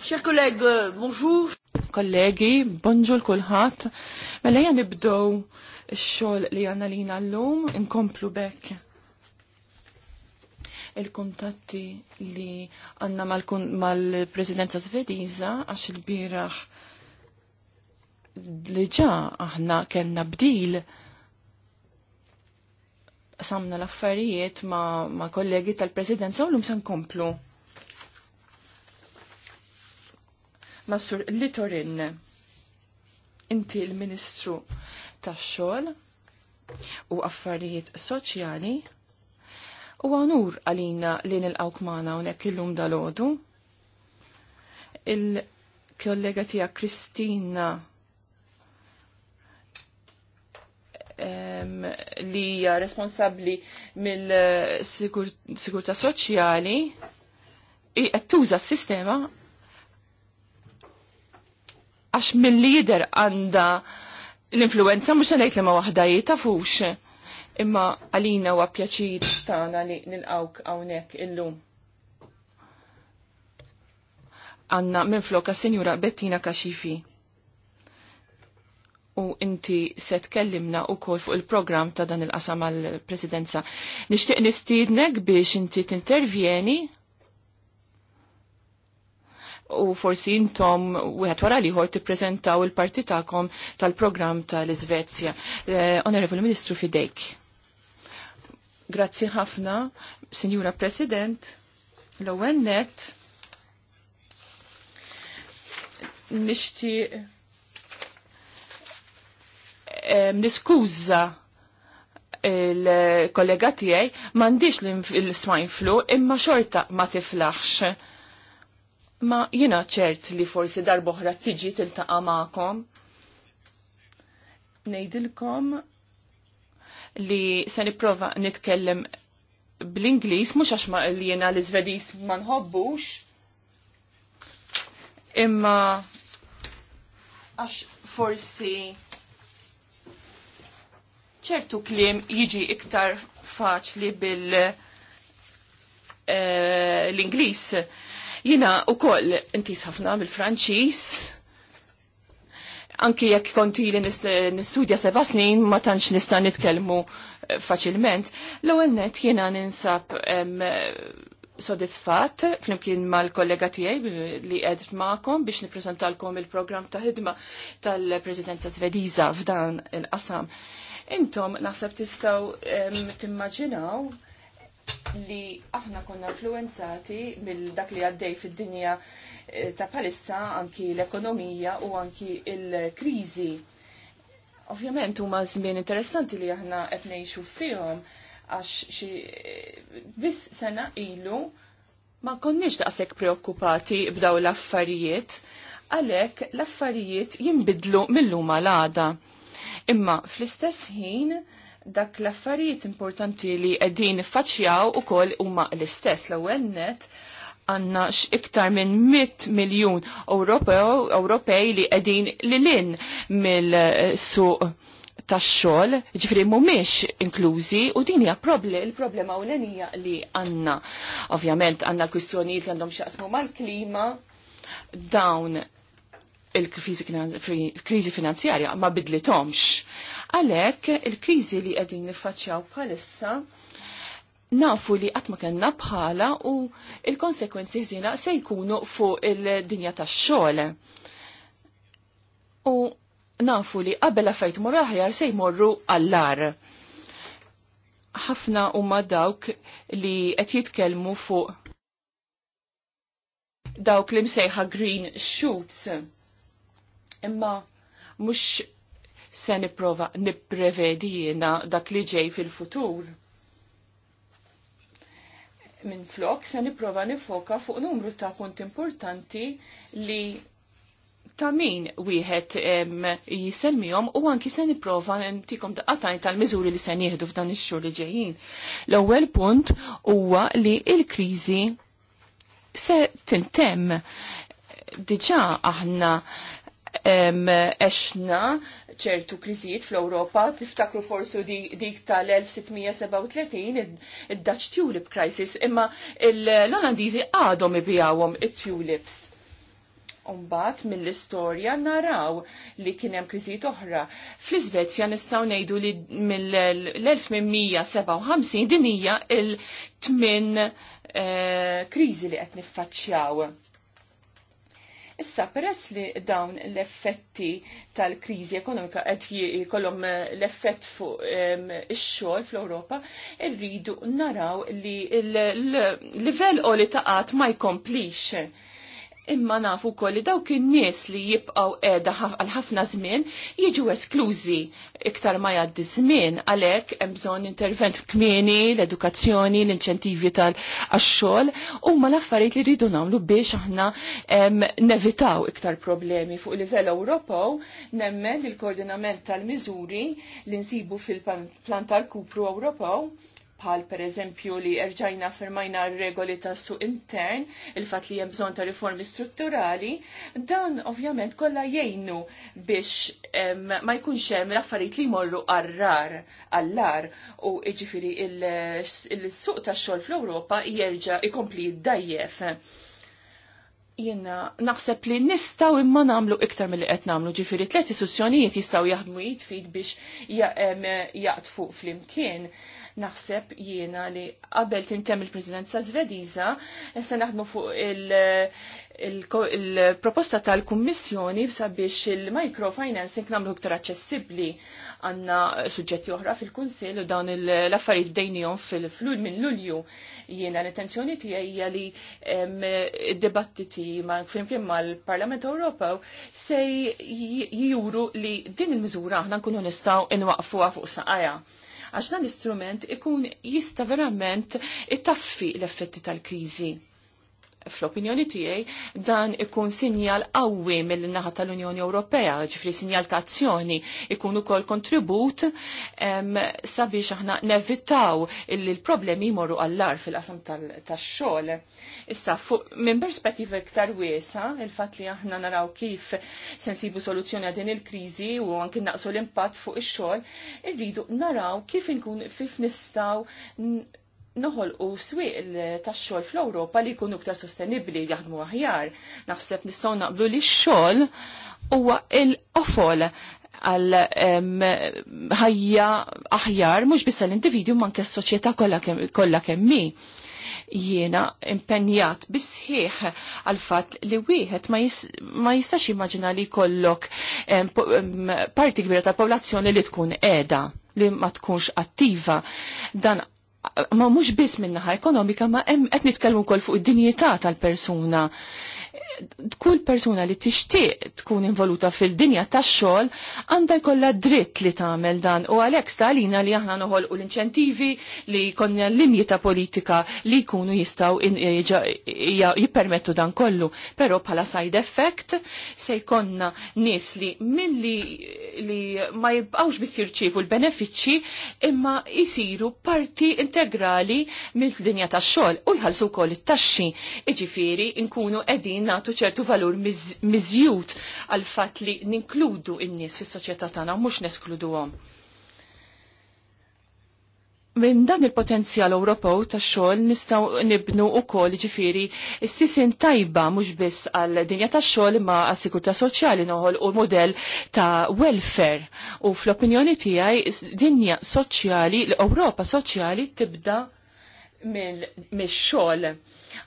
Xer kolleg, euh, bonjour. Kollegi, bonġur kulħat. Mela jan nibdow xol li għanna li l-lum, inkomplu bekk. Il-kontatti li għanna mal-presidenza svediza għax il-biraħ li ġa aħna kena bdil samna l-affarijiet ma, ma kollegi tal-presidenza u l-lum san komplu Massur Litorin, inti l-Ministru tax-xogħol u affarijiet soċjali u għanur għalina li nil-għawk maħna unek il-lum dal-ħodu. Il-kollega tija Kristina um, li hija responsabli mill-sigurta soċjali i tuża s-sistema għax mill-lider għanda l-influenza mux għanajt li ma wahda jitafux. Imma għalina u għapjaċir stana li nil-għawk għawnek illum. Għanna minn floka senjura Bettina Kaxifi. U inti se tkellimna u kol fuq il-program ta' dan il-qasam għal-presidenza. Nishtiq nistidnek biex inti t-intervjeni u forsi intom u għet wara liħor tippreżentaw il-partitakom tal-program tal-Izvezja. Eh, Onorevoli Ministru Fidejk. Grazzi ħafna, Signora President, l-ewwel nishti nixtieq eh, niskuża il-kollega tiegħi m'għandix l-swine flu imma xorta ma tiflaħx Ma jina ċert li forsi darboħra tiġi tiltaqa maqom. Nejdilkom li se niprofa nitkellem bl-Inglis, mux għax li jena l-Izvedis ma nħobbux, imma għax forsi ċertu klim jiġi iktar faċli bil-Inglis. Eh, uh, Jina u koll inti ħafna bil-Franċis, anki jekk konti li nistudja seba snin ma tantx nista' nitkellmu eh, faċilment. L-ewwel jina jiena ninsab sodisfatt flimkien mal-kollega tiegħi li qed magħkom biex niprezentalkom il-programm ta' ħidma tal-Presidenza svediza f'dan il-qasam. Intom naħseb tistaw timmaġinaw li aħna konna influenzati mill dak li għaddej fid-dinja eh, ta' palissa anki l-ekonomija u anki il-krizi. Ovvjament huma żmien interessanti li aħna qed ngħixu fihom għax xi eh, biss sena ilu ma konniex daqshekk preokkupati b'daw l-affarijiet għalhekk l-affarijiet jinbidlu mill-luma l-għada. Imma fl-istess ħin dak l-affarijiet importanti li qegħdin iffaċċjaw ukoll huma l-istess l-ewwel net għanna x'iktar minn 100 miljun Ewropej li qegħdin lilin mill-suq tax-xogħol, ġifri mhumiex inklużi u din hija il-problema ewlenija li għandna. Ovvjament għandna kwistjonijiet li għandhom x'jaqsmu mal-klima, dawn il-krizi finanzjarja ma bidlitomx. Għalek, il-krizi li għedin nifacċaw bħalissa, nafu li għatma kena bħala u il-konsekwenzi zina se jkunu fuq il-dinja ta' xol. U nafu li qabel għafajt morraħjar se jmorru għallar. ħafna u dawk li qed jitkellmu fuq dawk li msejħa green shoots imma mhux se nipprova nipprevedi dak li ġej fil-futur. Min flok se nipprova nifoka fuq numru ta' punt importanti li ta' min wieħed jisemmihom u anki se nipprova ntikom daqqatajn tal-miżuri li se nieħdu f'dan ix-xhur li ġejjin. L-ewwel punt huwa li l-kriżi se tintemm diġà aħna eċna ċertu kriżijiet fl-Europa, tiftakru forsu dik tal-1637 id-Dutch Tulip Crisis, imma l-Olandizi għadhom ibijawhom it-tulips. Umbat mill-istorja naraw li kien hemm oħra. Fl-Iżvezja nistgħu ngħidu li mill-1857 din hija il-tmin eh, kriżi li qed niffaċċjaw Issa peress li dawn l-effetti tal-kriżi ekonomika qed jkollhom eh, l-effett fuq ix-xogħol fl-Ewropa, irridu naraw li l-livell qoli ta' qatt ma jkomplix imma nafu koll li dawk in-nies li jibqgħu qiegħda għal ħafna żmien jiġu esklużi iktar ma jgħaddi żmien għalhekk hemm bżonn intervent kmieni, l-edukazzjoni, l-inċentivi tal-għax-xogħol huma l-affarijiet li rridu nagħmlu biex aħna nevitaw iktar problemi fuq livell Ewropew nemmen il-koordinament tal-miżuri li nsibu fil-plan tal-kupru Ewropew bħal per eżempju li erġajna firmajna regoli ta' suq intern, il-fat li hemm bżonn ta' riformi strutturali, dan ovvjament kollha jgħinu biex ma jkunx hemm affarijiet li jmorru għarrar għallar u jiġifieri il-suq tax-xogħol fl-Ewropa jerġa' ikompli d-dajjef. Jena naħseb li nistaw imma namlu iktar mill-li qed namlu ġifiri tliet istituzzjonijiet jistaw jaħdmu jitfid biex jaqtfu fl-imkien. Naħseb jiena li qabel tintem il-Presidenza Svediża se naħdmu fuq il- il-proposta il proposta tal kummissjoni sabiex il-microfinancing namlu iktar aċċessibbli għanna suġġetti oħra fil-Kunsil u dawn l-affarijiet bdejnijhom fil-flul minn Lulju. Jiena l-intenzjoni tiegħi hija li d dibattiti flimkien mal-Parlament Ewropew se juru li din il-miżura aħna nkunu nistgħu nwaqfuha fuq saqajja għax dan l-istrument ikun jista verament it-taffi l-effetti tal-kriżi fl-opinjoni tiegħi dan ikun sinjal qawwi mill-naħa tal-Unjoni Ewropea, ġifri sinjal ta' azzjoni ikun ukoll kontribut sabiex aħna nevitaw illi l-problemi jmorru għallar fil-qasam tax-xogħol. Issa fuq minn perspettiva iktar wiesa, il-fatt li aħna naraw kif sensibu soluzzjoni għal din il-kriżi u anke naqsu l-impatt fuq ix-xogħol, irridu naraw kif inkun kif nistgħu noħol u swieq tax-xogħol fl-Ewropa li jkunu iktar sostenibbli jaħdmu aħjar. Naħseb nistgħu naqblu li x-xogħol huwa l-qofol għal ħajja aħjar mhux biss l individu manke s-soċjetà kollha kemm hi. Jiena impenjat bisħiħ għal fatt li wieħed ma jistax jimmaġina li jkollok parti kbira tal-popolazzjoni li tkun qiegħda li ma tkunx attiva. Dan ma mhux biss minnaħa ekonomika ma hemm qed nitkellmu wkoll fuq id-dinjità tal-persuna kull persuna li tixtieq tkun involuta fil-dinja tax-xogħol għandha jkollha dritt li tagħmel dan u għalhekk stalina li aħna noħolqu l-inċentivi li jkollna linji ta' politika li jkunu jistgħu jippermettu dan kollu. Però bħala side effect se jkollna nies li milli li ma jibqgħux biss jirċievu l-benefiċċji imma jisiru parti integrali mill-dinja tax-xogħol u jħallsu wkoll it-taxxi. jiġifieri nkunu qegħdin qegħdin nagħtu ċertu valur miżjud għal fatt li ninkludu n nies fis-soċjetà tagħna mhux neskluduhom. Minn dan il-potenzjal Ewropew tax-xogħol nistgħu nibnu wkoll ġifieri s-sisin tajba mhux biss għal dinja tax-xogħol imma għas-sigurtà soċjali noħol u modell ta' welfare. U fl-opinjoni tiegħi dinja soċjali l-Ewropa soċjali tibda mill-xogħol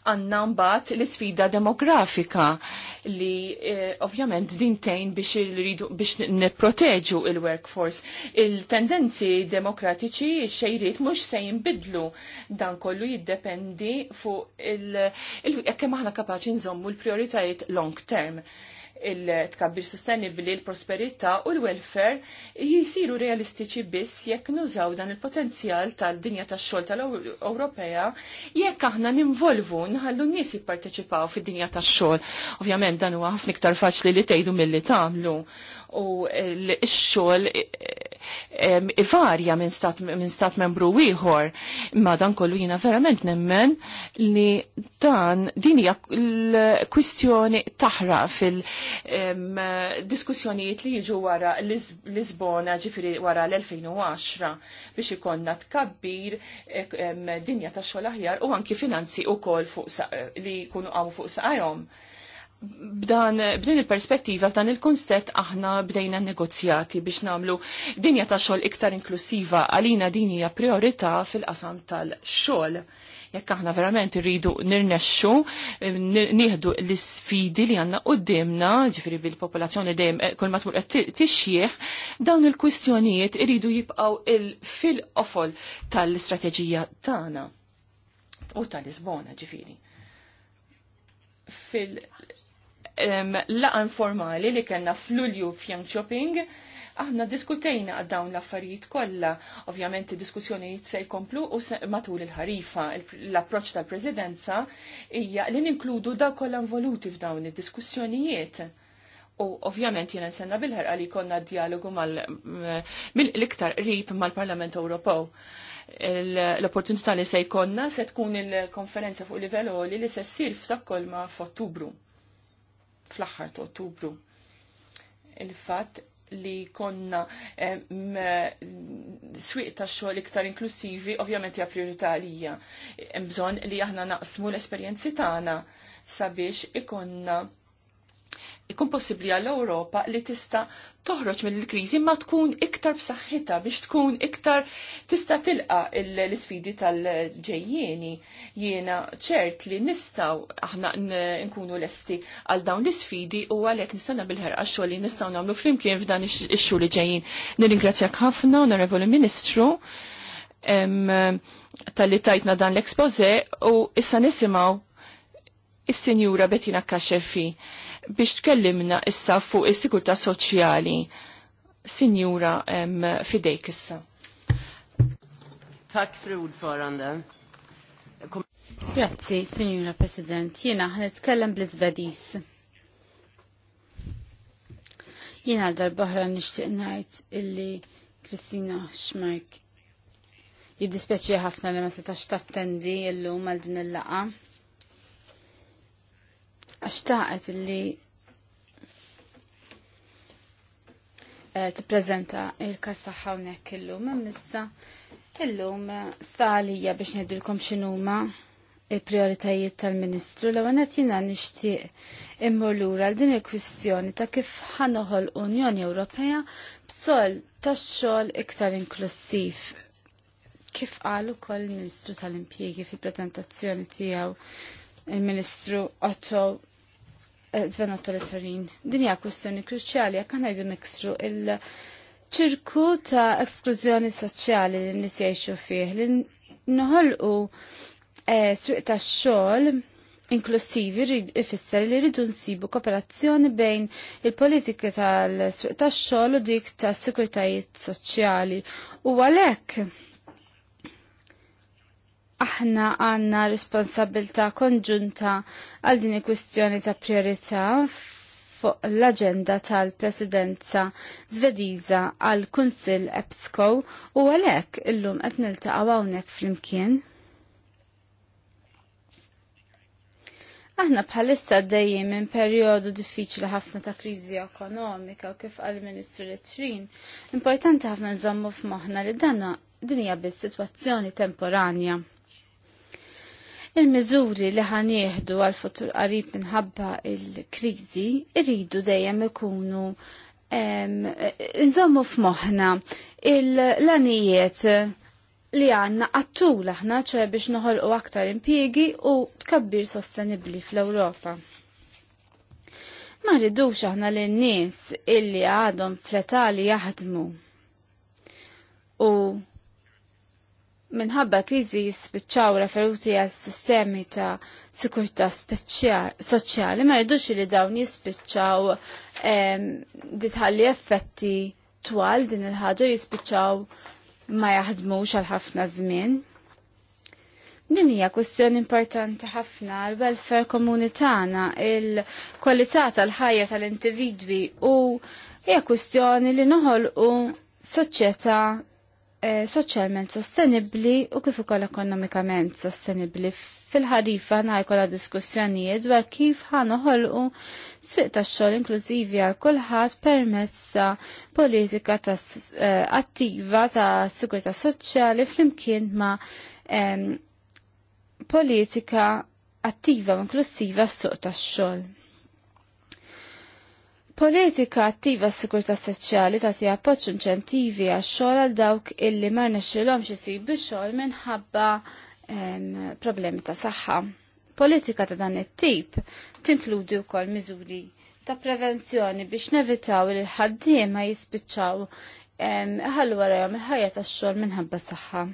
għanna mbagħad l-isfida demografika li eh, ovvjament din tejn biex biex nipproteġu il-workforce. Il-tendenzi demokratiċi xejrit mhux se jinbidlu dan kollu jiddependi fuq il-kemm aħna kapaċi nżommu l-prioritajiet long term il-tkabbir sostenibli, il-prosperità u l-welfare jisiru realistiċi biss jekk nużaw dan il-potenzjal tal-dinja tax-xogħol tal-Ewropea jekk aħna ninvolvu nħallu n-nies jipparteċipaw fid-dinja tax-xogħol. Ovvjament dan huwa ħafna iktar faċli li tgħidu milli tagħmlu u l-xol eh, varja minn stat, min stat membru wieħor. Ma dan kollu jina verament nemmen li dan din hija l-kwistjoni taħra fil-diskussjonijiet li jiġu wara Lisbona ġifiri wara l-2010 biex ikonna tkabbir dinja ta' xogħol aħjar u anki finanzi u kol fuq li jkunu għamu fuq saqajhom b'dan b'din il-perspettiva f'dan il-kunstet aħna bdejna negozjati biex namlu dinja ta' xogħol iktar inklusiva għalina din hija priorità fil-qasam tal-xogħol. Jekk aħna verament irridu nirnexxu, nieħdu l-isfidi li għandna qudiemna, ġifieri bil-popolazzjoni dejjem eh, kull ma tmur qed tixjih, dawn il-kwistjonijiet iridu jibqgħu fil-qofol tal-istrateġija tagħna u tal-Lisbona ġifieri fil- laqa informali li kellna f'Lulju f'Young Shopping, aħna diskutejna għad dawn l-affarijiet kollha. Ovvjament id-diskussjonijiet se jkomplu u matul il-ħarifa l-approċċ tal-Presidenza hija li ninkludu da kollha involuti f'dawn id-diskussjonijiet. U ovvjament jiena nsenna bil ħarqa li konna dialogu mill-iktar qrib mal-Parlament Ewropew l-opportunità li se jkonna se tkun il-konferenza fuq livell li li se ssir f'Stokkolma f'Ottubru fl-aħħar ta' Ottubru. Il-fatt li konna eh, swieq ta' xogħol iktar inklusivi ovvjament hija priorità għalija. Bżonn li aħna naqsmu l-esperjenzi tagħna sabiex ikonna ikun possibbli għall-Ewropa li tista toħroġ il kriżi ma tkun iktar b'saħħitha biex tkun iktar tista' tilqa l-isfidi tal-ġejjieni. Jiena ċert li nistgħu aħna nkunu lesti għal dawn l-isfidi u għalhekk nista'na bil-ħerqa xogħol li nistgħu nagħmlu flimkien f'dan ix-xhur li ġejjin. Nirringrazzjak ħafna, Onorevoli Ministru tal-li tajtna dan l-expose u issa nisimaw il sinjura Bettina Kaxefi biex tkellimna issa fuq is-sigurtà soċjali. Sinjura fidejk issa. Tak, fru ordförande. Grazzi, Signora President. Jiena nitkellem bl izbadis Jiena għal-darbaħra nixtieq ngħid illi Kristina Schmeik jiddispeċi ħafna li ma setax tattendi illum għal din il-laqa għax taqet li eh, tippreżenta il-kas tagħha hawnhekk illum hemm issa illum eh, stalija biex ngħidilkom x'inhuma il-prioritajiet tal-Ministru l għanet jina nishtiq immur lura l din il-kwistjoni ta' kif ħanoħol Unjoni Ewropea b'sol ta' xogħol iktar inklusiv. Kif qal ukoll il-Ministru tal-Impjiegi fi prezentazzjoni tiegħu il-Ministru Otto Eh, Zvenatorin. Din hija kwistjoni kruċjali jekk ngħidu mikstru il- ċirku ta' esklużjoni soċjali li nis jgħixu fih, li u e, suq ta' xol inklusivi ifisser li rridu nsibu kooperazzjoni bejn il-politika tal-suq ta' xogħol u dik ta' sikurtajiet soċjali. U għalhekk aħna għanna responsabilta konġunta għal din il-kwistjoni ta' priorità fuq l-agenda tal-presidenza Zvediza għal kunsil EPSCO u għalek illum qed niltaqgħu hawnhekk flimkien. Aħna bħalissa dejjem minn perjodu diffiċli ħafna ta' kriżi ekonomika u kif qal ministru Letrin, importanti ħafna nżommu f'moħħna li dan din hija biss sitwazzjoni temporanja. Il-miżuri li ħanieħdu għal futur qarib minħabba il-kriżi irridu dejjem ikunu nżommu f'moħħna il-lanijiet li għanna għattul aħna ċe biex noħolqu aktar impjiegi u tkabbir sostenibli fl-Ewropa. Ma rridux aħna l nies illi għadhom fletali jaħdmu u minħabba kriżi jispiċċaw referuti għal sistemi ta' sikurtà soċjali ma rridux li dawn jispiċċaw ditħalli effetti twal din il-ħaġa jispiċċaw ma jaħdmux għal ħafna żmien. Din hija kwestjoni importanti ħafna l welfare komuni tagħna, il-kwalità tal-ħajja tal-individwi u hija kwestjoni li noħolqu soċjetà Eh, soċjalment sostenibli u kif ukoll ekonomikament sostenibli. Fil-ħarifa ħana diskussjonijiet dwar kif ħanoħolqu swieq tax-xogħol inklużivi għal kulħadd permezz ta' politika ta' eh, attiva ta' sigurtà soċjali flimkien ma' politika attiva u inklusiva s suq tax-xogħol. Politika attiva s-sigurta soċjali tagħti appoġġ inċentivi għax-xogħol għal dawk illi ma rnexxilhomx isibu xogħol minħabba problemi ta' saħħa. Politika ta' dan it-tip tinkludi wkoll miżuri ta' prevenzjoni biex nevitaw li l-ħaddiem ma jispiċċaw ħallu warajhom il-ħajja tax-xogħol minħabba saħħa.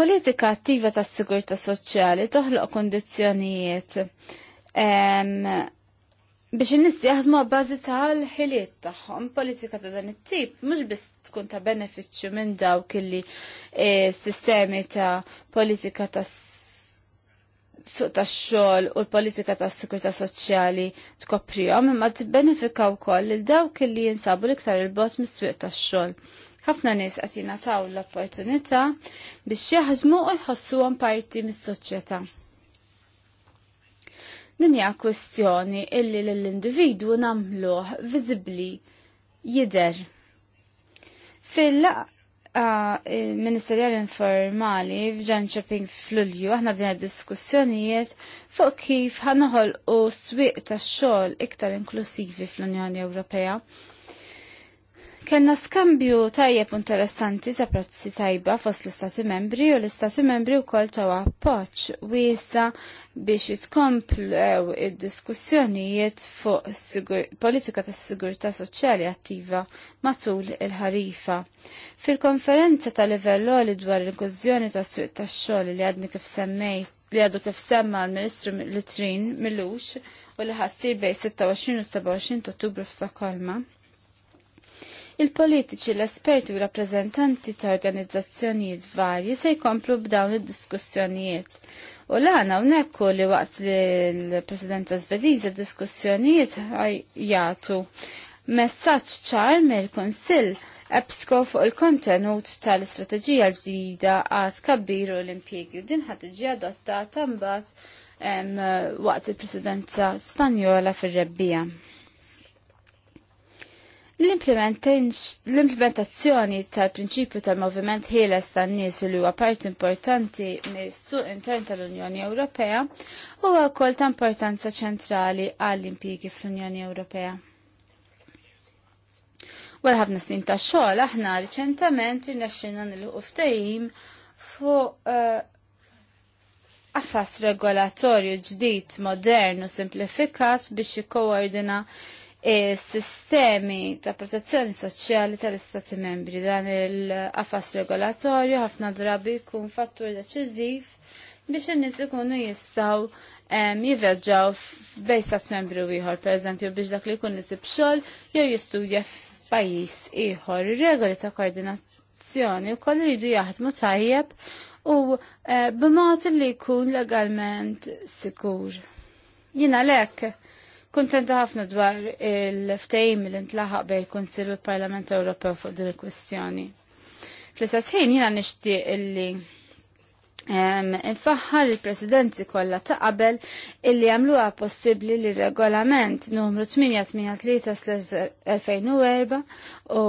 Politika attiva tas-sigurta soċjali toħloq kondizzjonijiet biex in-nies jaħdmu għabbażi tal-ħiliet tagħhom. Politika ta' dan it-tip mhux biss tkun ta' benefiċċju minn dawk illi e, sistemi ta' politika ta' suq tax-xogħol u l-politika tas-sikurità soċjali tkoprihom, imma tibbenefika wkoll lil dawk li jinsabu l-iktar il-bot mis-swieq tax-xogħol. Ħafna nies qed jingħataw l-opportunità biex jaħdmu u jħossuhom parti mis-soċjetà. Din hija kwestjoni illi l-individwu nagħmluh vizibli jidher. Fil e, ministerjal informali f'ġan ċeping f'Lulju aħna din diskussjonijiet fuq kif ħanoħol u swieq tax-xogħol iktar inklusivi fl-Unjoni Ewropea Kellna skambju tajjeb interessanti ta' prezzi tajba fost l-Istati Membri u l-Istati Membri wkoll taw appoġġ wiesa biex jitkomplew eh, id-diskussjonijiet fuq politika tas sigurtà soċjali attiva matul il-ħarifa. Fil-konferenza ta' livell li dwar il-kużjoni ta' suq tax-xogħol li għadni kif semmejt li għadu kif semma l-Ministru Litrin Milux u li ħassir bej 26 u 27 Ottubru f'Stokholma il-politiċi, l-esperti u rappresentanti ta' organizzazzjonijiet varji se jkomplu b'dawn id-diskussjonijiet. U l-għana unekku li waqt li l-presidenza svediza diskussjonijiet jgħatu messaċ ċar mill-Konsil Ebsko fuq il-kontenut tal-istrateġija ġdida għad kabbiru l-impjegi din ħad iġi adottata mbagħad waqt il-presidenza Spanjola fir-rebbija. L-implementazzjoni tal-prinċipju tal-moviment ħieles tan-nies li huwa part importanti mis-suq intern tal-Unjoni Ewropea huwa wkoll ta' importanza ċentrali għall-impjiegi fl-Unjoni Ewropea. Wara ħafna snin ta' xogħol aħna riċentament irnexxinna nilħu ftehim fuq eh, affas regolatorju ġdid, modern u simplifikat biex jikkoordina sistemi ta' protezzjoni soċjali tal-Istati membri dan il-qafas regolatorju ħafna drabi jkun fattur deċiżiv biex in-nies ikunu jistgħu jivvjaġġaw bejn stat membri u ieħor, pereżempju biex dak li jkun nisib xogħol jew jistudja f'pajjiż ieħor. Ir-regoli ta' koordinazzjoni wkoll iridu jaħdmu tajjeb u eh, b'mod li jkun legalment sikur. Jina lek Kuntenta ħafna dwar il-ftejm li ntlaħaq bej il-Kunsill l-Parlament Ewropew fuq din il-kwistjoni. Fl-istess ħin jiena nixtieq illi Infaħħar il-presidenzi kollha ta' qabel illi għamluha possibbli li regolament numru 883/2004 u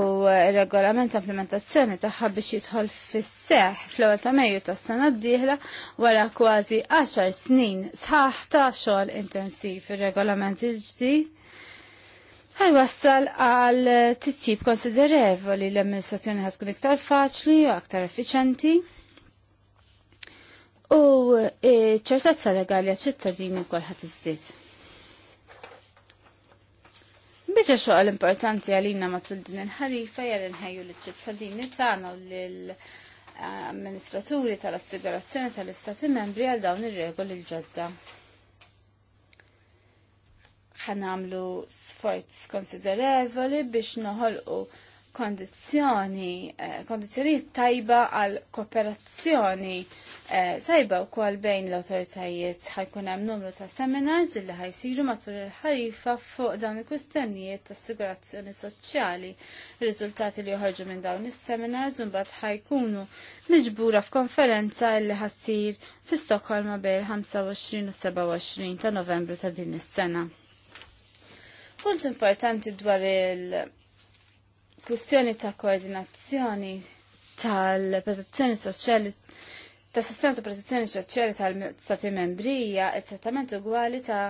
regolament implementazzjoni tagħha biex jidħol fis-seħ fl ta' Mejju tas-sena d-dieħla wara kważi 10 snin sħaħ ta' xogħol intensiv ir-regolament il-ġdid wassal għal titjib konsiderevoli l-amministrazzjoni ħatkun iktar faċli u aktar effiċenti U e, ċertezza legali ċittadini u kolħat iżdiet. Bieċa l importanti għalina matul din il-ħarifa jgħal nħejju l-ċittadini tagħna u l-amministraturi tal-assigurazzjoni tal-istati membri għal dawn ir-regoli l-ġodda. ħanamlu sforz konsiderevoli biex noħolqu kondizjoni, kondizjoni tajba għal kooperazzjoni sajba u kol bejn l-autoritajiet ħajkun hemm numru ta' seminars illi ħajsiru matul il-ħarifa fuq dawn il-kwistjonijiet ta' assigurazzjoni soċjali. riżultati li joħorġu minn dawn is-seminars imbagħad ħajkunu miġbura f'konferenza illi ħassir fi Stokkolma bejn 25 u 27 ta' Novembru ta' din is-sena. Punt importanti dwar il- kwistjoni ta' koordinazzjoni tal-protezzjoni soċjali ta' sistema ta' protezzjoni soċjali tal-Stati membrija e trattament ugwali ta'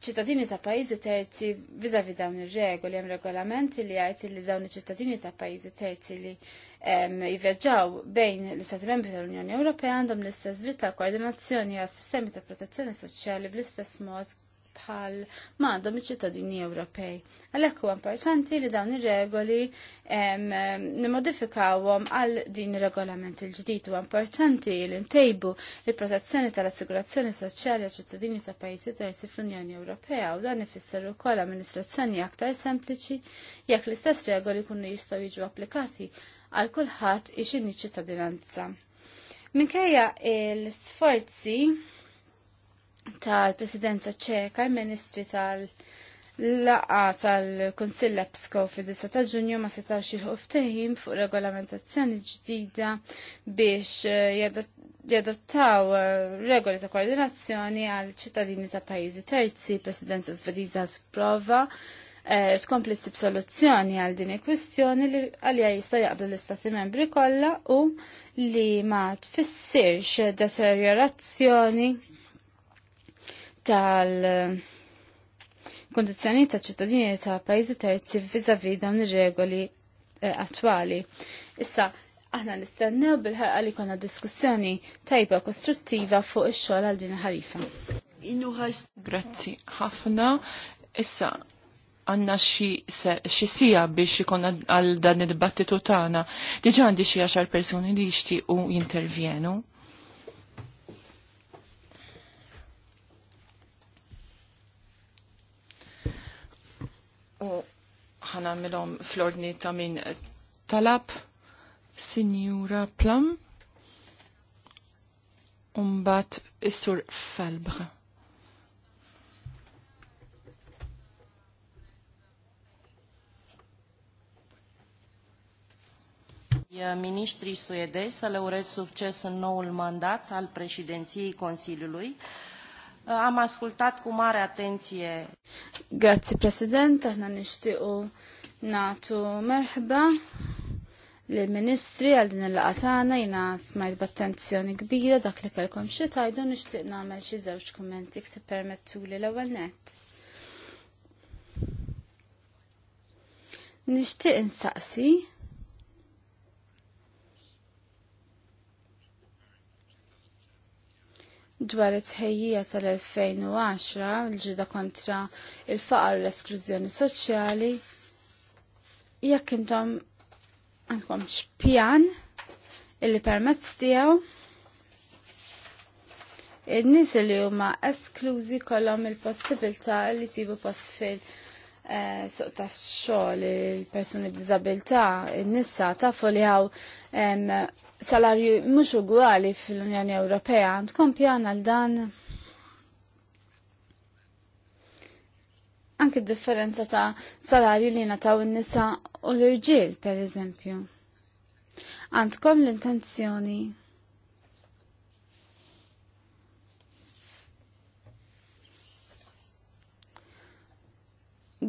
ċittadini ta' pajjiżi terzi vizavi dawn ir-regoli hemm regolamenti li jgħid li dawn iċ-ċittadini ta' pajjiżi terzi li jivvjaġġaw bejn l-Istati Membri tal-Unjoni Ewropea għandhom l-istess dritt ta' koordinazzjoni għas sistemi ta' protezzjoni soċjali bl-istess mod bħal m'għandhom iċ-ċittadini Ewropej. Għalhekk huwa importanti li dawn ir-regoli nimmodifikawhom għal din ir-regolament il-ġdid huwa importanti li ntejbu il-protezzjoni tal-assigurazzjoni soċjali għal ċittadini ta' pajjiżi terzi fl-Unjoni Ewropea u dan ifisser ukoll amministrazzjoni aktar sempliċi jekk l-istess regoli kunu jistgħu jiġu applikati għal kulħadd ixinni ċittadinanza. Minkejja l-sforzi tal-Presidenza ċeka, il-Ministri tal-laqa tal-Konsill Epsko fi 9 ta' ġunju ma setax jilħu fuq regolamentazzjoni ġdida biex eh, jadottaw eh, regoli ta' koordinazzjoni għal ċittadini ta' pajjiżi terzi, Presidenza Svediza sprova eh, skompli s soluzzjoni għal din il-kwistjoni li għalija jista' jaqdu l-istati membri kollha u li ma tfissirx deteriorazzjoni tal- kondizjoni ta' ċittadini ta' pajzi terzi vizavi dawn ir-regoli eh, attwali. Issa, aħna nistennew bil-ħarqa li konna diskussjoni tajba kostruttiva fuq ix-xogħol għal din ħarifa. Inuħax. Grazzi ħafna. Issa, għanna xi sija biex ikun għal dan id-dibattitu tagħna. Diġà għandi xi għaxar persuni li jixtiequ jintervjenu. U ħana milom flordni ta' min talab Signora Plum umbat Is-Sur Falbra. Ministrii suedezi să le urez succes în noul mandat al președinției Consiliului. Uh, am ascultat cu mare atenție. Grazzi President, aħna nixtiequ natu merħba lill ministri għal din il-laqa tagħna jiena smajt b'attenzjoni kbira dak li kellkom xi tajdu nixtieq nagħmel xi żewġ kummenti se permettuli l-ewwel nett. Nixtieq insaqsi dwar it-ħejjija tal-2010 l-ġida kontra il-faqar u l-esklużjoni soċjali, jekk intom għandkom xpjan illi permezz tiegħu in-nies li huma esklużi kollhom il-possibilità li jsibu post fil- eh, suq ta' xogħol il-persuni b'diżabilità, in-nisa tafu li hawn salarju mhux uguali fil-Unjoni Ewropea għandkom pjan għal dan anke differenza ta' salarju li nataw in-nisa u l-irġiel pereżempju. Għandkom l-intenzjoni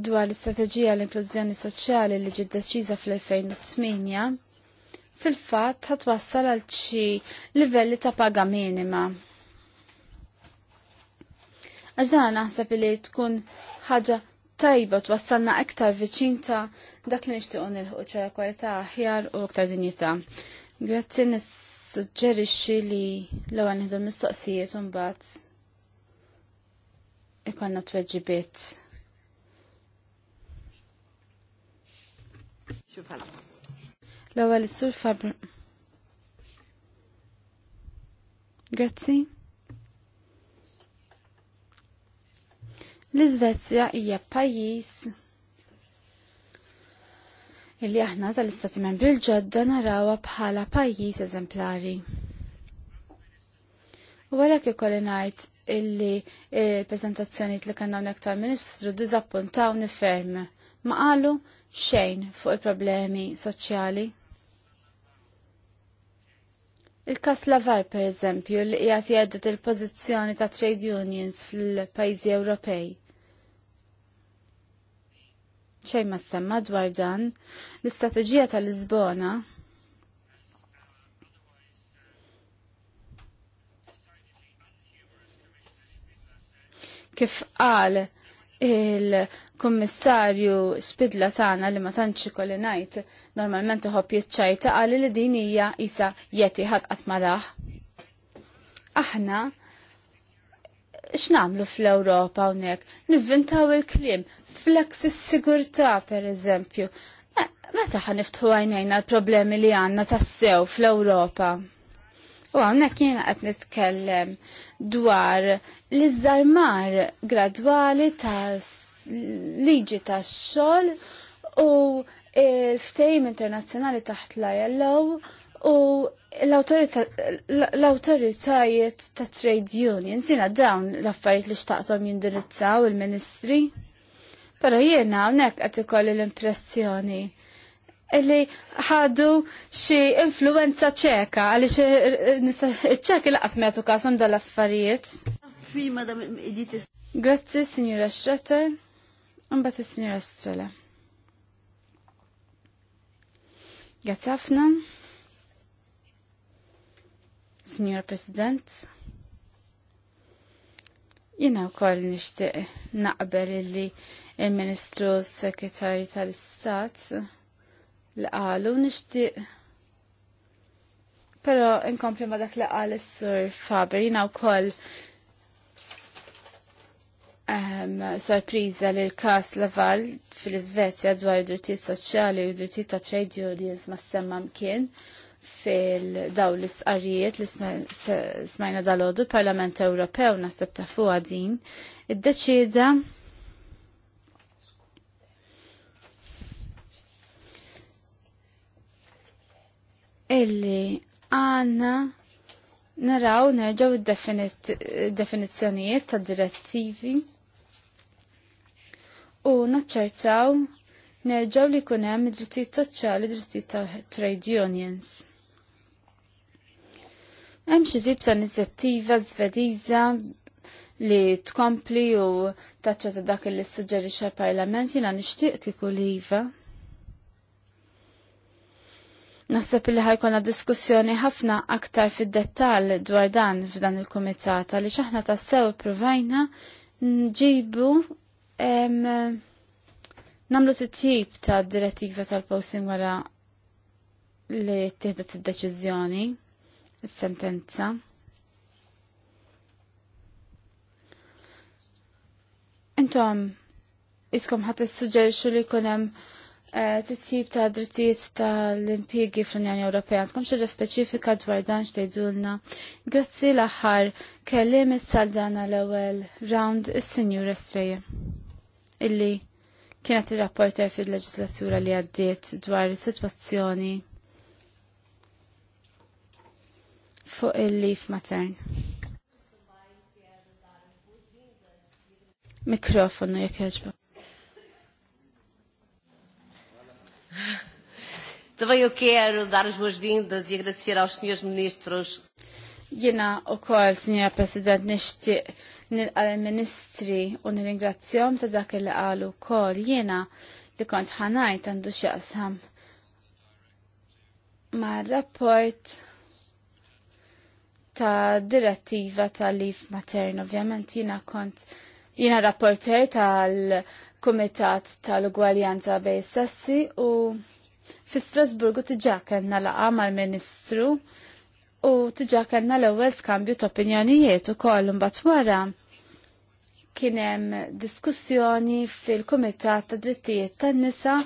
dwar l-istrateġija l-inklużjoni soċjali li ġiet deċiża fl-2008 fil-fatt ħatwassal għal xi livelli ta' paga minima. Għax dan naħseb li tkun ħaġa tajba twassalna iktar viċin ta' dak li nixtiequ nilħu ċ'a kwalità aħjar u iktar dinjità. Grazzi nissuġġerixxi li l-ewwel nieħdu mistoqsijiet u mbagħad ikollna tweġibiet. Xufala. L-ewwel is-sur Fabr. Grazzi. L-Iżvezja hija pajjiż illi aħna tal-Istati Membri l-ġodda narawha bħala pajjiż eżemplari. U għalhekk ukoll ngħid illi il-preżentazzjonijiet li kellna hawnhekk tal-Ministru diżappuntawni ferm ma qalu xejn fuq il-problemi soċjali. Il-kas Lavar, per eżempju, li jgħat jgħeddet il-pozizjoni ta' trade unions fil-pajzi Ewropej. ċej ma semma dwar dan, l-istrateġija tal-Lisbona kif qal il-kommissarju spidla tagħna li ma tantx ikolli ngħid normalment uħob jiċċajta għalli li din hija isa jeti ħadd qatt Aħna x'namlu fl-Ewropa hawnhekk? Nivvintaw il-kliem flex is-sigurtà pereżempju. Eh, meta ħaniftħu għajnejna l-problemi li għandna tassew fl-Ewropa? U għawnek jena għat nitkellem dwar l-izzarmar gradwali ta' liġi ta' xol u il-ftejm internazzjonali taħt la jellow u l-autoritajiet ta' trade unions Zina dawn l-affarijiet li xtaqtom jindirizzaw il-ministri. Pero jiena għonek għat ikoll l-impressjoni illi ħadu xi influenza ċeka għaliex eh, eh, iċ-ċeki laqas metu kasam dal-affarijiet. Grazzi, Signora Schroeter, mbagħad is-Signora Strela. Grazzi ħafna. Signora President. Jina wkoll nixtieq naqbel li il-Ministru Sekretarju tal-Istat l-qalu nishtiq. Pero inkompli ma dak li qal is-sur Faber jina wkoll um, sorpriża li l-kas Laval fil-Iżvezja dwar id-drittijiet soċjali u id-drittijiet ta' trade unions ma semma mkien fil-daw l-isqarijiet li smajna dal-ħodu Parlament Ewropew nasib ta' fuqa din id-deċida illi għanna naraw nerġaw id-definizzjonijiet ta' direttivi u naċċertaw nerġaw li kunem id-drittijiet soċjali id-drittijiet ta' trade unions. Hemm xi tip ta' inizjattiva Żvediża li tkompli u taċċa ta' dak li suġġerixxa l-Parlament jiena nixtieq kieku liva. Naħseb li ħajkonna diskussjoni ħafna aktar fid-dettall dwar dan f'dan il-kumitat li xaħna tassew provajna nġibu namlu t-tip ta' direttiva tal-posting wara li t tihda id-deċizjoni, il-sentenza. Intom, iskom ħat sugġerxu li kunem hemm Eh, titjib ta' drittijiet tal-impjegi fl-Unjoni Ewropea. tkun xaġa speċifika dwar dan xtejdulna. Grazzi l-axħar kellim is-saldana l-ewwel round is-Sinjur Estreja illi kienet il rapporter fil-leġislatura li għaddiet dwar is-sitwazzjoni fuq il-lif matern. Mikrofonu jek jaġbu. Também eu quero dar as boas-vindas e agradecer aos senhores ministros. Jena u kol, signora President, nishtiq nil-ministri eh, u nil-ingrazzjom ta' dak li għalu kol jena li kont ħanajt għandu xieqsam ma' rapport ta' direttiva tal-lif matern, ovvjament jena kont jena rapporter tal Kumitat tal-Ugwaljanza bej Sessi u fi Strasburgu tiġa kellna laqa mal-Ministru u tiġa kellna l-ewwel skambju ta' opinjonijiet ukoll imbagħad wara kien hemm diskussjoni fil-Kumitat ta' Drittijiet tan-Nisa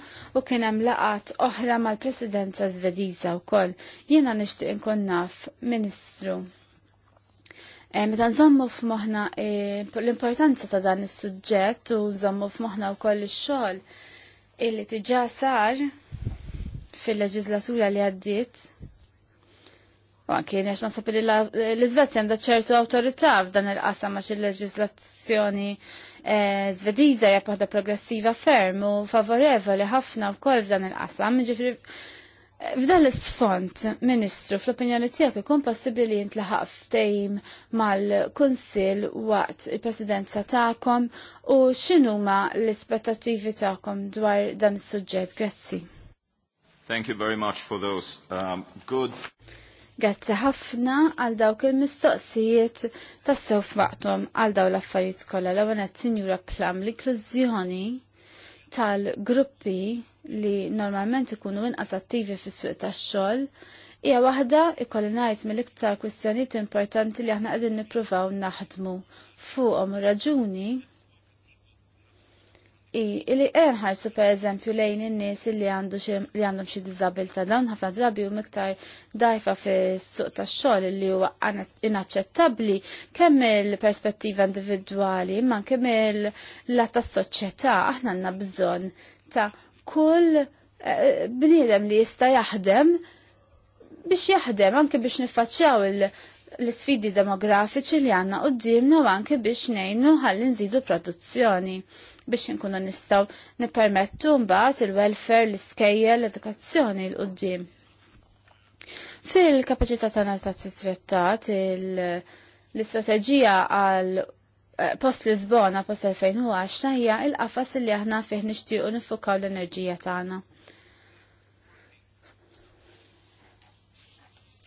u kien hemm laqat oħra mal-Presidenza Svediża wkoll. Jiena nixtieq inkun naf Ministru. Eh, meta nżommu f'moħħna eh, l-importanza ta' dan is-suġġett u nżommu f'moħħna wkoll ix-xogħol illi diġà sar fil-leġislatura li għaddiet. U anke għax nasab li l-Iżvezja għandha ċertu awtorità f'dan il-qasam għax il-leġislazzjoni eh, Zvediża hija waħda progressiva ferm u favorevoli ħafna wkoll f'dan il-qasam, F'dan l-sfont, Ministru, fl-opinjoni tiegħek ikun possibbli li jintlaħaq ftejm mal-Kunsill waqt il-Presidenza tagħkom u x'inhuma l-ispettattivi tagħkom dwar dan is-suġġett. Grazzi. Thank you very much for those um, good Grazzi ħafna għal dawk il-mistoqsijiet tassew f'waqthom għal dawn l-affarijiet kollha l-ewwel Sinjura Plam l-inklużjoni tal-gruppi li normalment ikunu inqas attivi fis-suq tax-xogħol hija waħda ikolli ngħid mill-iktar kwistjonijiet importanti li aħna qegħdin nippruvaw naħdmu fuqhom raġuni i li enħarsu per eżempju lejn in-nies li għandu li għandhom xi diżabilità dawn ħafna drabi hum iktar dajfa fis-suq tax-xogħol li huwa inaċċettabbli kemm il-perspettiva individwali imma kemm l-lat tas-soċjetà aħna għandna bżonn ta' kull eh, bniedem li jista' jaħdem biex jaħdem anke biex niffaċċjaw l-sfidi demografiċi li għanna qoddimna u anke biex nejnu ħalli nżidu produzzjoni biex nkunu nistaw nipermettu mbagħad il-welfare, l iskejja l-edukazzjoni l qudiem Fil-kapaċità tagħna ta' titrettat l-istrateġija għal Eh, post Lisbona post 2010 hija il-qafas li aħna fih nixtiequ nifukaw l-enerġija tagħna.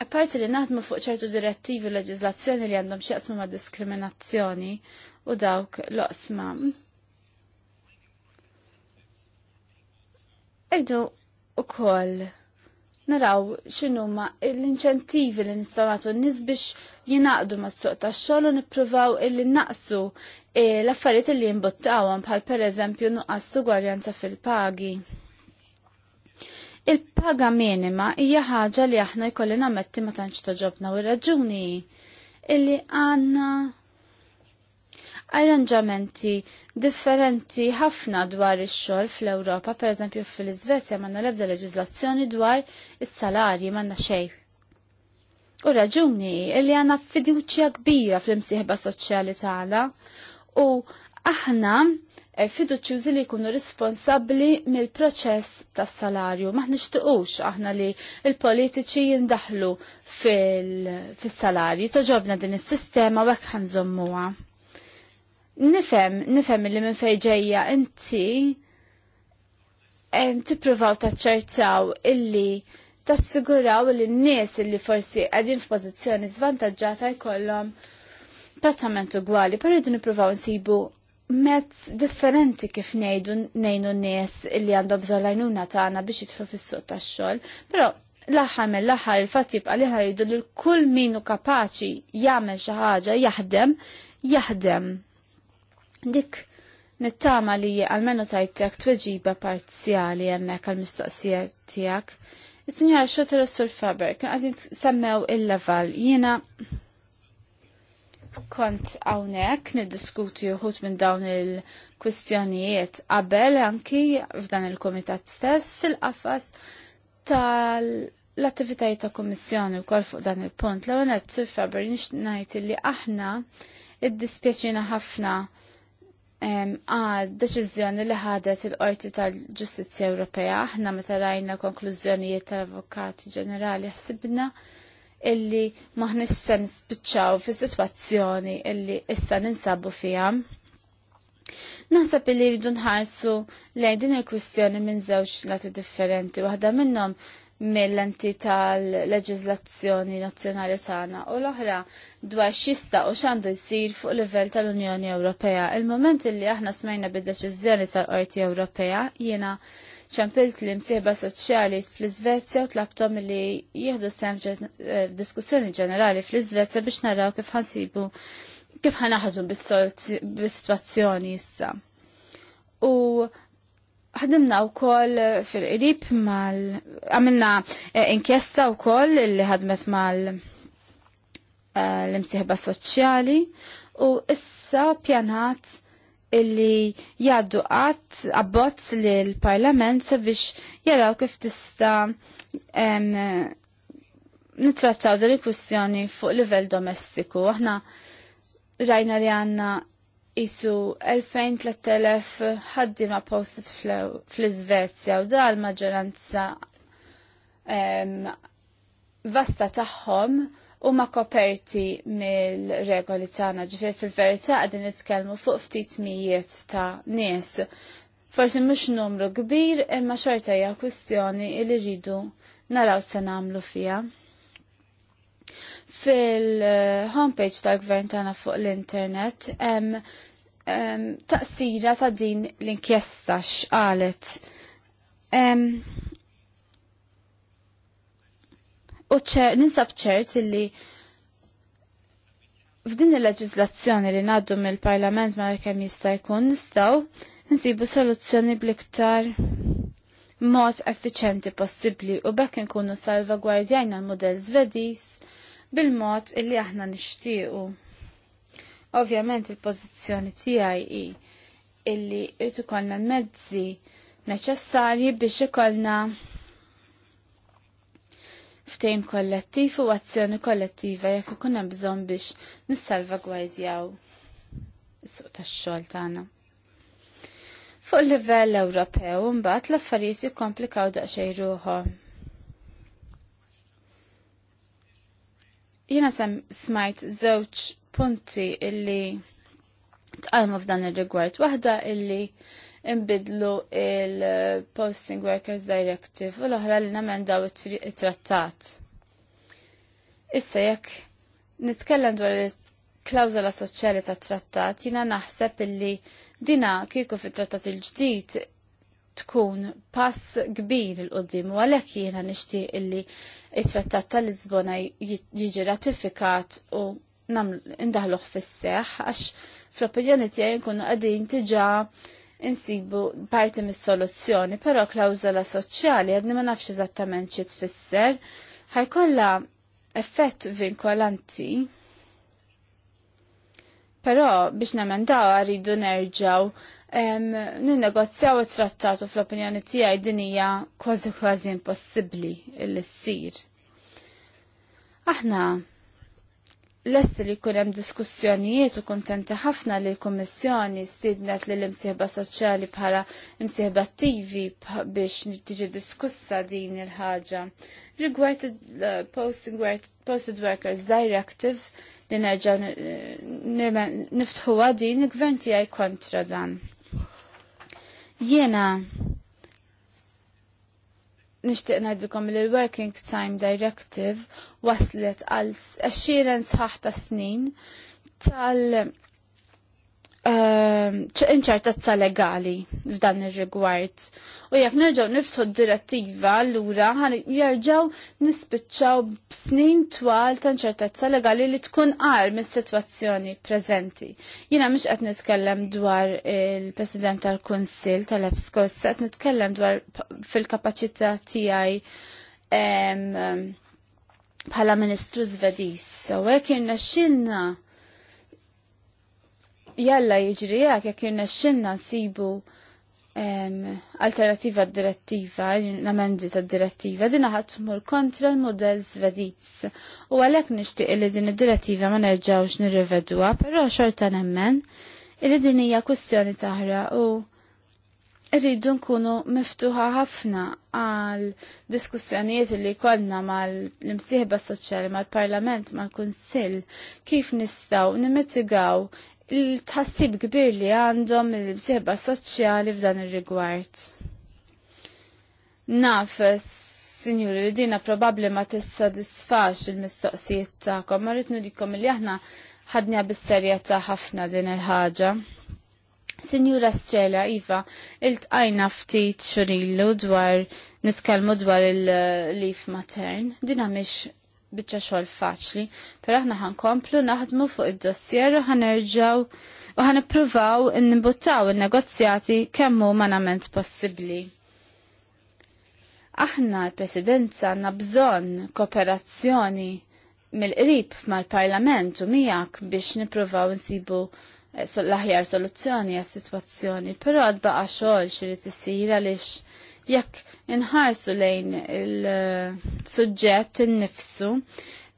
Apparti li naħdmu fuq ċertu direttivi u leġizlazzjoni li għandhom xieqsmu ma' diskriminazzjoni u dawk loqsma. Irdu u koll naraw x'inhuma l-inċentivi li nistgħu nagħtu n-nies biex jingħaqdu mas-suq tax-xogħol u nippruvaw illi naqsu eh, l-affarijiet li jimbottawan bħal pereżempju nuqqastu gwarjanza fil-pagi. Il-paga minima hija ħaġa li aħna jkollina metti ma tantx toġobna u raġuni illi għandna arranġamenti differenti ħafna dwar ix-xogħol fl-Ewropa, pereżempju fil-Iżvezja m'għandna l-ebda leġiżlazzjoni dwar is-salarji m'għandna xejn. U raġuni li għandna fiduċja kbira fl-imsieħba soċjali tagħna u aħna eh, fiduċjużi li jkunu responsabbli mill-proċess tas salarju Ma nixtiqux aħna li il-politiċi jindaħlu fil-salarju. Toġobna din is-sistema u hekk ħanżommuha. Nifem, nifem li minn fejġeja inti tippruvaw taċċertaw illi tassiguraw li n-nies illi forsi għadin f'pożizzjoni zvantagġata jkollhom trattament ugwali, però jridu nippruvaw nsibu mezz differenti kif nejdu nejnu n-nies illi għandhom għajnuna tagħna biex jitħlu fis-suq tax-xogħol, però l-aħħar mill-aħħar il-fatt jibqa' li ħaridu lil kull minu kapaċi jagħmel xi ħaġa jaħdem jaħdem. Dik nittama li għalmenu tajtek tweġiba parzjali hemmhekk għal-mistoqsija tiegħek. Is-Sinjora Xotter Sur Faber kien għadin semmew il-level jiena kont hawnhekk niddiskuti uħut minn dawn il-kwistjonijiet qabel anki f'dan il-kumitat stess fil qafat tal- l-attivitajiet ta' kommissjoni wkoll fuq dan il-punt l ewwel Sur Faber nix ngħid li aħna iddispjaċina ħafna għal deċiżjoni li ħadet il-Qorti tal-Ġustizzja Ewropea, aħna meta rajna konklużjonijiet tal-Avukati Ġenerali ħsibna illi maħnix se nispiċċaw fi sitwazzjoni illi issa ninsabu fija. Naħseb illi rridu nħarsu lejn din il-kwistjoni minn żewġ lati differenti, waħda minnhom mill enti tal leġizlazzjoni nazzjonali tagħna u l-oħra dwar xista u x'għandu jsir fuq livell tal-Unjoni Ewropea. Il-moment li aħna smajna bid-deċiżjoni tal-Qorti Ewropea jiena ċempilt li msieħba soċjali fl-Iżvezja u tlabtom li jieħdu sem eh, diskussjoni ġenerali fl-Iżvezja biex naraw kif ħansibu kif ħanaħdu bis-sitwazzjoni issa. U ħadimna u koll fil-qrib mal... għamilna eh, inkjesta u koll li ħadmet mal eh, l-imsieħba soċjali u issa pjanat illi jaddu għat abbozz li l-parlament sabiex jaraw kif tista nitrattaw dal kwistjoni fuq livell domestiku. Aħna rajna li għanna isu 2000-3000 ħaddima postet fl-Svezja u da l-maġġoranza vasta tagħhom u ma koperti mill-regoli tagħna ġifier fil-verità qegħdin nitkellmu fuq ftit mijiet ta' nies. Forsi mhux numru kbir imma xorta hija kwistjoni li rridu naraw se nagħmlu fiha fil-homepage tal-gvern tagħna fuq l-internet hemm taqsira sa' din l-inkjesta x'qalet. U ninsab ċert illi f'din il-leġizlazzjoni li ngħaddu mill-Parlament ma kemm jista' jkun nistgħu nsibu soluzzjoni bliktar mod effiċenti possibbli u bekk inkunu salvagwardjajna l-modell Svediż bil-mod illi aħna nixtiequ. Ovvjament il-pożizzjoni tiegħi hi illi irid ikollna l-mezzi neċessarji biex ikollna ftejm kollettiv u azzjoni kollettiva jekk ikun hemm bżonn biex nissalvagwardjaw is-suq tax-xogħol tagħna. Fuq livell Ewropew mbagħad l-affarijiet jikkomplikaw daqsxejn ruħhom. Jiena sem smajt żewġ punti illi tqalmu f'dan ir-rigward. Waħda illi imbidlu il-Posting Workers Directive u l-oħra li namendaw it-trattat. Issa jekk nitkellem dwar il klawzola soċjali ta' trattat, jina naħseb illi dina kieku fit-trattat il-ġdid tkun pass kbir il-qoddim u għalhekk jiena nixtieq illi it-trattat tal-Lisbona jiġi ratifikat u indaħluħ fis għax fl-opinjoni tiegħi nkunu għadin diġà insibu parti mis-soluzzjoni, però klawżola soċjali għadni ma nafx eżattament xi tfisser ħajkolla effett vinkolanti. Però biex nemendaw għaridu nerġaw ninnegozjaw it-trattatu fl-opinjoni tiegħi din hija kważi kważi impossibbli l-issir. Aħna Lest li kunem diskussjonijiet u kontenti ħafna li l-Kommissjoni stidnet li l-imsieħba soċjali bħala imsieħba attivi biex tiġi diskussa din il ħagġa Rigward posted Workers Directive li nerġaw niftħuwa din, il-gvern kontra dan. Jena nishtiq najdilkom li l-Working Time Directive waslet għal 20 sħaħ ta' snin tal- Ehm, inċertezza legali f'dan ir-rigward. U jekk nerġgħu nifsu d-direttiva allura jerġgħu nispiċċaw b'snin twal ta' inċertezza legali li tkun qar mis-sitwazzjoni preżenti. Jiena mhux qed nitkellem dwar il-President tal-Kunsill tal-EFSCO, qed nitkellem dwar fil-kapaċità tiegħi ehm, bħala Ministru Zvediż. So hekk irnexxilna jalla jiġri jekk jekk jirnexxinna nsibu alternativa direttiva, l-amendi ta' direttiva, din għat tmur kontra l model svediz. U għalek nishtiq li din id-direttiva ma nerġawx nirrivedwa, pero xorta nemmen, li din hija kustjoni taħra u rridu nkunu miftuħa ħafna għal diskussjonijiet li konna mal-imsieħba soċjali, mal-parlament, mal-kunsill, kif nistaw nimitigaw il tassib kbir li għandhom il-bsieħba soċjali f'dan ir-rigward. Naf, sinjuri, li dina probabli ma tissodisfax il-mistoqsijiet tagħkom, ma rritnu likom li aħna ħadnija bis-serjetà ħafna din il-ħaġa. Sinjura Strela, Iva, il-tqajna ftit xurillu dwar niskalmu dwar il-lif matern, dina mish biċċa xogħol faċli, per aħna ħankomplu naħdmu fuq id-dossier u erġaw u ħanippruvaw nnibuttaw in-negozjati kemm hu manament possibbli. Aħna l-Presidenza għandna bżonn kooperazzjoni mill-qrib mal-Parlament u miegħek biex nippruvaw nsibu eh, l-aħjar soluzzjoni għas-sitwazzjoni, però għadbaqa xogħol xi li għaliex jekk inħarsu lejn il-suġġett innifsu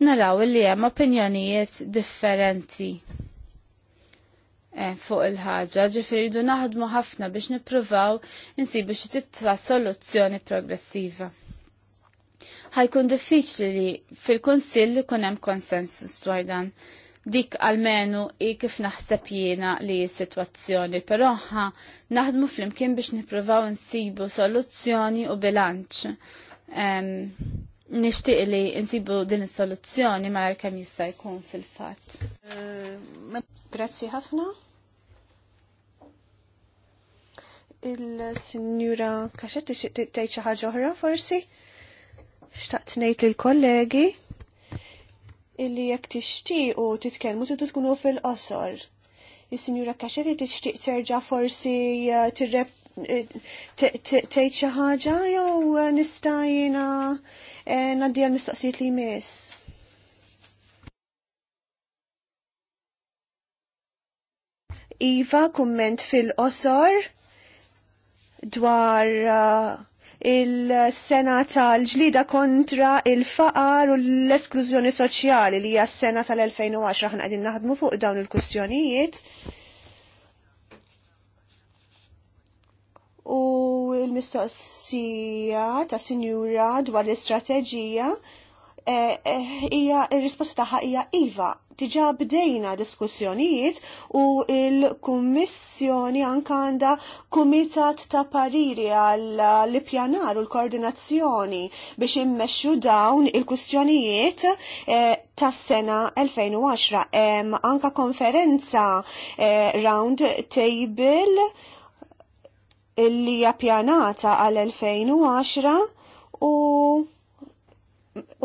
naraw li hemm opinjonijiet differenti eh, fuq il-ħaġa, ġifiri du naħdmu ħafna biex nipruvaw insibu xi tip ta' soluzzjoni progressiva. Ħajkun diffiċli li fil-Kunsill ikun hemm konsensus dwar dan dik għalmenu i kif naħseb jiena li s-situazzjoni, per ħa naħdmu fl-imkien biex niprovaw nsibu soluzzjoni u bilanċ. Um, Nishtiq li nsibu din is-soluzzjoni ma kemm jista' jkun fil-fatt. Grazzi ħafna. Il-Sinjura Kaxet tgħid xi ħaġa oħra forsi? Xtaqt ngħid lill-kollegi illi jekk tixtiequ titkellmu tidu tkunu fil-qosor. Is-Sinjura Kaxevi tixtieq terġa' forsi eh, tirrep eh, tgħid xi ħaġa jew eh, nista' jiena ngħaddi mistoqsijiet li jmiss. Iva, kumment fil-qosor dwar il-sena tal-ġlida kontra il-faqar u l-esklużjoni soċjali li hija s-sena tal-2010 ħna qegħdin naħdmu fuq dawn il-kustjonijiet. U l-mistoqsija ta' sinjura dwar l-istrateġija eh, eh, hija e, e, risposta tagħha hija iva Diġa bdejna diskussjonijiet u il-Kummissjoni anka għandha kumitat ta' pariri għall pjanar u l-koordinazzjoni biex immexxu dawn il-kustjonijiet eh, tas-sena 2010 hemm anka konferenza eh, round table illi hija pjanata għal 2010 u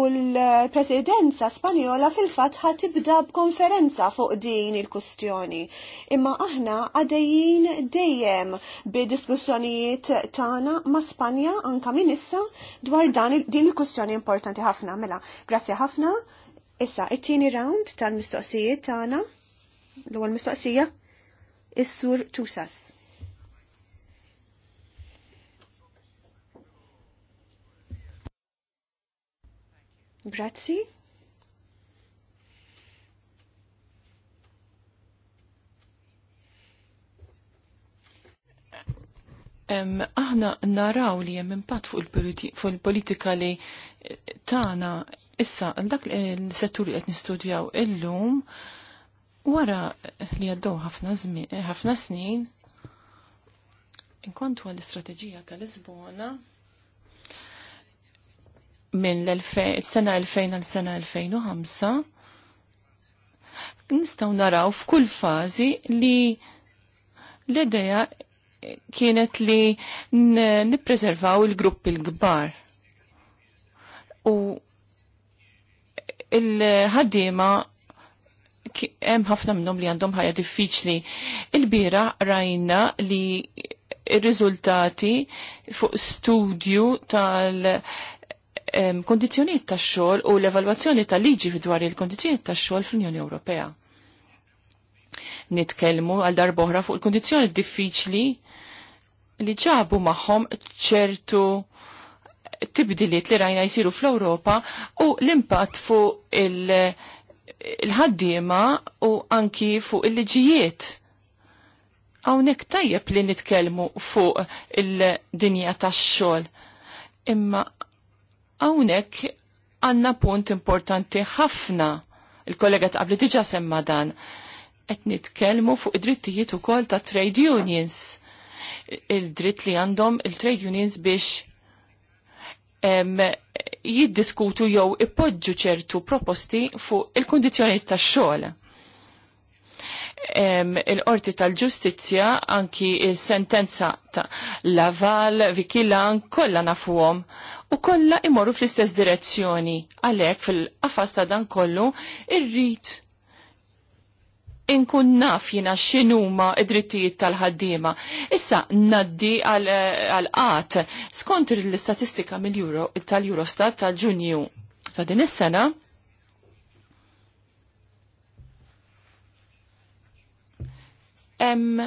U l-presidenza spanjola fil-fat ħat tibda b'konferenza fuq din il-kustjoni. Imma aħna għaddejjin dejjem bi diskussjonijiet tagħna ma' Spanja anka minn issa dwar dan din il-kustjoni importanti ħafna mela. Grazzi ħafna. Issa it-tieni round tal-mistoqsijiet tagħna. L-ewwel mistoqsija is-sur Tusas. Grazzi. aħna naraw li hemm impatt fuq il-politika li eh, tagħna issa dak il-settur eh, li qed nistudjaw illum wara li għaddew ħafna eh, snin, snin inkontu għal istrateġija tal-Lisbona minn l-sena 2000 għal sena 2005 nistaw naraw f'kull fażi li l-ideja kienet li nippreservaw il grupp il kbar U il-ħaddiema hemm ħafna minnhom li għandhom ħajja diffiċli. Il-bira rajna li il riżultati fuq studju tal- kondizjoniet ta' xogħol u l-evalwazzjoni ta' liġi dwar il-kondizjoniet ta' xogħol fl-Unjoni Ewropea. Nitkellmu għal darboħra fuq il-kondizjoni diffiċli li ġabu magħhom ċertu tibdiliet li rajna jisiru fl-Ewropa u l-impatt fuq il-ħaddiema u anki fuq il-liġijiet għawnek tajjeb li nitkelmu fuq il-dinja tax xol. Imma Hawnhekk għandna punt importanti ħafna. Il-kollega ta' qabli diġà semma dan. Qed nitkellmu fuq id-drittijiet ukoll ta' trade unions. Il-dritt li għandhom il-trade unions biex jiddiskutu jew ipoġġu ċertu proposti fuq il-kondizjoni tax xogħol il-qorti tal-ġustizja anki il-sentenza ta' Laval, Vikilan, kolla nafuhom u kolla imorru fl-istess direzzjoni. Għalek fil-qafas ta' dan kollu irrit inkun naf jina xinuma id-drittijiet tal-ħaddima. Issa naddi għal-qat skont l-istatistika mill eurostat tal-Ġunju ta' din is-sena hemm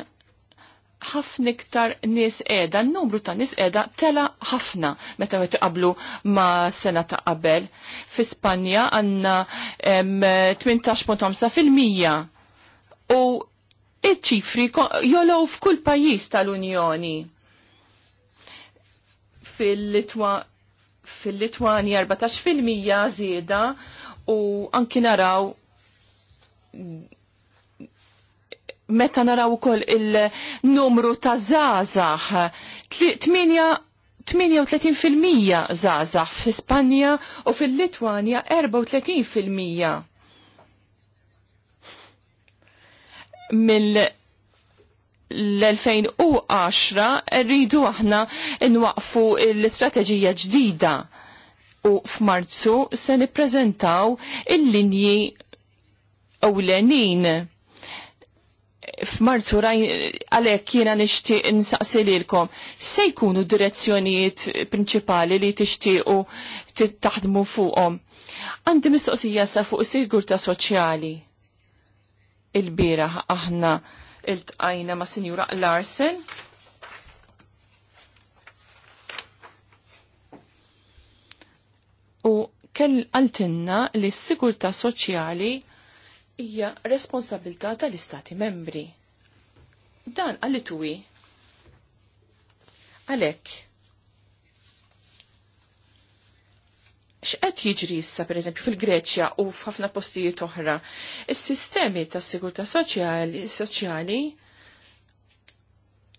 ħafna iktar nies qiegħda, n-numru ta' nies qiegħda tela ħafna meta qed qablu ma' sena ta' qabel. Fi Spanja għandna 18.5% u iċ-ċifri jolow f'kull pajjiż tal-Unjoni. fil 14 fil-Litwani 14% zieda u anki naraw meta naraw ukoll il-numru ta' zazax, 38% zazax fl-Ispanja u fil-Litwanja 34% mill l-2010 rridu aħna nwaqfu l-istrateġija ġdida u f'Marzu se nippreżentaw il-linji ewlenin f'Marzu raj għalhekk jiena nixtieq insaqsi se jkunu direzzjonijiet prinċipali li tixtiequ taħdmu fuqhom. Għandi mistoqsija sa fuq sigurta soċjali. Il-bieraħ aħna iltqajna ma' Sinjura Larsen. U kell għaltinna li s-sigurta soċjali hija responsabilità tal-Istati membri. Dan għalli tuwi. Għalek. X'qed jiġri issa pereżempju fil-Greċja u f'ħafna postijiet oħra, is-sistemi tas-sigurtà soċjali soċjali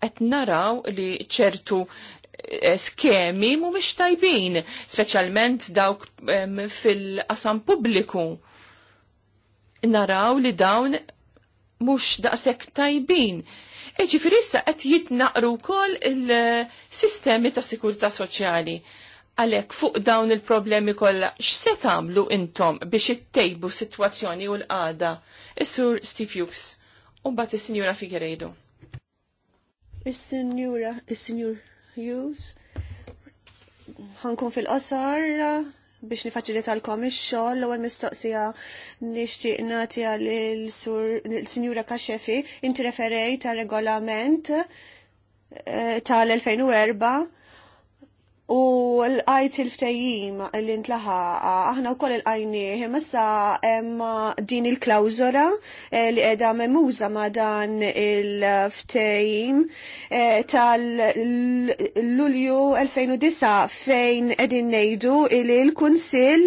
qed naraw li ċertu eh, skemi mhumiex tajbin, speċjalment dawk fil-qasam pubbliku naraw li dawn mux daqsek tajbin. Eċi issa qed jitnaqru wkoll il-sistemi ta' sikurta soċjali. Għalek fuq dawn il-problemi kollha x'se tagħmlu intom biex ittejbu sitwazzjoni u l għada Is-sur Steve Hughes u bat is-Sinjura Figueredo. Is-Sinjura, is-Sinjur Hughes ħankun fil-qasar biex nifaċilitalkom ix-xogħol l-ewwel mistoqsija nixtieq nagħti l-Sinjura Kaxefi inti referejt għal regolament eh, tal-2004 u l-għajt il-ftajim li ntlaħa, aħna u koll l-għajni, messa din il klawzora eh, li edha memuza ma dan il-ftajim eh, tal-Lulju 2009 fejn edin nejdu li l-Kunsil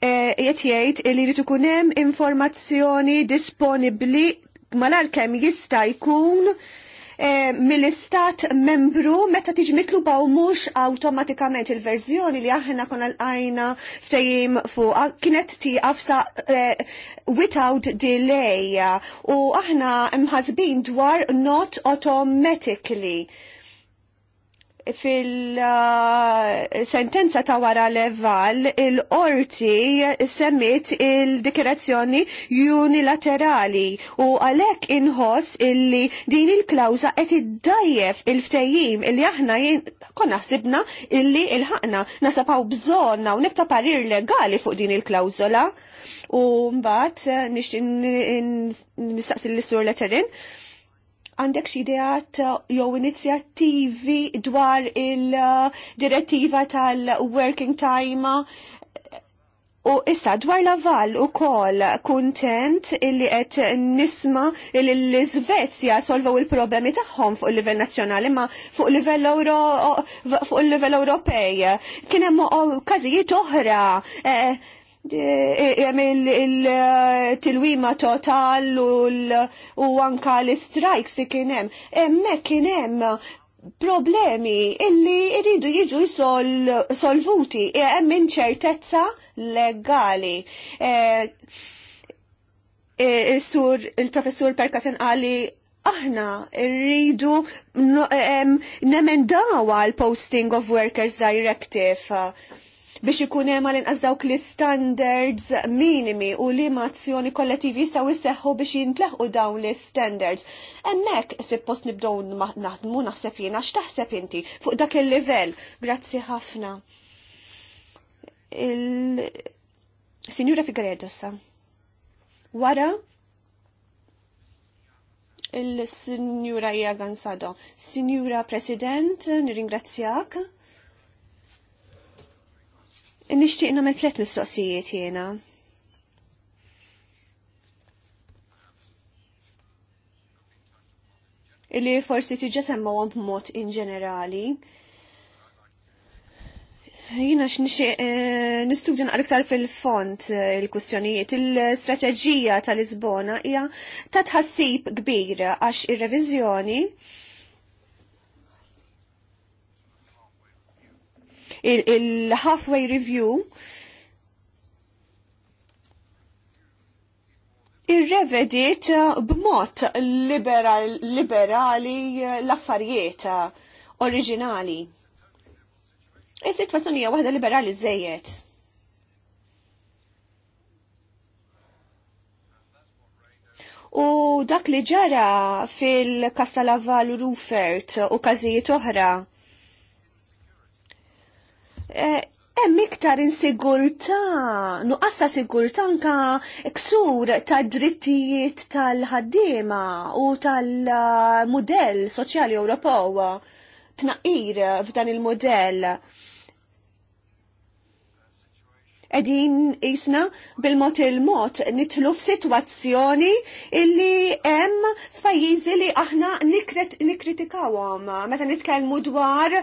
eh, jett li rritu kunem informazzjoni disponibli malar kem jista jkun Eh, mill-istat membru meta tiġi mitluba u mhux awtomatikament il-verżjoni li aħna konna l-għajna ftejim fuq kienet ti għafsa eh, without delay u aħna mħazbin dwar not automatically fil-sentenza ta' wara leval il-qorti semmit il-dikerazzjoni unilaterali u għalek inħoss illi din il-klawza qed iddajjef il-ftejjim illi aħna konna ħsibna illi il ħakna nasapaw bżonna u nekta parir legali fuq din il-klawzola u mbagħad eh, nixtieq nistaqsi l-sur Letterin għandek xi ideat uh, jew inizjattivi dwar il-direttiva tal-working time U issa dwar l-aval u kol kontent illi qed nisma illi l-Svezja solvaw il-problemi tagħhom fuq il-livell nazzjonali ma fuq livell Euro fuq il-livell Ewropej. Kien hemm każijiet oħra. Eh, jagħmel eh, eh, il-tilwima total u anka l-strikes li kien hemm. Hemmhekk kien hemm problemi illi iridu jiġu solvuti eh, hemm inċertezza legali. Sur il-professur Perkasen għali: aħna rridu nemendawa l-Posting of Workers Directive biex ikun hemm għal-inqas dawk l standards minimi u li azzjoni kollettivi jistgħu jseħħu biex jintleħqu dawn l standards. Hemmhekk suppost nibdew naħdmu naħseb jiena x'taħseb inti fuq dak il-livell. Grazzi ħafna. Il... Signora Wara il-Sinjura Iagan Sado. Sinjura President, nirringrazzjak Nishtiq nagħmel tliet mistoqsijiet jiena. Illi forsi tiġa għom b'mod in ġenerali. Jina x'nixtieq eh, nistudja naqra iktar fil-font eh, il kustjonijiet Il-strateġija tal-Lisbona hija ta' tħassib kbir għax ir-reviżjoni il il-halfway review irrevedit uh, b'mod liberal, liberali uh, l-affarijiet uh, oriġinali. Is-sitwazzjoni hija waħda liberali żejjed. U dak li ġara fil-Kastalaval Rufert u każijiet oħra Eh, hemm iktar insigurtà, nuqqas ta' sigurtà anka ksur ta' drittijiet tal-ħaddiema u tal-mudell soċjali Ewropew tnaqir f'dan il-mudell edin isna bil-mot il-mot nitlu f-situazzjoni illi hemm pajizi li aħna nikritikawhom. Meta nitkellmu dwar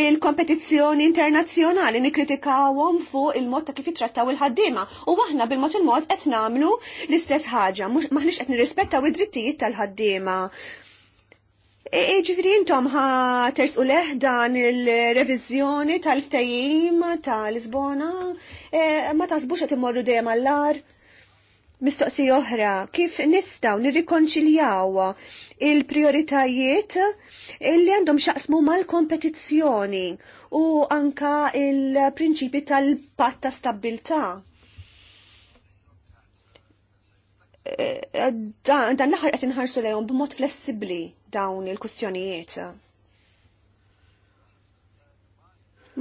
il-kompetizzjoni internazzjonali nikritikawom fuq il-mod ta' kif jitrattaw il-ħaddiema. U aħna bil-mot il-mod qed nagħmlu l-istess ħaġa, maħniex qed nirrispettaw id-drittijiet tal-ħaddiema. E, e, ġifiri intom ħa ters u leħdan il-revizjoni tal-ftajim tal-Lisbona, e, ma tasbux għat immorru dejjem għallar. Mistoqsi oħra, kif nistaw nirrikonċiljaw il-prioritajiet li għandhom xaqsmu mal-kompetizzjoni u anka il-prinċipi tal-patta stabilta' dan l-aħħar qed inħarsu lejhom b'mod flessibbli dawn il-kustjonijiet.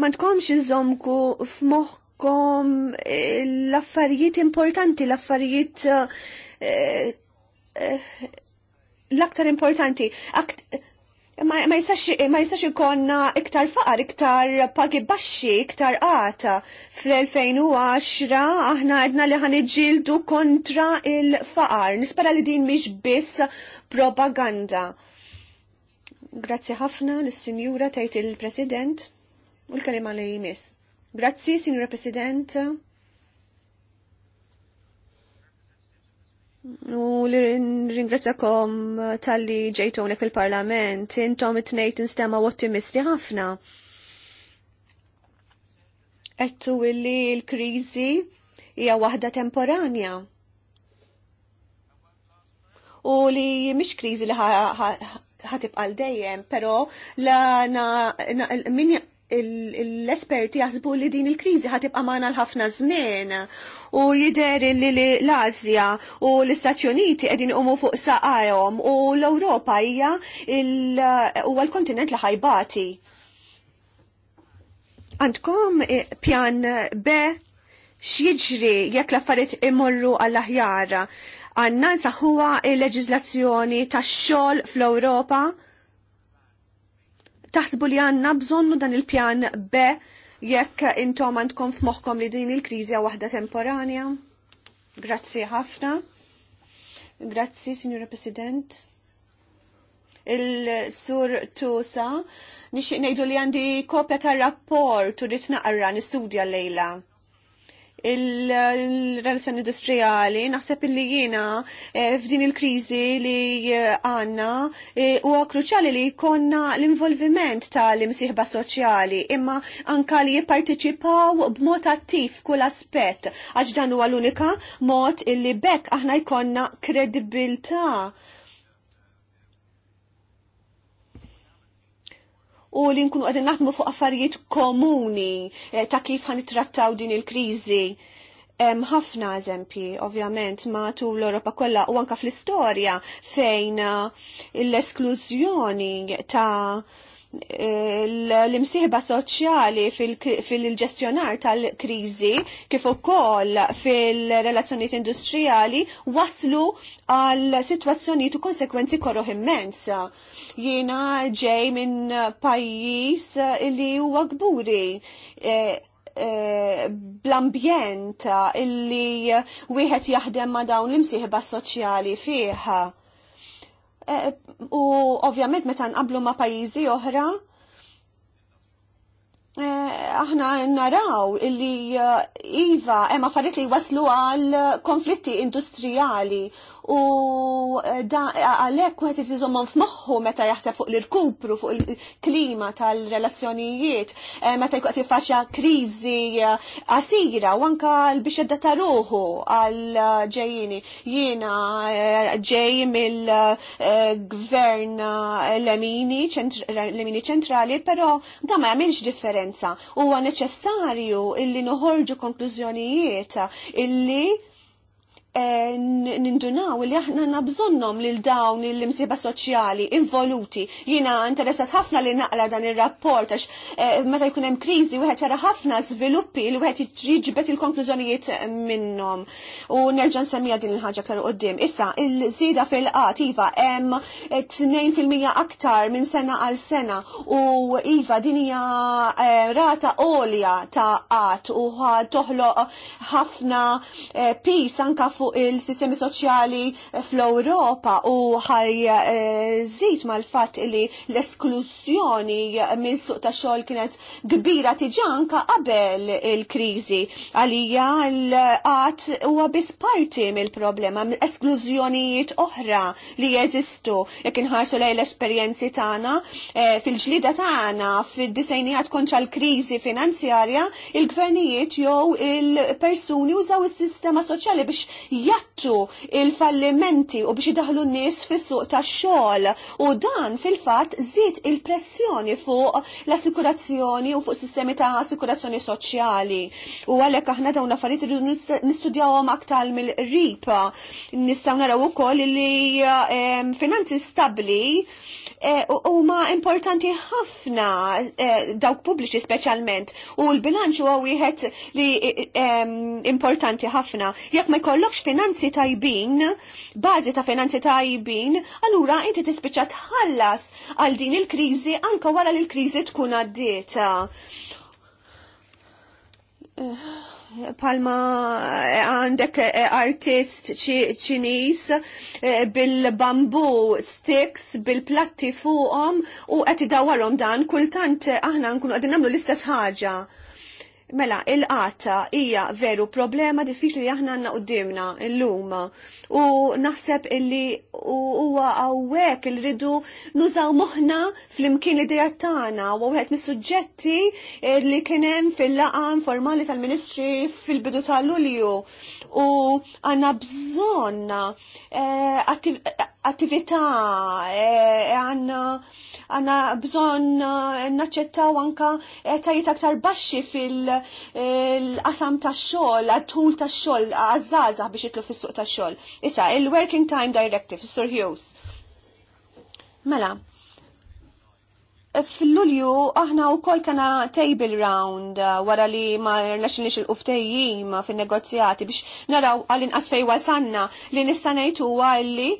Ma tkomx nżomku f'moħħkom eh, l-affarijiet importanti, l-affarijiet eh, eh, l-aktar importanti. Akt ma, jistax ikonna iktar faqar, iktar pagi baxxi, iktar qata. Fl-2010 aħna għedna li ħan iġildu kontra il-faqar. Nispera li din miex biss propaganda. Grazzi ħafna l-Sinjura tajt il-President u l-kalima li jmiss. Grazzi, Sinjura President. U li ringrazzakom tal-li ġejtu l il-Parlament, intom it-nejt instema ottimisti ħafna. Ettu li l-krizi hija waħda temporanja u li mish krizi li Ħatib l-dejjem, pero la na, na min l-esperti jasbu li din il-krizi ħatibqa maħna l-ħafna żmien u jider li l-Azja u l-Istati Uniti edin umu fuq saqajom u l-Europa hija u l-kontinent li ħajbati. Għandkom eh, pjan B x'jiġri jekk l-affarijiet imorru għall-aħjar għanna nsaħħuha il-leġizlazzjoni tax-xogħol fl-Ewropa. Taħsbu li għanna bżonnu dan il-pjan B jekk intom għandkom f'moħħkom li din il-kriżja waħda temporanja. Grazzi ħafna. Grazzi, Signora President. Il-sur Tusa, nixtieq ngħidu li għandi kopja tar-rapport u rrid naqra nistudja lejla il-relazzjoni industrijali, naħseb illi jiena eh, f'din il-krizi li eh, għanna eh, u kruċali li konna l-involviment tal-imsiħba soċjali imma anka li jipparteċipaw b'mod attiv kull aspett għax dan huwa l-unika mod illi bekk aħna jkonna kredibilta' u li nkunu għadin naħdmu fuq affarijiet komuni eh, ta' kif ħanitrattaw trattaw din il-krizi. ħafna eżempi ovvjament, ma tu l-Europa kollha u anka fl-istorja fejn eh, l-esklużjoni ta' l-imsieħba soċjali fil-ġestjonar tal-krizi kif ukoll fil-relazzjonijiet industrijali waslu għal sitwazzjonijiet u konsekwenzi korroħ immensa. Jiena ġej minn pajjiż li huwa gburi e, e, bl-ambjent illi wieħed jaħdem ma' dawn l-imsieħba soċjali fih Eh, u ovvjament meta nqablu ma' pajjiżi oħra, eh, aħna naraw illi eh, Iva hemm affarijiet li waslu għal konflitti industrijali u eh, eh, għalhekk wieħed irid iżommhom f'moħħu meta jaħseb fuq l-irkupru fuq il-klima tal-relazzjonijiet, eh, meta jkun qed jiffaċċja kriżi qasira u anke biex ta' ruħu għal ġejjini. Jiena ġej mill-gvern Lemini ċentrali, però da ma jagħmilx differenza. Huwa neċessarju illi noħorġu konklużjonijiet illi Eh, nindunaw li aħna nabżonnom lil dawn l-imsiba soċjali involuti. Jina interessat ħafna li naqra dan ir-rapport għax eh, meta jkun hemm kriżi wieħed jara ħafna żviluppi li wieħed jiġbet il-konklużjonijiet minnhom. U nerġa' semmija din il-ħaġa aktar quddiem. Issa il-żieda fil-qat iva hemm 2% aktar minn sena għal sena u iva din hija eh, rata għolja ta' qat u toħloq ħafna pis anka fuq il-sistemi soċjali fl-Europa u ħaj zid eh, mal-fat li l-esklusjoni minn suq ta' xogħol kienet kbira tiġanka qabel il-kriżi. Għalija l-qat huwa biss parti mill-problema esklużjonijiet oħra li jeżistu jekk inħarsu lej l-esperjenzi tagħna eh, fil-ġlida tagħna fid-disejnijat kontra l-kriżi finanzjarja il-gvernijiet jew il-persuni użaw is-sistema soċjali biex jattu il-fallimenti u biex jidaħlu n nis fis-suq tax-xogħol u dan fil-fatt żied il-pressjoni fuq l-assikurazzjoni u fuq sistemi ta' assikurazzjoni soċjali. U għalhekk aħna dawn affarijiet irridu nistudjawhom aktar mill-qrib. Nistgħu naraw ukoll li eh, finanzi stabbli Eh, huma importanti ħafna eh, dawk pubbliċi speċjalment u l-bilanċ huwa wieħed li eh, importanti ħafna. Jekk ma jkollokx finanzi tajbin, bażi ta' finanzi tajbin, allura inti tispiċċa tħallas għal din il-kriżi anka wara li l-kriżi tkun għaddieta palma eh, għandek eh, artist ċinis eh, bil-bambu sticks bil-platti fuqom u qed dawarom dan kultant aħna nkunu għadin namlu l-istess ħaġa. Mela, il-qata hija veru problema diffiċli li aħna għandna qudiemna illum u naħseb illi huwa hawnhekk il ridu nużaw moħħna fl-imkien li dejja tagħna u wieħed mis-suġġetti eh, li kien hemm fil-laqa informali tal-Ministri fil-bidu tal-Lulju u għandna bżonn eh, attività e, e għanna għanna bżon e, naċċettaw anka tajiet aktar baxxi fil-qasam ta' xogħol, għat-tul ta' xogħol, għażaża biex jitlu fis-suq ta' xogħol. Issa, il-Working Time Directive, Sir sur Hughes. Mela, fil-Lulju aħna u koll kana table round uh, wara li ma rnaxin li xil-uftejjim fin negozjati biex naraw inqas asfej wasanna li nistanajtu għalli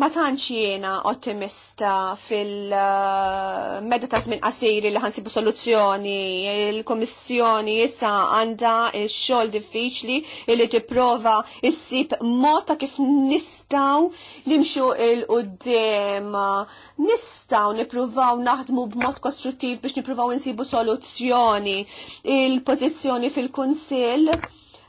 ma tantx jiena ottimista fil-meda eh, ta' żmien qasiri li ħansibu soluzzjoni. Il-Kommissjoni issa għandha x-xogħol diffiċli li tipprova issib mod ta' kif nistgħu nimxu il qudiem Nistgħu nippruvaw naħdmu b'mod kostruttiv biex nippruvaw insibu soluzzjoni. Il-pożizzjoni fil-Kunsill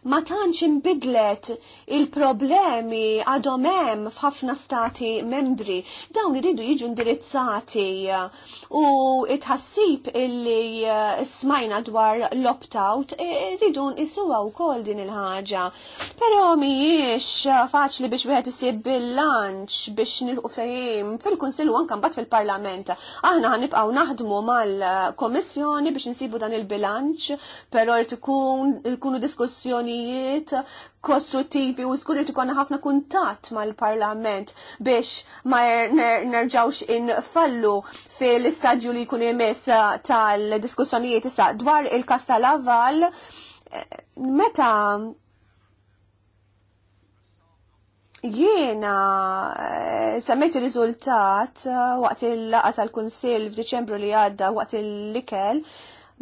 ma tantx imbidlet il-problemi għadhom hemm f'ħafna stati membri. Dawn iridu jiġu indirizzati u itħassib illi eh, smajna dwar l-opt-out eh, iridu nqisuha wkoll din il-ħaġa. Però mhijiex faċli biex wieħed isib bil-lanċ biex nilqu fejn fil-Kunsill u anke mbagħad fil-Parlament. Aħna ħanibqgħu naħdmu mal-Komissjoni biex insibu dan il-bilanċ, però jrid ikunu diskussjoni affarijiet kostruttivi u zgur ikonna ħafna kuntat mal-parlament biex ma er- nerġawx infallu fil-istadju li jkun jemess tal-diskussjonijiet issa dwar il-kas tal-aval meta jiena eh, semmejt il-riżultat eh, waqt il-laqa tal-Kunsill f'Diċembru li għadda waqt il-likel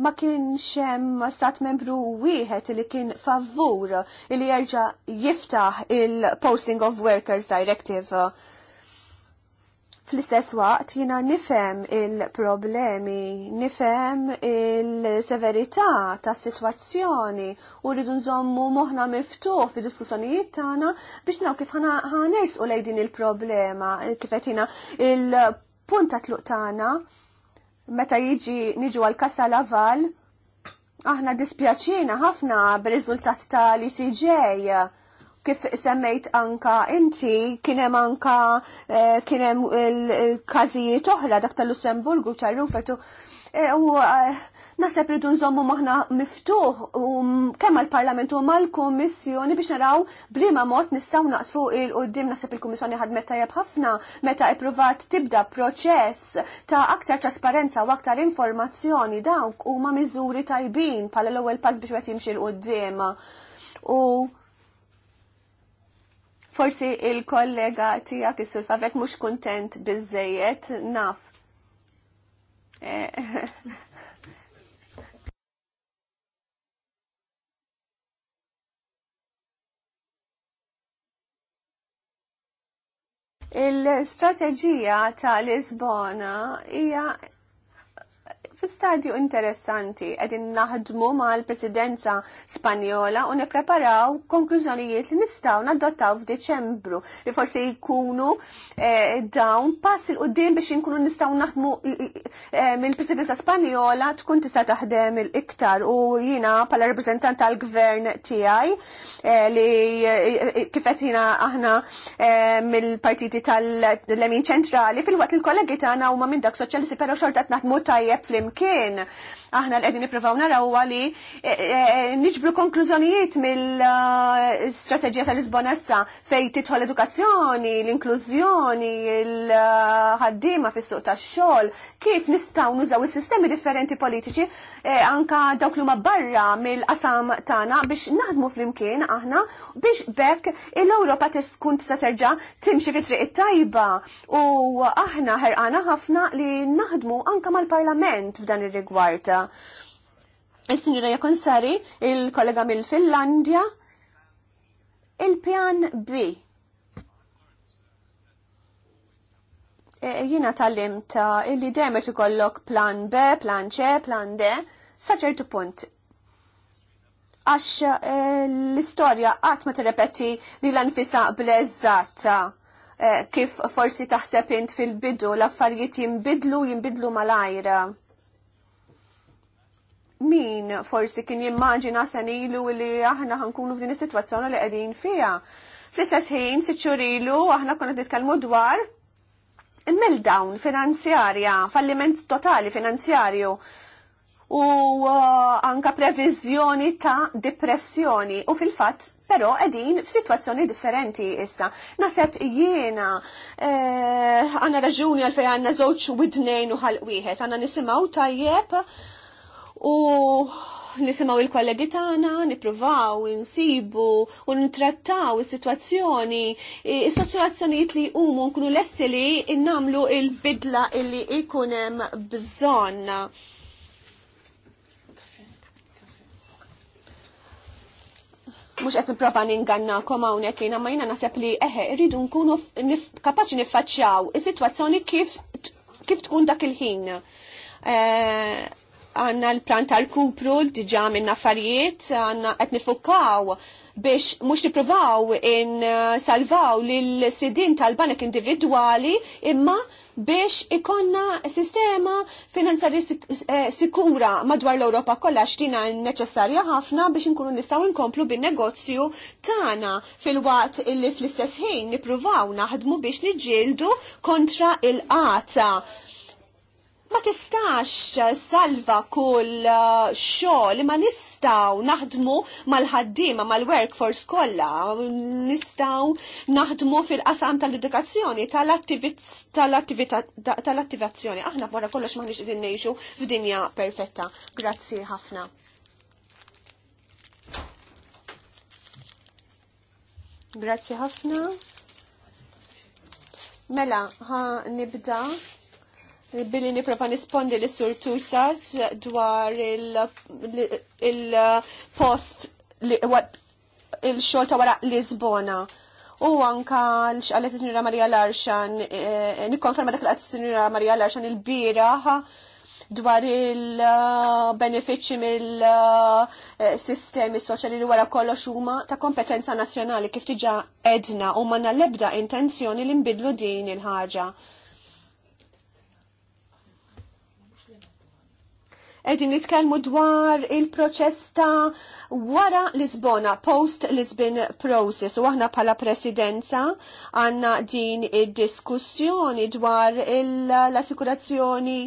ma kienx hemm stat membru wieħed li kien favur li jerġa' jiftaħ il-Posting of Workers Directive. Fl-istess waqt jiena nifhem il-problemi, nifhem il-severità tas-sitwazzjoni u rridu nżommu moħħna miftuħ fi diskussjonijiet tagħna biex naw kif ħanersqu lejn din il-problema kif qed il-punta tluq tagħna meta jiġi niġu għal kasta laval, aħna dispjaċina ħafna b'riżultat ta' li CJ kif semmejt anka inti kienem anka eh, kienem il-kazijiet oħra dak tal-Lussemburgu tal-Rufertu eh, u eh, Naseb rridu nżommu maħna miftuħ u um, kemm għal-Parlament u mal-Kummissjoni biex naraw bliema mod nistgħu naqtfu il-qudiem naħseb il-Kummissjoni ħadmet tajjeb ħafna meta ippruvat tibda proċess ta' aktar trasparenza u aktar informazzjoni dawk huma miżuri tajbin bħala l-ewwel pass biex għet jimxil qoddim. qudiem U forsi il-kollega tijak is sulfa vek mux kontent bizzejiet naf. Eh, Il-strateġija ta' Lisbona hija fi stadju interessanti qegħdin naħdmu mal-Presidenza Spanjola u nippreparaw konklużjonijiet li nistgħu nadottaw f'Deċembru li forse jkunu eh, dawn pass il qoddim biex inkunu nistgħu naħdmu eh, mill-Presidenza Spanjola tkun tista' taħdem il-iktar u jiena bħala reprezentant tal-gvern tiegħi eh, li kifet jina aħna mill-partiti tal-Lemin Ċentrali fil-waqt il-kollegi tagħna huma minn dak soċjalisti però xortat naħdmu tajjeb flim flimkien. Aħna l-qegħdin nippruvaw naraw li eh, eh, niġbru konklużjonijiet mill-strateġija eh, tal lisbonessa fej fejn l edukazzjoni, l-inklużjoni, l-ħaddiema fis-suq tax-xogħol, kif nistgħu nużaw is-sistemi differenti politiċi anka dawk li huma barra mill-qasam tagħna biex naħdmu flimkien aħna biex bekk l-Ewropa tkun tista' terġa' timxi fi triq it-tajba u aħna ħerqana ħafna li naħdmu anka mal-parlament f'dan ir-rigward. Is-sinjura jekun sari il-kollega mill-Finlandja il-pjan B. E, jina tal-lim ta' e, illi demet ikollok plan B, plan C, plan D, saċertu punt għax e, l-istoria għat ma t-repeti li l-anfisa blezzata kif forsi taħseb int fil-bidu, l-affarijiet jimbidlu, jimbidlu malajra min forsi kien jimmaġina senilu li aħna ħankunu f'din is-sitwazzjoni li qegħdin fiha. Fl-istess ħin, ilu aħna konna nitkellmu dwar meltdown finanzjarja, falliment totali finanzjarju u uh, anka previżjoni ta' depressjoni u fil-fatt però edin f'sitwazzjoni differenti issa. Naseb jiena eh, għanna raġuni għalfej għanna zoċ widnejn u ħalq wieħed għanna nisimaw tajjeb u nisimaw il-kollegi tagħna, nippruvaw, insibu u nittrattaw is-sitwazzjoni, is-sitwazzjonijiet li huma nkunu lesti li innamlu il-bidla illi jkun hemm bżonn. Mux qed nipprova ningannakom hawnhekk jiena ma jiena naħseb li eħe eh, rridu nkunu kapaċi niffaċċjaw is-sitwazzjoni kif kif tkun dak il-ħin. Eh, għanna l plan tal-kupru l-diġa minn affarijiet għanna għetni fukkaw biex mux niprovaw in eh, salvaw l-sidin tal-banek individuali imma biex ikonna sistema finanzjari eh, sikura madwar l-Europa kollha xtina neċessarja ħafna biex nkunu nistgħu nkomplu bin-negozju tagħna fil-waqt illi fl-istess ħin nippruvaw naħdmu biex niġġieldu kontra il-qata ma tistax salva kull uh, xogħol ma nistaw naħdmu mal-ħaddiema mal-workforce kollha, nistaw naħdmu fil-qasam tal-edukazzjoni tal-attivazzjoni. Aħna wara kollox ma nix qegħdin ngħixu f'dinja perfetta. Grazzi ħafna. Grazzi ħafna. Mela, ħa nibda billi niprofa nispondi li sur Tusas dwar il-post il uh, il-xol ta' wara Lisbona. U anka l-xqalet s-sinjura Marija Larxan, eh, nikkonferma dak l sinjura Marija Larxan il bira uh, dwar il-benefiċi mill-sistemi uh, eh, soċali li wara kollox huma ta' kompetenza nazzjonali kif tiġa edna u manna lebda intenzjoni li nbidlu din il-ħaġa. Edin nitkellmu dwar il proċesta ta' wara Lisbona, post Lisbon process, u aħna pala presidenza għanna din id-diskussjoni dwar l-assikurazzjoni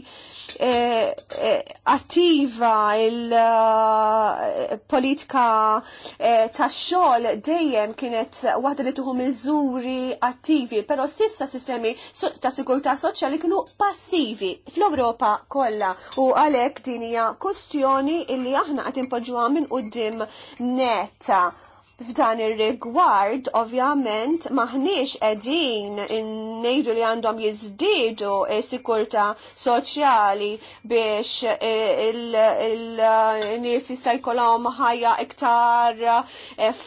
eh, eh, attiva, il-politika eh, eh, ta' xol dejjem kienet waħda li tuħu miżuri attivi, pero sissa sistemi ta' sigurta' soċjali kienu passivi fl-Europa kollha u għalhekk din hija kustjoni illi aħna qed impoġġuha minn quddiem netta. F'dan ir-rigward, ovvjament, maħniex qegħdin ngħidu li għandhom jiżdiedu s-sikurta soċjali biex eh, il-nies jista' jkollhom ħajja iktar eh,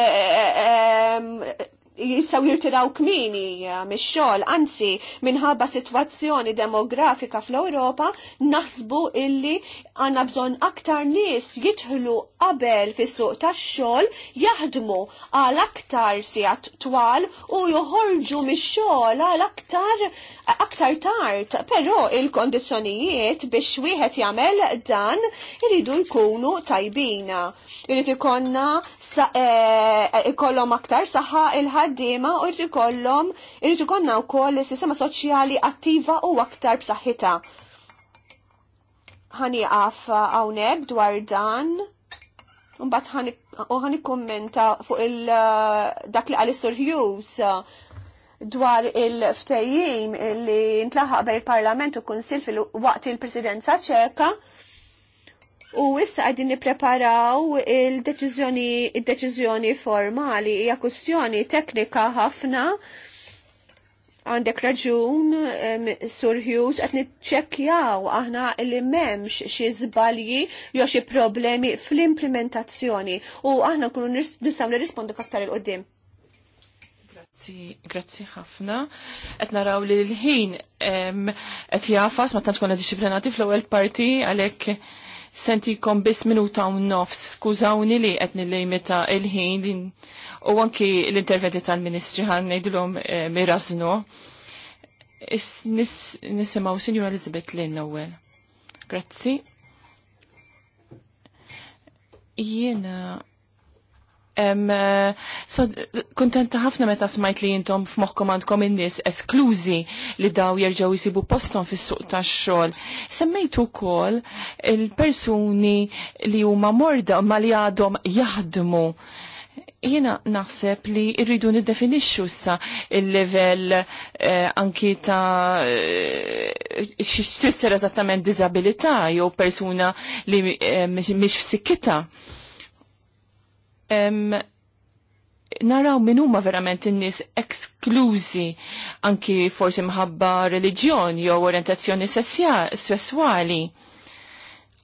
eh, jissaw jirtiraw kmini eh, mis xogħol anzi minħabba sitwazzjoni demografika fl-Ewropa naħsbu illi għandna bżonn aktar nies jitħlu qabel fis-suq tax-xogħol jaħdmu għal aktar sigħat twal u joħorġu mix-xogħol għal aktar aktar tard, però il-kondizzjonijiet biex wieħed jagħmel dan iridu jkunu tajbina irrid ikonna eh, eh, ikollom aktar saħħa il-ħaddiema u irrid ikollhom irrid ikollna wkoll is-sistema soċjali attiva u aktar b'saħħita. Ħani għaf hawnhekk dwar dan. Mbagħad ħani kummenta fuq il eh, dak li qal Hughes dwar il-ftejjim li ntlaħaq bej parlament u Kunsill fil-waqt il-presidenza ċeka U issa għadin nipreparaw il-deċizjoni il formali, hija kustjoni teknika ħafna. Għandek raġun, um, Sur Hughes, għat nitċekjaw aħna li memx xi żbalji jew xi problemi fl-implementazzjoni u aħna nkunu nistgħu nirrispondu aktar il-qudiem. Grazzi, grazzi ħafna. Qed naraw li l-ħin qed jafas ma tantx konna disciplinati fl-ewwel parti għalhekk sentikom bis minuta u nofs, skużawni li qed nillejmita il-ħin u anki l-interventi tal-ministri ħan nejdilom eh, mirazno. Nisimaw Sinjura Elizabeth Lin ewwel. Grazzi. Jiena Eh, so, kontenta ħafna meta smajt li jintom f'moħkom għandkom in-nies esklużi li daw jerġgħu jisibu postom fis-suq tax-xogħol. Semmejtu wkoll il-persuni li huma morda ma li għadhom jaħdmu. Jiena naħseb li rridu niddefinixxu issa il-level eh, anki ta' eh, eżattament diżabilità jew persuna li eh, mhix f'sikkita naraw min huma verament in-nies eksklużi anki forsi mħabba reliġjon jew orientazzjoni sesswali.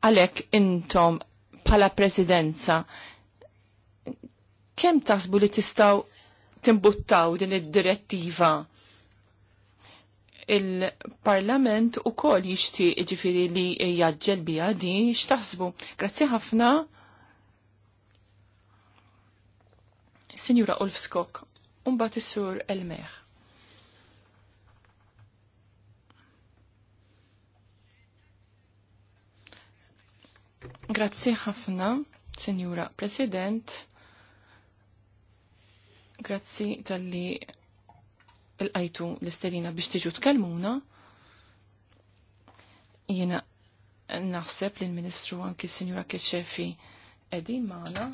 Għalhekk intom bħala presidenza kemm taħsbu li tistgħu timbuttaw din id-direttiva? Il-parlament u kol jiġifieri ġifiri li jaġġel bija di xtaħsbu. Grazzi ħafna. Signora Ulf Skok, umbat is-sur Elmeħ. Grazzi ħafna, Signora President. Grazzi tal-li l qajtu l-isterina biex tiġu tkellmuna. Jiena naħseb li l-Ministru anki Sinjura Keċefi edin maħna.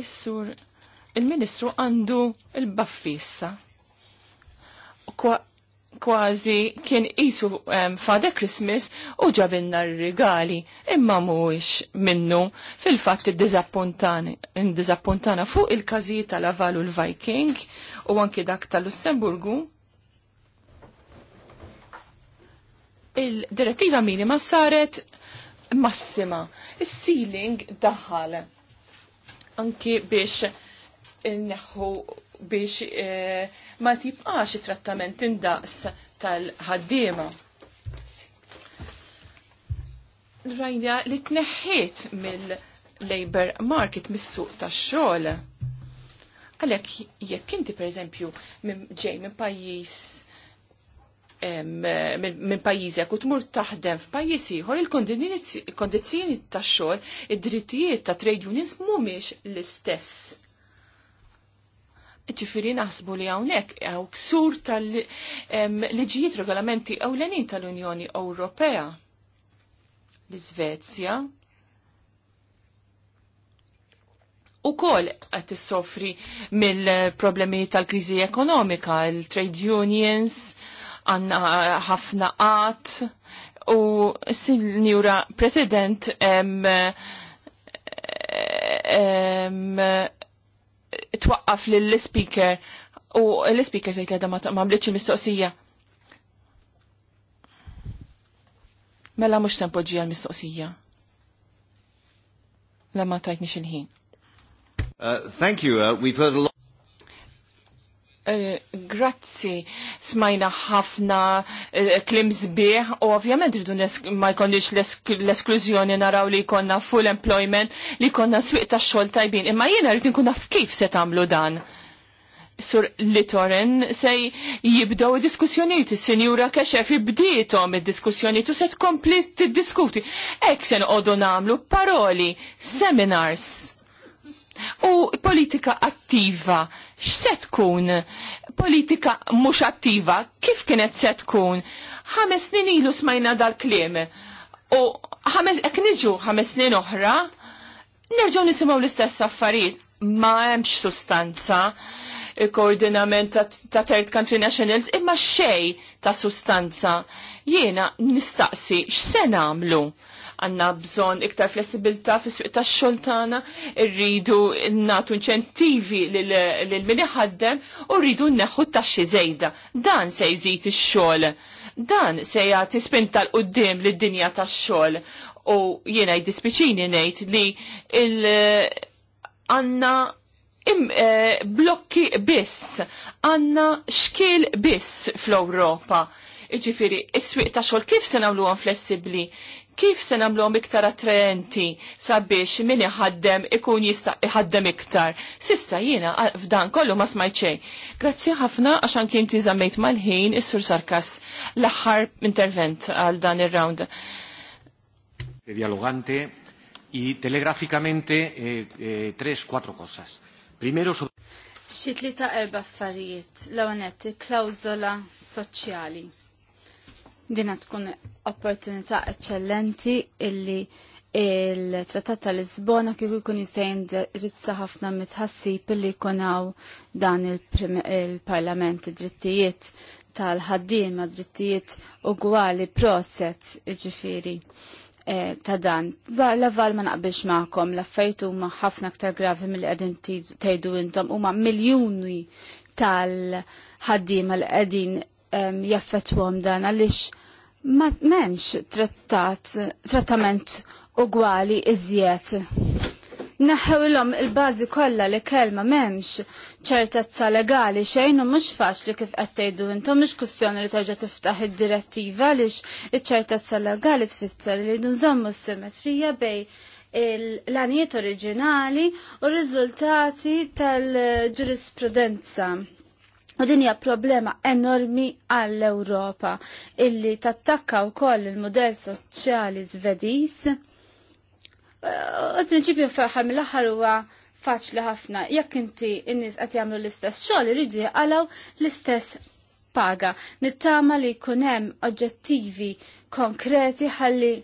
Is-sur il-Ministru għandu il-baffissa. Kważi kien isu um, fada Christmas u ġabinna r regali imma mhuwiex minnu fil-fatt id dizappuntana fuq il-każijiet tal-Aval l-Viking u anki dak tal-Lussemburgu il-direttiva minima saret massima. il ceiling daħal anki biex inneħħu biex e, ma tibqax trattament indaqs tal-ħaddiema. Rajna li tneħħiet mill-labor market mis-suq tax-xogħol. Għalhekk jekk inti pereżempju ġej minn pajjiż minn pajjiżek u tmur taħdem f'pajjiż ieħor il-kondizzjoni tax-xogħol, id-drittijiet ta' trade unions mhumiex l-istess ġifiri naħsbu li għawnek għaw ksur tal-liġijiet regolamenti ewlenin tal-Unjoni Ewropea. L-Svezja u kol għat t-soffri mill-problemi tal-krizi ekonomika, il-trade unions, għanna ħafna għat u s-sinjura president em, twaqqaf lill-speaker u l-speaker tgħid għadha ma mlitx mistoqsija. Mela mux tempoġi għal mistoqsija Lama tajt nix xilħin. Uh, thank you. Uh, we've heard a lot. Eh, grazzi, smajna ħafna eh, klim zbieħ u ovvjament rridu ma jkonniex l-esklużjoni naraw li konna full employment, li konna swiq ta' xogħol tajbin, imma jiena rrid nkun f'kif kif se tagħmlu dan. Sur Litoren se jibdew diskussjonijiet, is senjura Kexef jibdietom id-diskussjonijiet u se tkompli tiddiskuti. Hekk se noqogħdu nagħmlu paroli, seminars U politika attiva, x'se tkun? Politika mhux attiva, kif kienet se tkun? Ħames snin ilu smajna dal-kliem. U ħames ek niġu ħames snin oħra, nerġgħu nisimgħu l-istess affarijiet. Ma hemmx sustanza koordinament ta' third country nationals imma xej ta' sustanza. Jiena nistaqsi x'se nagħmlu għanna bżon iktar flessibilta fis suq ta' xoltana, rridu natu inċentivi lil-mini ħaddem u rridu neħu taxxi zejda. Dan se jżid ix-xogħol. Dan se jagħti spinta l-qudiem lid-dinja tax-xogħol u jiena jdispiċini ngħid li il għanna im, eh, blokki biss, għanna xkil biss fl-Europa. Iġifiri, is-swiq ta' xol kif se nagħmluhom flessibli? kif se nagħmluhom iktar attraenti sabiex min iħaddem ikun jista' iħaddem iktar. Sissa jiena f'dan kollu ma smajt xejn. Grazzi ħafna għax anki inti żammejt mal-ħin is-sur Sarkas l-aħħar intervent għal dan ir-round. Dialogante y telegráficamente eh, eh, tres, cosas. Primero sobre... Xi tlieta erba' affarijiet l-ewwel klawżola soċjali. Dina tkun opportunità eccellenti illi il-trattat tal-Lisbona kieku jkun jista' dritza ħafna mitħassi pilli jkunaw dan il-Parlament id-drittijiet tal ma drittijiet ugwali proset ġifiri eh, ta' dan. L-aval ma naqbilx ma'kom, l-affajtu ma ħafna aktar gravi mill qegħdin tgħidu intom huma miljuni tal-ħaddiema l-qedin ehm, jaffetwom dan għaliex ma memx trattat, trattament ugwali iżjed. Naħħew l il-bazi kollha li kelma memx ċertezza legali xejn u mhux faċli kif tgħidu intom mhux kustjoni li terġa tiftaħ id-direttiva għaliex iċ-ċertezza legali tfisser li nżommu s-simetrija bej l-għaniet oriġinali u r-riżultati tal-ġurisprudenza. U din hija problema enormi għall-Ewropa illi tattakka wkoll il-modell soċjali Svediż. Il-prinċipju eh, fl-aħħar mill-aħħar huwa faċli ħafna jekk inti n-nies qed jagħmlu l-istess xogħol iridu jaqalgħu l-istess paga. Nittama li jkun hemm oġġettivi konkreti ħalli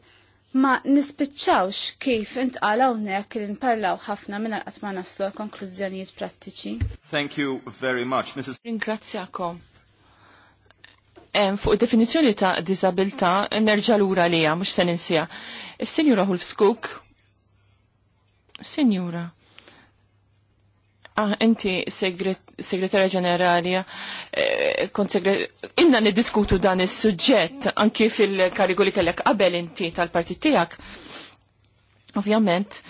ma nispiċċawx kif intqalaw hawnhekk li nparlaw ħafna minn qatt ma naslu konklużjonijiet prattiċi. Thank you very much, Mrs. Ringrazzjakom. Fuq definizzjoni ta' disabilità nerġa' lura lija mhux se il Is-Sinjura Hulfskuk Sinjura, Ah, inti segretarja ġenerali, eh, kont inna nidiskutu dan is suġġett anki fil-karigu li kellek qabel inti tal-partit tijak. Ovvjament,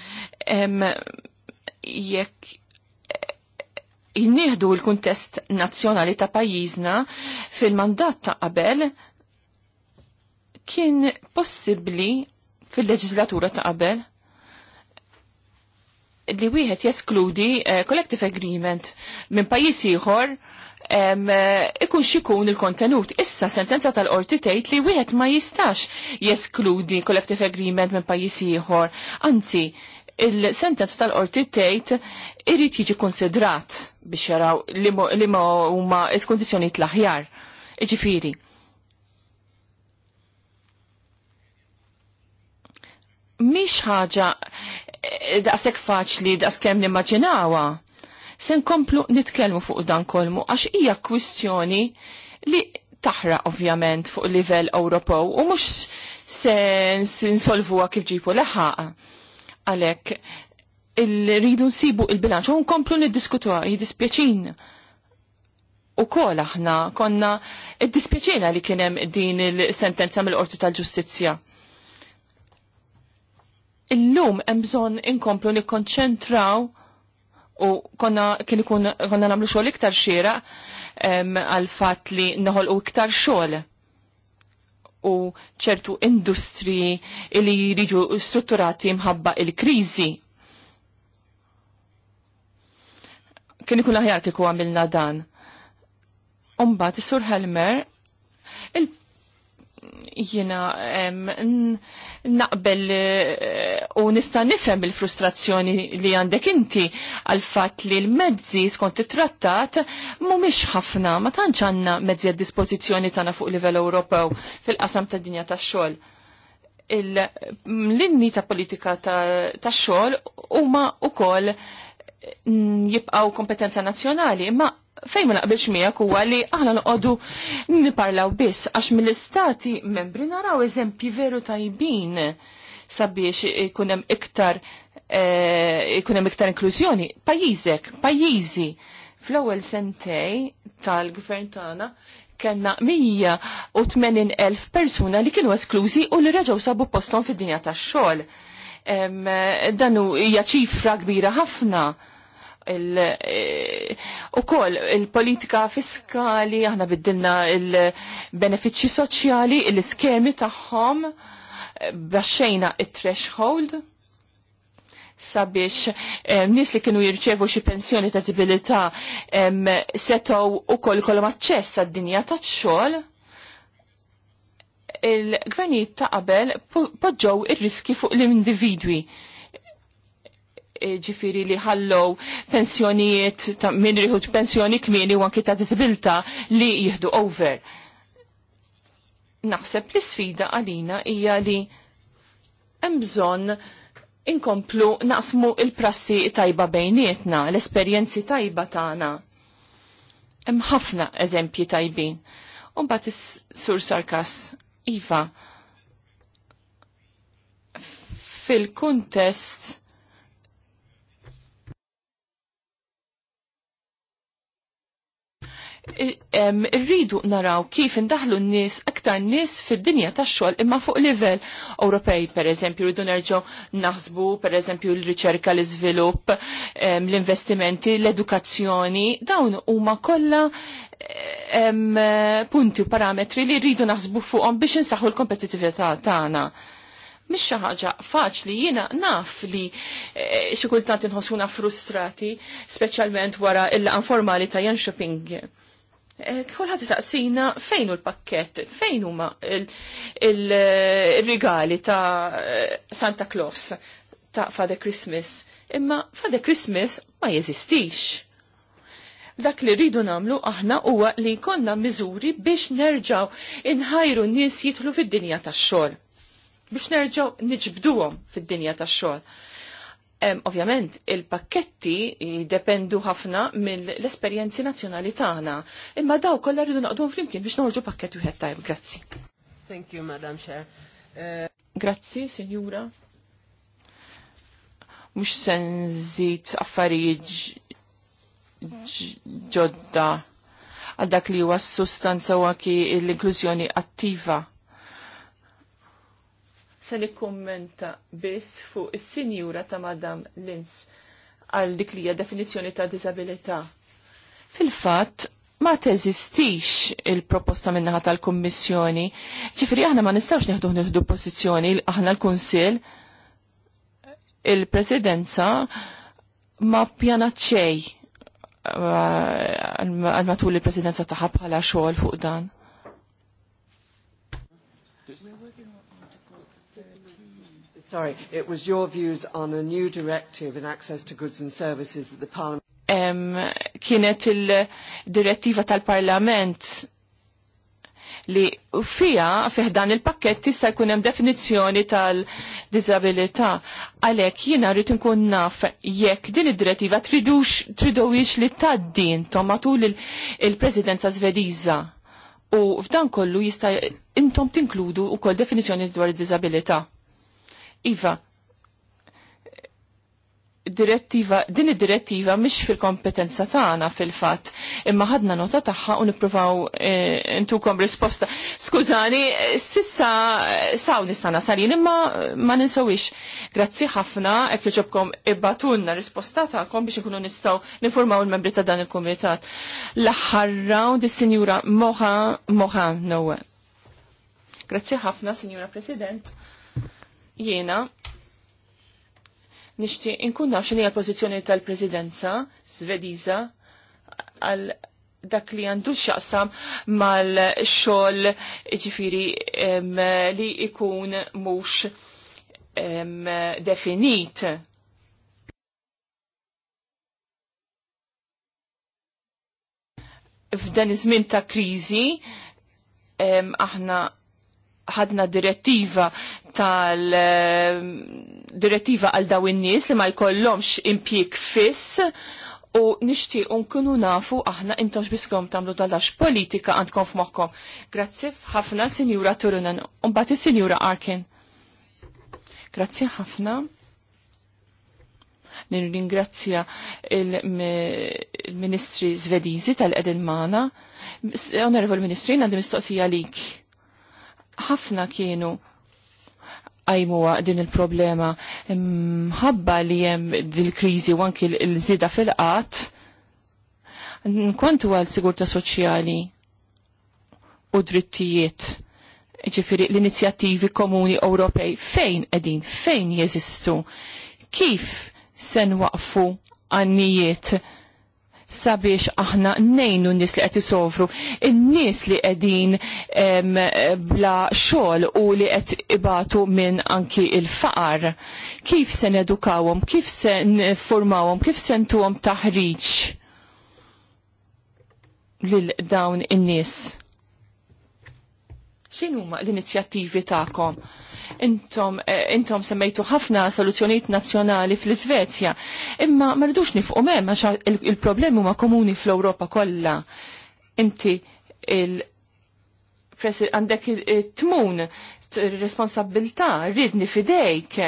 jekk eh, inniħdu l-kuntest nazjonali ta' pajjiżna fil-mandat ta' qabel kien possibbli fil-leġislatura ta' qabel li wieħed jeskludi eh, collective agreement minn pajjiż ieħor eh, ikun xikun il-kontenut. Issa sentenza tal-qorti tgħid li wieħed ma jistax jeskludi collective agreement minn pajjiż ieħor. Anzi, il-sentenza tal-qorti tgħid irid jiġi konsidrat biex jaraw li ma huma l-kundizzjonijiet l-aħjar. Ġifieri. Mhix ħaġa daqshekk faċli daqskem nimmaġinawa. Se nkomplu nitkellmu fuq dan kolmu għax hija kwistjoni li taħra ovvjament fuq livell Ewropew u mhux se nsolvuha kif ġipu leħaq. Għalhekk irridu nsibu il-bilanċ u nkomplu niddiskutuha jiddispjaċin. U kol aħna konna id-dispjaċina li kienem din il-sentenza mill-Qorti tal-Ġustizzja illum hemm bżonn inkomplu nikkonċentraw u konna kien ikun konna nagħmlu xogħol iktar xiera għal fatt li noħolqu iktar xogħol u ċertu industriji li jridu strutturati mħabba il-kriżi. Kien ikun aħjar kieku għamilna dan. Umbat, Sur Helmer, il jina naqbel eh, u nista nifhem il-frustrazzjoni li għandek inti għal fatt li l-mezzi skont it-trattat mhumiex ħafna ma tantx għandna mezzi għad dispożizzjoni tagħna fuq livell Ewropew fil-qasam tad-dinja tax-xogħol. l linni ta' politika tax-xogħol huma wkoll mm, jibqgħu kompetenza nazzjonali, imma fejn ma naqbilx miegħek huwa li aħna noqogħdu niparlaw biss għax mill-istati membri naraw eżempji veru tajbin sabiex ikun hemm iktar eh, ikun hemm iktar inklużjoni. Pajjiżek, pajjiżi fl-ewwel sentej tal-gvern tagħna kellna 180,000 persuna li kienu esklużi u li reġgħu sabu postom fid-dinja tax-xogħol. Dan hija ċifra kbira ħafna Eh, u koll il-politika fiskali, aħna biddilna il-benefiċi soċjali, il-skemi taħħom, eh, baxxejna il-threshold, sabiex eh, nis li kienu jirċevu xi pensjoni ta' tibilità setgħu u koll aċċess għad-dinja tax xogħol il-gvernijiet ta' qabel poġġow ir-riski fuq l-individwi Eh, ġifiri li ħallow pensjonijiet, minn riħut pensjoni kmini u anki ta' disabilità li jihdu over. Naħseb li sfida għalina hija li hemm bżonn inkomplu naqsmu il-prassi tajba bejnietna, l-esperjenzi tajba tagħna. Hemm ħafna eżempji tajbin. U mbagħad is-sur Sarkas, Iva, fil-kuntest rridu naraw kif indaħlu n-nis aktar n-nis fid-dinja tax-xogħol imma fuq livell Ewropej pereżempju rridu nerġgħu naħsbu pereżempju l-riċerka, l-iżvilupp, l-investimenti, l-edukazzjoni, dawn huma kollha punti u parametri li rridu naħsbu fuqhom biex insaħħu l-kompetitività tagħna mish xi ħaġa faċli jiena naf li e, xi kultant inħossuna frustrati, speċjalment wara il-anformali ta' Jan Shopping Eh, Kolħat saqsina fejn hu l-pakket, fejn huma eh, il-rigali ta' eh, Santa Claus ta' Father Christmas. Imma Father Christmas ma jeżistix. Dak li rridu namlu aħna huwa li konna miżuri biex nerġaw inħajru n-nies jitlu fid-dinja tax-xogħol. Biex nerġaw niġbduhom fid-dinja tax-xogħol Ovvjament, il-pakketti jidependu ħafna mill-esperjenzi nazzjonali tagħna, imma daw kollha rridu naqdu flimkien biex noħorġu pakkett wieħed tajb. Grazzi. Thank you, Madam Chair. Eh, Grazzi, Sinjura. Mhux se nżid affarijiet ġodda għal dak li huwa s-sustanza u l-inklużjoni attiva se nikkummenta biss fuq is-sinjura ta' Madam Lins għal dik li hija definizzjoni ta' disabilità. Fil-fatt, ma teżistix il-proposta minnaħa tal-Kommissjoni. Ċifri aħna ma nistawx neħdu neħdu pozizjoni aħna l-Kunsil, il-Presidenza ma pjana ċej għal matul il-Presidenza taħab bħala xogħol fuq dan. Sorry, it was your views on a new directive in access to goods and services that the Parliament... Um, kienet il-direttiva tal-Parlament li fija fiħdan il-pakket tista' jkun hemm definizzjoni tal-diżabilità. Għalhekk jiena rrid inkun naf jekk din id-direttiva tridux li tgħaddi intom matul il-Presidenza Svediża. U f'dan kollu jista' intom tinkludu wkoll definizzjoni dwar id-diżabilità. Iva, direttiva, din id-direttiva mhix fil-kompetenza tagħna fil-fatt, imma ħadna nota tagħha u nippruvaw eh, intukom risposta. Skużani, sissa saw nistana sarin, imma ma ninsawix. Grazzi ħafna, ek joġobkom ibbatunna risposta tagħkom biex ikunu nistgħu ninformaw il-membri ta' dan il-kumitat. L-aħħar round is-Sinjura Moha Moha Nowe. Grazzi ħafna, Sinjura President. Jiena nixtieq inkun naf x'inhi l-pożizzjoni tal-Presidenza svediza għal dak li għandu xaqsam mal-xol ġifiri li ikun mux definit. F'dan iż-żmien ta' krizi aħna ħadna direttiva tal-direttiva għal daw in-nies li ma jkollhomx impjieg fiss u nixtieq nkunu nafu aħna intom biskom tagħmlu dalax politika għandkom f'moħħkom. Grazzi ħafna Sinjura Turunen u mbagħad is-Sinjura Arkin. Grazzi ħafna. Nirringrazzja il-Ministri Zvedizi tal-Edin Mana. Onorevol Ministri, għandi mistoqsija lik. Ħafna kienu għajmuwa din il-problema. Mħabba li jem dil-krizi u anki l-zida fil-qat, kwantu għal sigurta soċjali u drittijiet, ġifiri l-inizjattivi komuni Ewropej, fejn edin, fejn jeżistu, kif sen waqfu għannijiet sabiex aħna nejnu n-nis li qed isofru, n-nis li qegħdin bla xogħol u li qed ibatu minn anki il-faqar. Kif se nedukawhom, kif se nformawhom, kif sen ntuhom taħriġ lil dawn in-nies? x'inhuma l-inizjattivi tagħkom? Intom, eh, intom semmejtu ħafna soluzzjonijiet nazzjonali fl-Iżvezja, imma ma rridux nifqu hemm għax il-problemi huma komuni fl-Ewropa kollha. Inti il għandek tmun responsabilta ridni fidejk.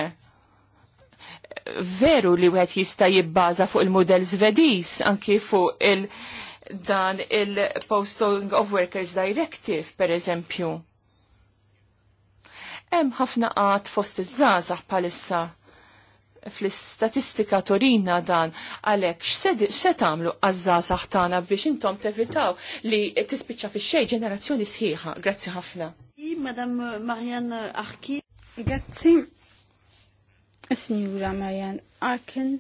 Veru li wieħed jista' jibbaża fuq il-modell Zvedis, anki fuq il- dan il-Posting of Workers Directive, per eżempju. Hemm ħafna qat fost iż-żgħażagħ bħalissa fl-istatistika torina dan għalek x'se tagħmlu għaż-żgħażagħ tagħna biex intom tevitaw li tispiċċa fix-xejn ġenerazzjoni sħiħa. Grazzi ħafna. Madam Marianne Arki. Grazzi. Signora Marianne Arkin.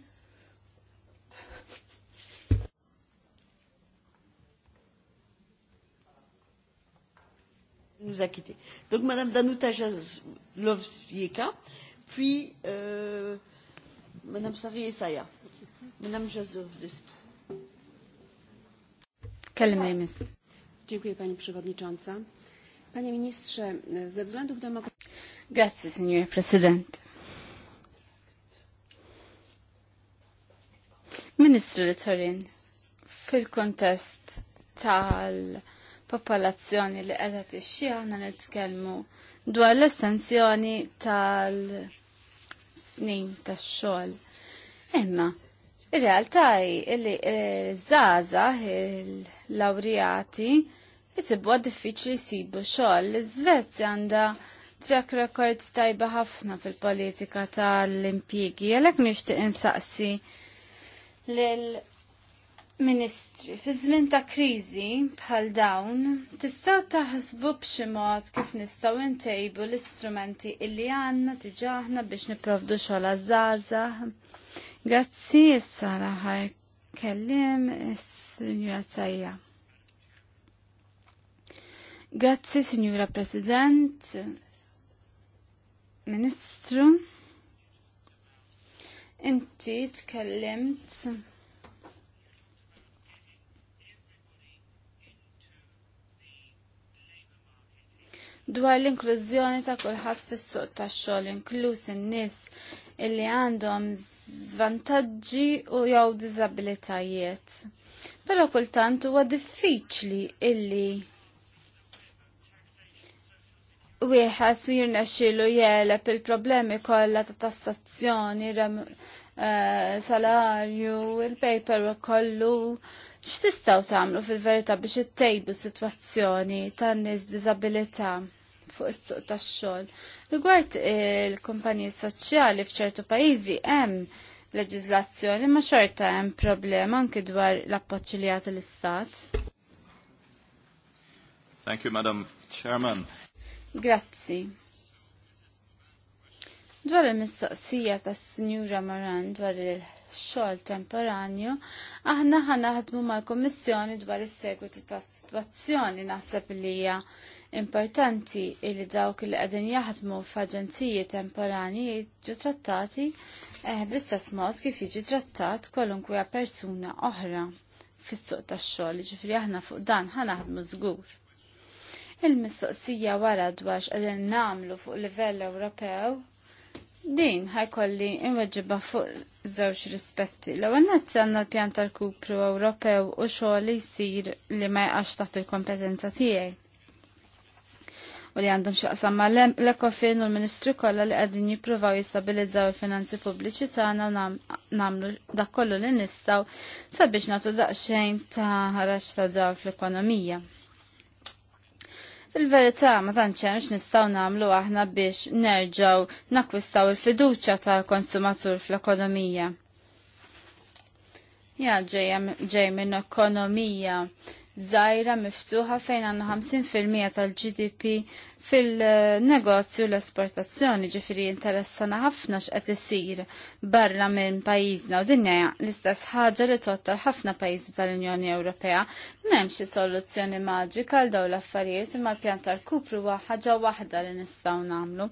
nous a quittés. Donc Madame Danuta Jazlovska, puis euh, Madame Sari Esaya. Madame Jazlovska. Kelmemis. Dziękuję Pani Przewodnicząca. Panie Ministrze, ze względów demokratycznych... Grazie, Signor Presidente. Ministru li fil-kontest tal- popolazzjoni li għedat tixxi aħna nitkellmu dwar l-estensjoni tal-snin tax-xogħol. Imma ir-realtà hi li Zaza e, il laurijati jisibu diffiċli jsibu xogħol. L-Iżvezja għandha track record tajba ħafna fil-politika tal-impjigi, għalek nishtiq insaqsi lil Ministri, fi żmien ta' kriżi bħal dawn, tistgħu taħsbu b'xi mod kif nistgħu ntejbu l-istrumenti illi għandna tiġaħna biex nipprovdu xogħol żgħażagħ. Grazzi s-sara ħaj kellim s sinjura Sajja. Grazzi Sinjura President, Ministru, inti tkellimt dwar l-inklużjoni ta' kulħadd fis-suq tax-xogħol inkluż in-nies illi għandhom zvantaġġi u jew diżabilitajiet. Però kultant huwa diffiċli illi wieħed jirna xilu jeleb il-problemi kollha ta' tassazzjoni, eh, salarju, il-paper kollu. X'tistgħu tagħmlu fil-verità biex ittejbu sitwazzjoni tan-nies b'diżabilità? fuq is-suq tax-xogħol. Rigward il-kumpaniji soċjali f'ċertu pajjiżi hemm leġiżlazzjoni ma xorta hemm problema anke dwar l-appoġġ li jagħti l-istat. Thank you, Madam Chairman. Grazzi. Dwar il-mistoqsija tas Sinjura Moran dwar il-xogħol temporanju, aħna ħanaħdmu mal-Kummissjoni dwar is segwiti tas-sitwazzjoni naħseb li hija Importanti li dawk li qegħdin jaħdmu f'aġenziji temporani jiġu trattati eh, bl-istess mod kif jiġi trattat kwalunkwe persuna oħra fis-suq tax-xogħol, ġifieri aħna fuq dan ħanaħdmu żgur. Il-mistoqsija wara dwar x'qegħdin nagħmlu fuq livell Ewropew Din ħajkolli imweġiba fuq żewġ rispetti. L-ewwel nett għandna l-pjan tal-kupru Ewropew u xogħol li jsir li ma jqax taħt il-kompetenza tiegħi u li għandhom xaqsam ma l-ekofin u l-ministru kollha li qegħdin jippruvaw jistabilizzaw il-finanzi pubbliċi tagħna u nagħmlu dak kollu li nistgħu sabiex nagħtu daqsxejn ta' ħaraġ ta' dar fl-ekonomija. Fil-verità ma tantx hemmx nistgħu nagħmlu aħna biex nerġgħu nakkwistaw il-fiduċja tal-konsumatur fl-ekonomija. Ja, ġej minn ekonomija żgħira miftuħa fejn għandna 50% tal-GDP fil-negozju l-esportazzjoni ġifiri interessana ħafna x'qed isir barra minn pajjiżna u din l-istess ħaġa li tottal ħafna pajjiżi tal-Unjoni Ewropea m'hemm xi soluzzjoni maġika għal dawn l-affarijiet imma l-pjan tal-kupru huwa ħaġa waħda li nistgħu nagħmlu.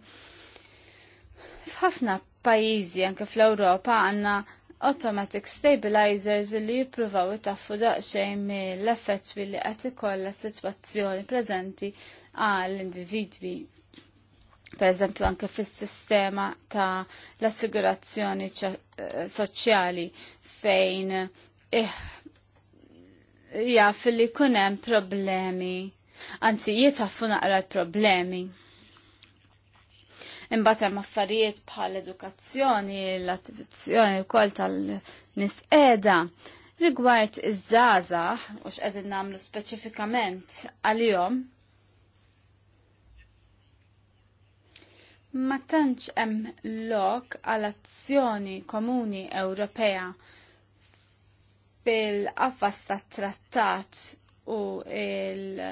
F'ħafna pajjiżi anke fl-Ewropa għandna automatic stabilizers li jippruvaw itaffu daqsxejn mill-effett li qed ikollha sitwazzjoni preżenti għall individwi Per eżempju anke fis-sistema ta' l-assigurazzjoni eh, soċjali fejn eh, jaf li kunem hemm problemi, anzi jitaffu naqra l-problemi. Imbagħad hemm affarijiet bħal edukazzjoni, l attivizzjoni wkoll tal-nies qiegħda. Rigward iż-żgħażagħ u x'qegħdin nagħmlu speċifikament għalihom. Ma tantx hemm lok għal azzjoni komuni Ewropea bil-qafas tat-trattat u il-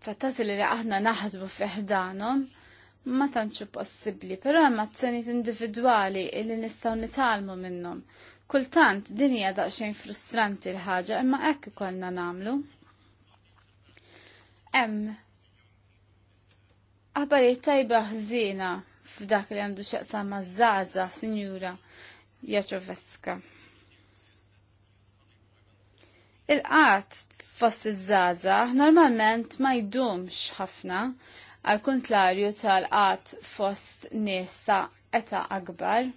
trattati li aħna naħdbu fiħdanom ma tantxu possibbli, però hemm azzjonijiet individwali li nistgħu nitalmu minnhom. Kultant din hija daqsxejn frustranti l-ħaġa imma hekk ikollna nagħmlu. Hemm aħbarijiet tajba ħżiena f'dak li għandu x'jaqsam maż-żgħażagħ, Sinjura Jaċoveska. Il-qatt fost iż-żaza normalment ma jdumx ħafna għal kontrarju tal-qat fost nies ta' eta akbar.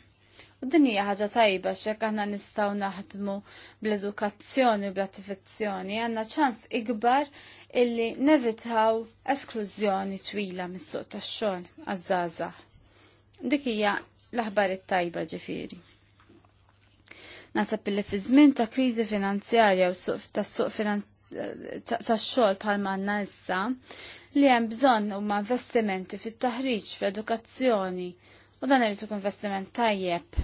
U din hija ħaġa tajba x'jekk aħna nistgħu naħdmu bl-edukazzjoni u bl-attivazzjoni għandna ċans ikbar illi nevitaw esklużjoni twila mis-suq tax-xogħol għaż-żgħażagħ. Dik hija l-aħbar it-tajba ġifieri. Nasab li fi żmien ta' kriżi finanzjarja u tas-suq tax-xogħol bħal issa li hemm bżonn huma investimenti fit-taħriġ, fl-edukazzjoni u dan irid ikun investiment tajjeb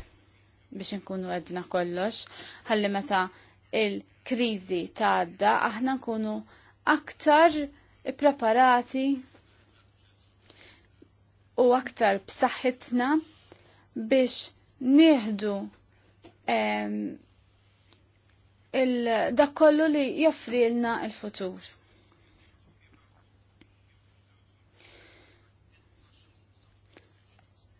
biex inkunu għedna kollox, ħalli meta il-kriżi tgħadda aħna nkunu aktar ippreparati u aktar b'saħħitna biex nieħdu dak kollu li joffri lna il-futur.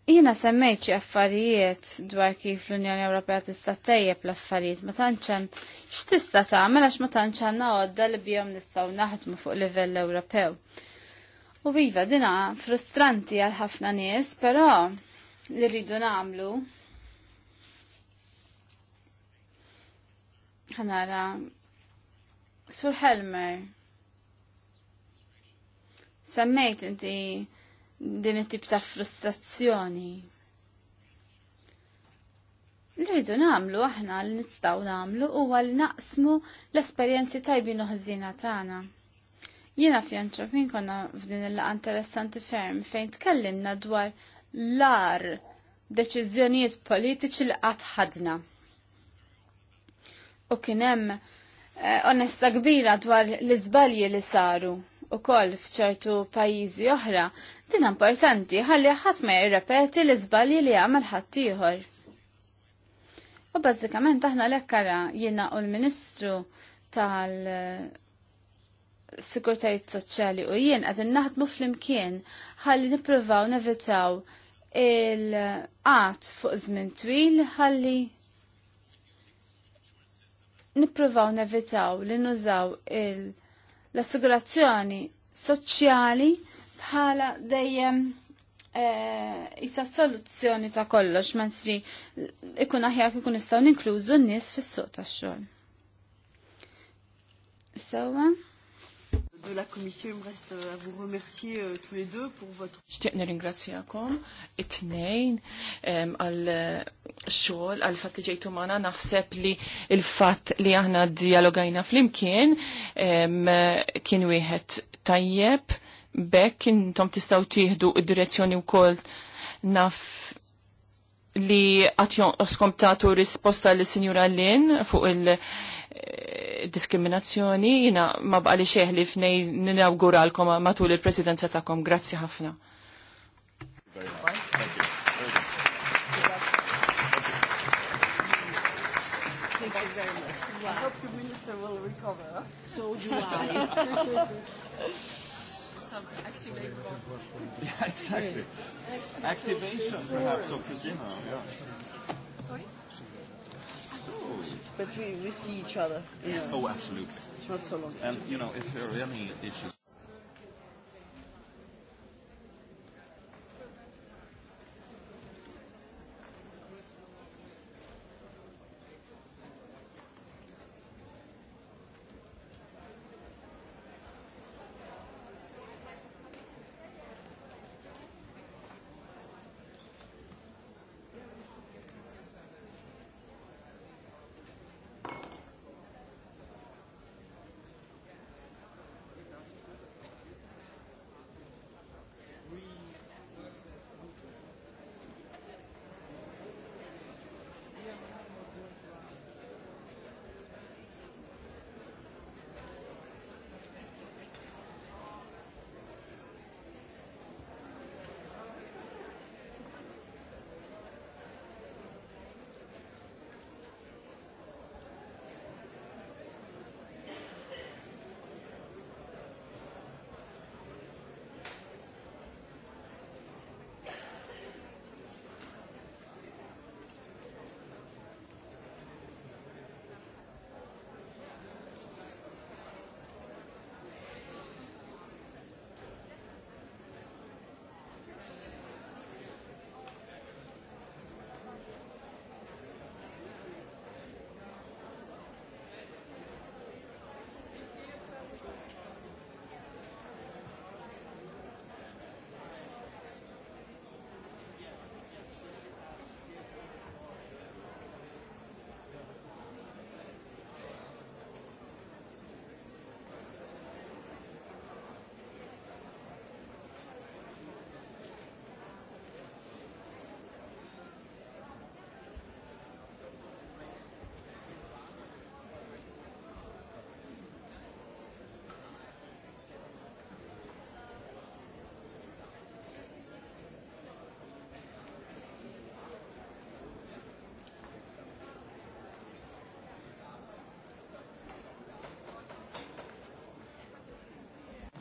Jina semmejċi affarijiet dwar kif l-Unjoni Ewropea tista' tejjeb l-affarijiet ma tantx hemm x'tista' tagħmel għax ma tantx għandna għodda li bihom nistgħu naħdmu fuq livell Ewropew. U iva dina frustranti għal ħafna nies, però li rridu nagħmlu ħanara Sur Helmer semmejt inti din it-tip ta' frustrazzjoni. Nridu rridu nagħmlu aħna li nistgħu nagħmlu huwa li naqsmu l-esperjenzi tajbin u tagħna. Jiena f'jantropin konna f'din il laqgħa interessanti ferm fejn tkellimna dwar l-ar deċiżjonijiet politiċi li qatt ħadna u kien hemm eh, onesta kbira dwar l-iżbalji li saru u koll fċertu pajjiżi oħra, din importanti ħalli ħadd ma jirrepeti l-iżbalji li għamel ħadd ieħor. U bażikament aħna lekkara jiena u l-Ministru tal Sigurtajiet Soċjali u jien qed naħdmu flimkien ħalli nippruvaw nevitaw il-qat fuq żmien twil ħalli nippruvaw nevitaw li nużaw l-assigurazzjoni soċjali bħala dejjem eh, issa soluzzjoni ta' kollox mansri ikun aħjar kikun nistgħu ninklużu n-nies fis sota tax-xogħol. Sewa. So, de la Commission, il me reste euh, à vous remercier euh, tous les deux pour votre... Je à Xtiqni et nein, nejn al euh, xol al fat li ġejtu maħna, naħseb li il-fat li aħna dialogajna fl-imkien, kien wieħed tajjeb, bekk intom tistaw tieħdu id-direzzjoni u koll naf li għatjon skomptatu risposta li sinjura Lin fuq il-diskriminazzjoni jina ma bqali xeħ li fnej ninauguralkom matul il-presidenza ta'kom. Grazzi ħafna. I hope the minister will recover. So do I. Yeah, exactly. Yes. Activation, perhaps, of Christina. Yeah. Sorry? But we, we see each other. Yes, yeah. oh, absolutely. not so long. And, you know, if there are any issues.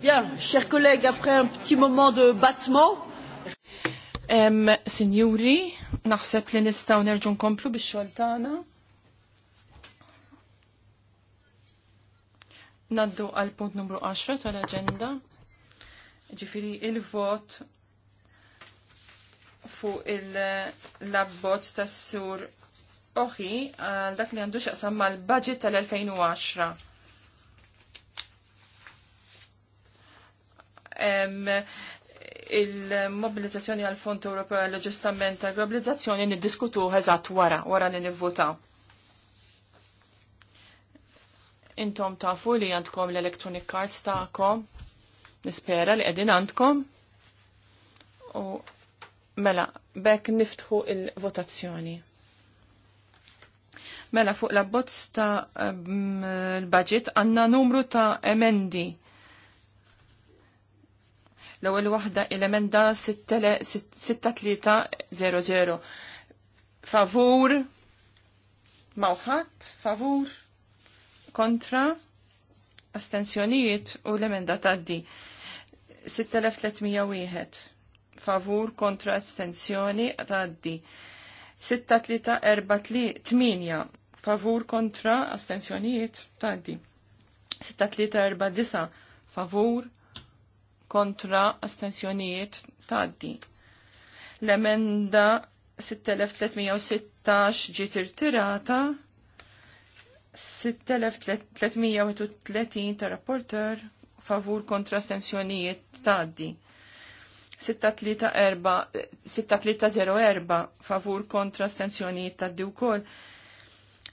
Bien, chers collègues, après un petit moment de battement. Um, signori, naħseb li nistaw nerġu nkomplu biex xoltana. Naddu għal punt numru 10 tal-agenda. Ġifiri il-vot fuq il-labbozz tas-sur oħi għal dak li għandu xaqsam mal-budget tal-2010 il-mobilizzazzjoni għal Fond Ewropew l ġustament tal globalizzazzjoni niddiskutu eżatt wara, wara li nivvota. Intom tafu li għandkom l-electronic cards ta'kom, nispera li għedin għandkom. U mela, bekk niftħu il-votazzjoni. Mela, fuq la bozz ta' mm, l-budget għanna numru ta' emendi L-ewwel waħda il-emenda 6300 favur mawħat, favur kontra astensjonijiet u l-emenda taddi 6301 favur kontra astensjoni taddi 6348 favur kontra astensjonijiet taddi 6349 favur kontra astensjonijiet taddi. L-emenda 6316 ġiet irtirata 6330 ta' rapporter favur kontra astensjonijiet taddi. 6304 favur kontra astensjonijiet taddi u koll.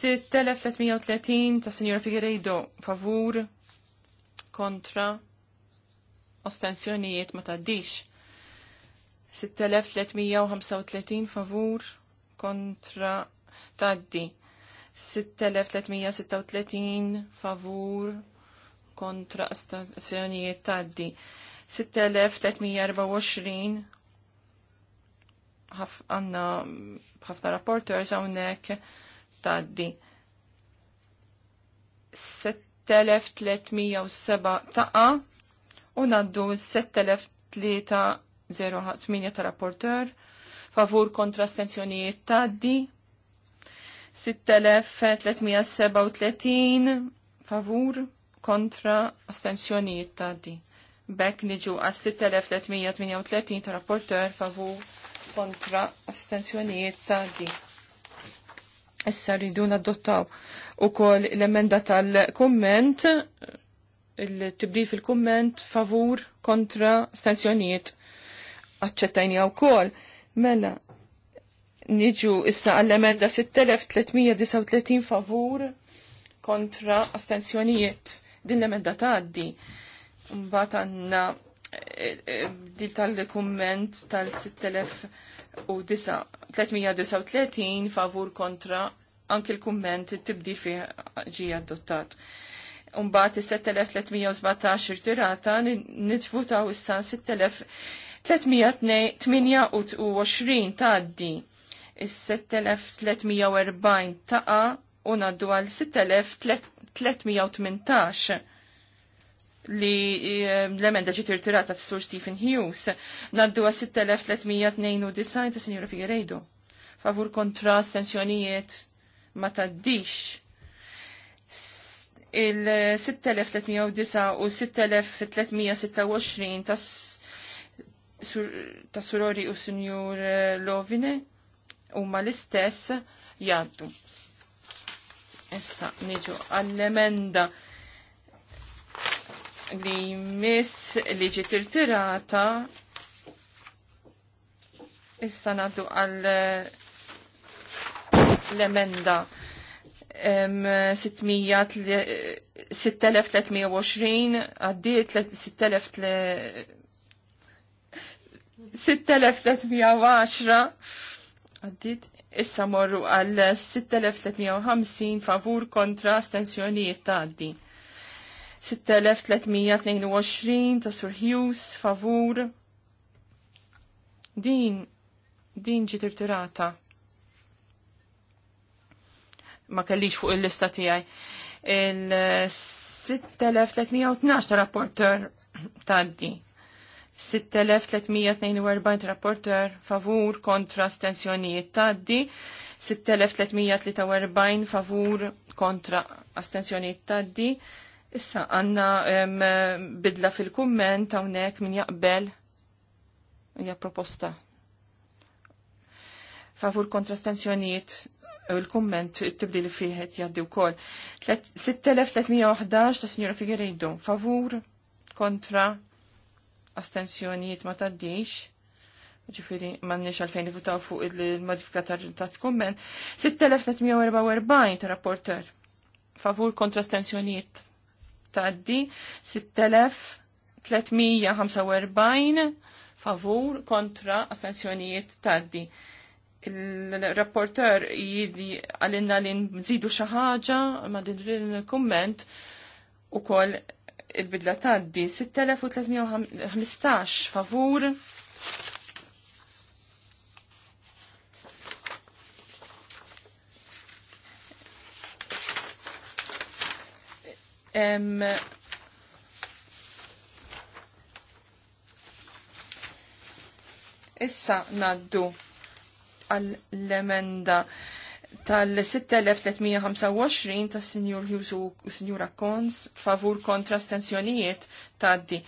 6330 ta' Signora Figueiredo favur kontra ostensjonijiet ma taddix. 6335 favur kontra taddi. 6336 favur kontra ostensjonijiet taddi. 6324 għanna ħafna rapporters għawnek Tgħaddi. 6307 taqa u naddu 6308 ta' rapporter favur kontra stenzjonijiet taddi 6337 favur kontra astensjonijiet tgħaddi. B'hekk niġu għas 6338 ta' rapporter favur kontra astensjonijiet tgħaddi. Issa rridu nadottaw u kol l-emenda tal-komment, il-tibdi fil-komment, favur, kontra, sanzjoniet. Aċċettajni għaw kol. Mela, niġu issa għall-emenda 6339 favur kontra astensjonijiet. Din l-emenda taħdi. Mbata għanna eh, eh, dil tal-komment tal 6339 u 339 favur kontra anki l-kumment tibdi fi ġi adottat. Umbat 6317 irtirata nitvutaw issa 6328 taddi. Is-6340 taqa u naddu għal 6318 li ehm, l-emenda ġiet irtirata s-sur Stephen Hughes naddu għas 6392 ta' Sinjora Figueredo. Favur kontra sensjonijiet ma taddix. Il-6309 u 6326 ta' surori u Sinjur eh, Lovine u ma l-istess jaddu. Issa, niġu għall-emenda 6392 li miss li ġiet irtirata issa nagħdu għal eh, l-emenda 6320 għaddiet 6310 għaddiet issa morru għal 6350 favur kontra stensjonijiet għaddi. 6322 ta' Sur Hughes, favur. Din, din ġi tirtirata. Ma kellix fuq il-lista tijaj. Il-6312 ta' rapporter ta' di. 6342 ta' rapporter favur kontra stenzjonijiet ta' di. 6343 favur kontra astenzjonijiet ta' Issa, għanna bidla fil-kumment għawnek min jaqbel hija proposta. Favur u il-kumment tibdil fiħet jaddi wkoll. 6311 ta' Sinjora Figueiredo. Favur kontra astensjonijiet ma taddiċ. Ġifiri, mannix għalfejn li votaw fuq il-modifika ta' kumment. 6344 ta' rapporter. Favur kontra astensjonijiet taddi 6345 favur kontra astenzjonijiet taddi. Il-rapporter jidi għalinna li nżidu xaħġa ma din il-komment u kol il-bidla taddi 6315 favur issa naddu għall-emenda tal-6325 ta' Sinjur Hughes u Sinjura Kons favur kontra stenzjonijiet ta' di.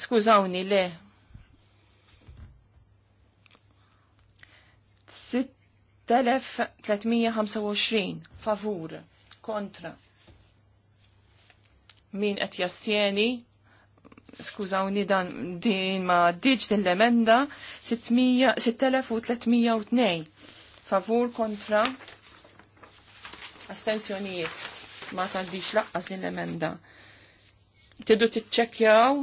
Skużawni, le. 6325 favur kontra min qed jastjeni skużawni dan din ma diġ din l-emenda 6302 favur kontra astensjonijiet ma tandix laqqas din l-emenda. Tiddu titċekjaw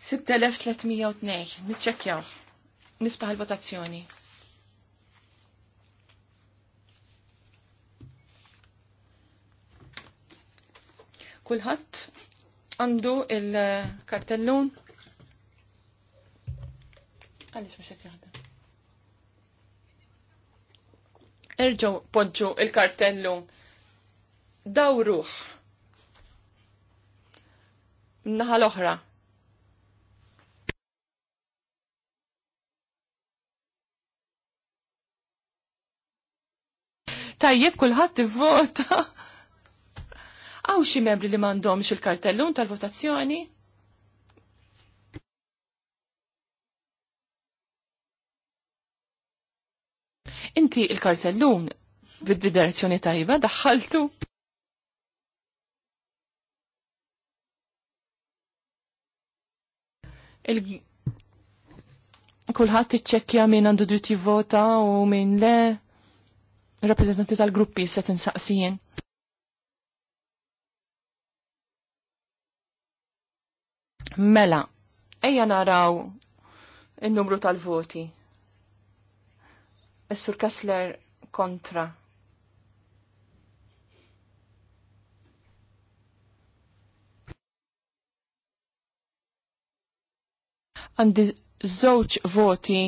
6302 nitċekjaw niftaħ il-votazzjoni. Kulħadd għandu il-kartellun. Għaliex mhux qed jaħdem. Erġgħu poġġu il-kartellun. Dawruh. Naħa l-oħra. Tajjeb kulħadd ivvota. Għaw xi membri li m'għandhomx il-kartellun tal-votazzjoni? Inti il-kartellun bid-direzzjoni tajba daħħaltu? Il kulħadd iċċekkja min għandu dritt jivvota u min le rappresentanti tal-gruppi se tinsaqsijin. Mela, ejja naraw il-numru tal-voti. Is-Sur Kessler kontra. Għandi żewġ voti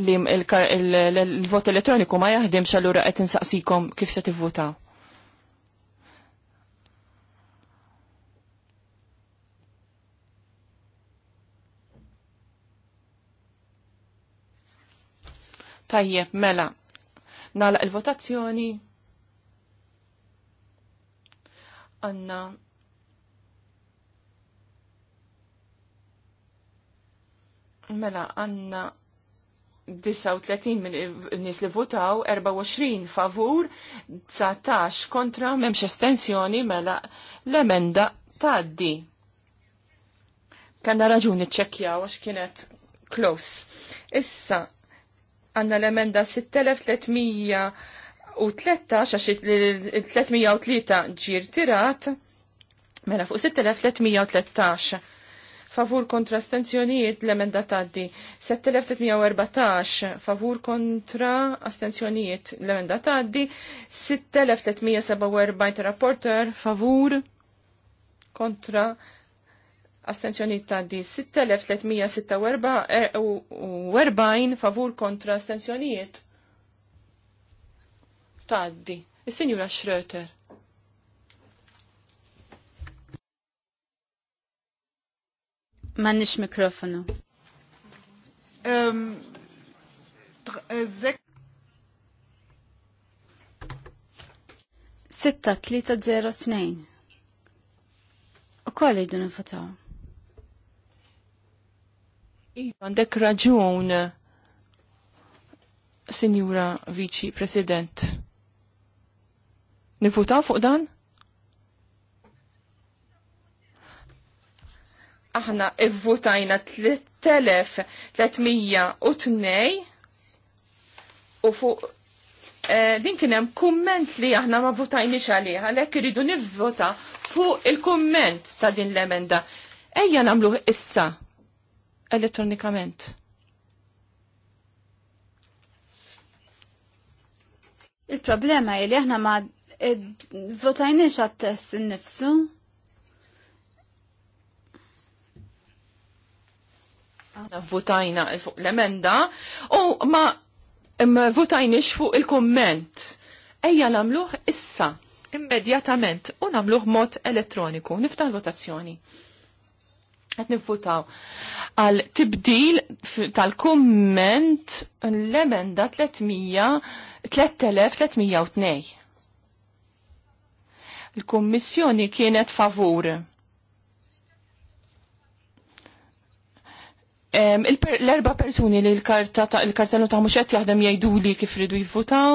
li il-vot elettroniku ma jaħdimx allura qed insaqsikom kif se tivvutaw. Tajjeb, mela, nalaq il-votazzjoni. Anna. Mela, Anna. 39 min nis li votaw, 24 favur, 19 kontra, memx estensjoni, mela l-emenda taddi. Kanna raġuni ċekjaw għax kienet close. Issa, għanna l-emenda 6313 għax 303 ġir tirat, mela fuq 6313. Favur kontra astenzjonijiet l-emenda taddi. 7314 favur kontra astenzjonijiet l-emenda taddi. 6347 rapporter favur kontra astenzjonijiet astenzjoni ta' di 6346 favur kontra astenzjonijiet ta' di. il sinjura Schröter. Mannix mikrofonu. Um, Sitta tlita zero snejn. U koll jiddu nifutaw. Iva, għandek raġun, Sinjura Vici President. Nifutaw fuq dan? Aħna ivvutajna 3302 u fuq eh, din kien hemm kumment li aħna ma votajniex għalih, għalhekk iridu nivvota fuq il-kumment ta' din l-emenda. Ejja nagħmluh issa elettronikament. Il-problema li aħna ma eh, votajniex għat-test innifsu. Aħna votajna fuq l-emenda u ma votajniex fuq il-komment. Ejja namluħ issa, immedjatament, u namluħ mod elettroniku. Niftaħ votazzjoni Għet nifutaw. Għal tibdil tal-komment l-emenda 3302. Il-kommissjoni kienet favur. L-erba persuni li l-karta ta' muxet jaħdem jajdu li kif ridu jifutaw.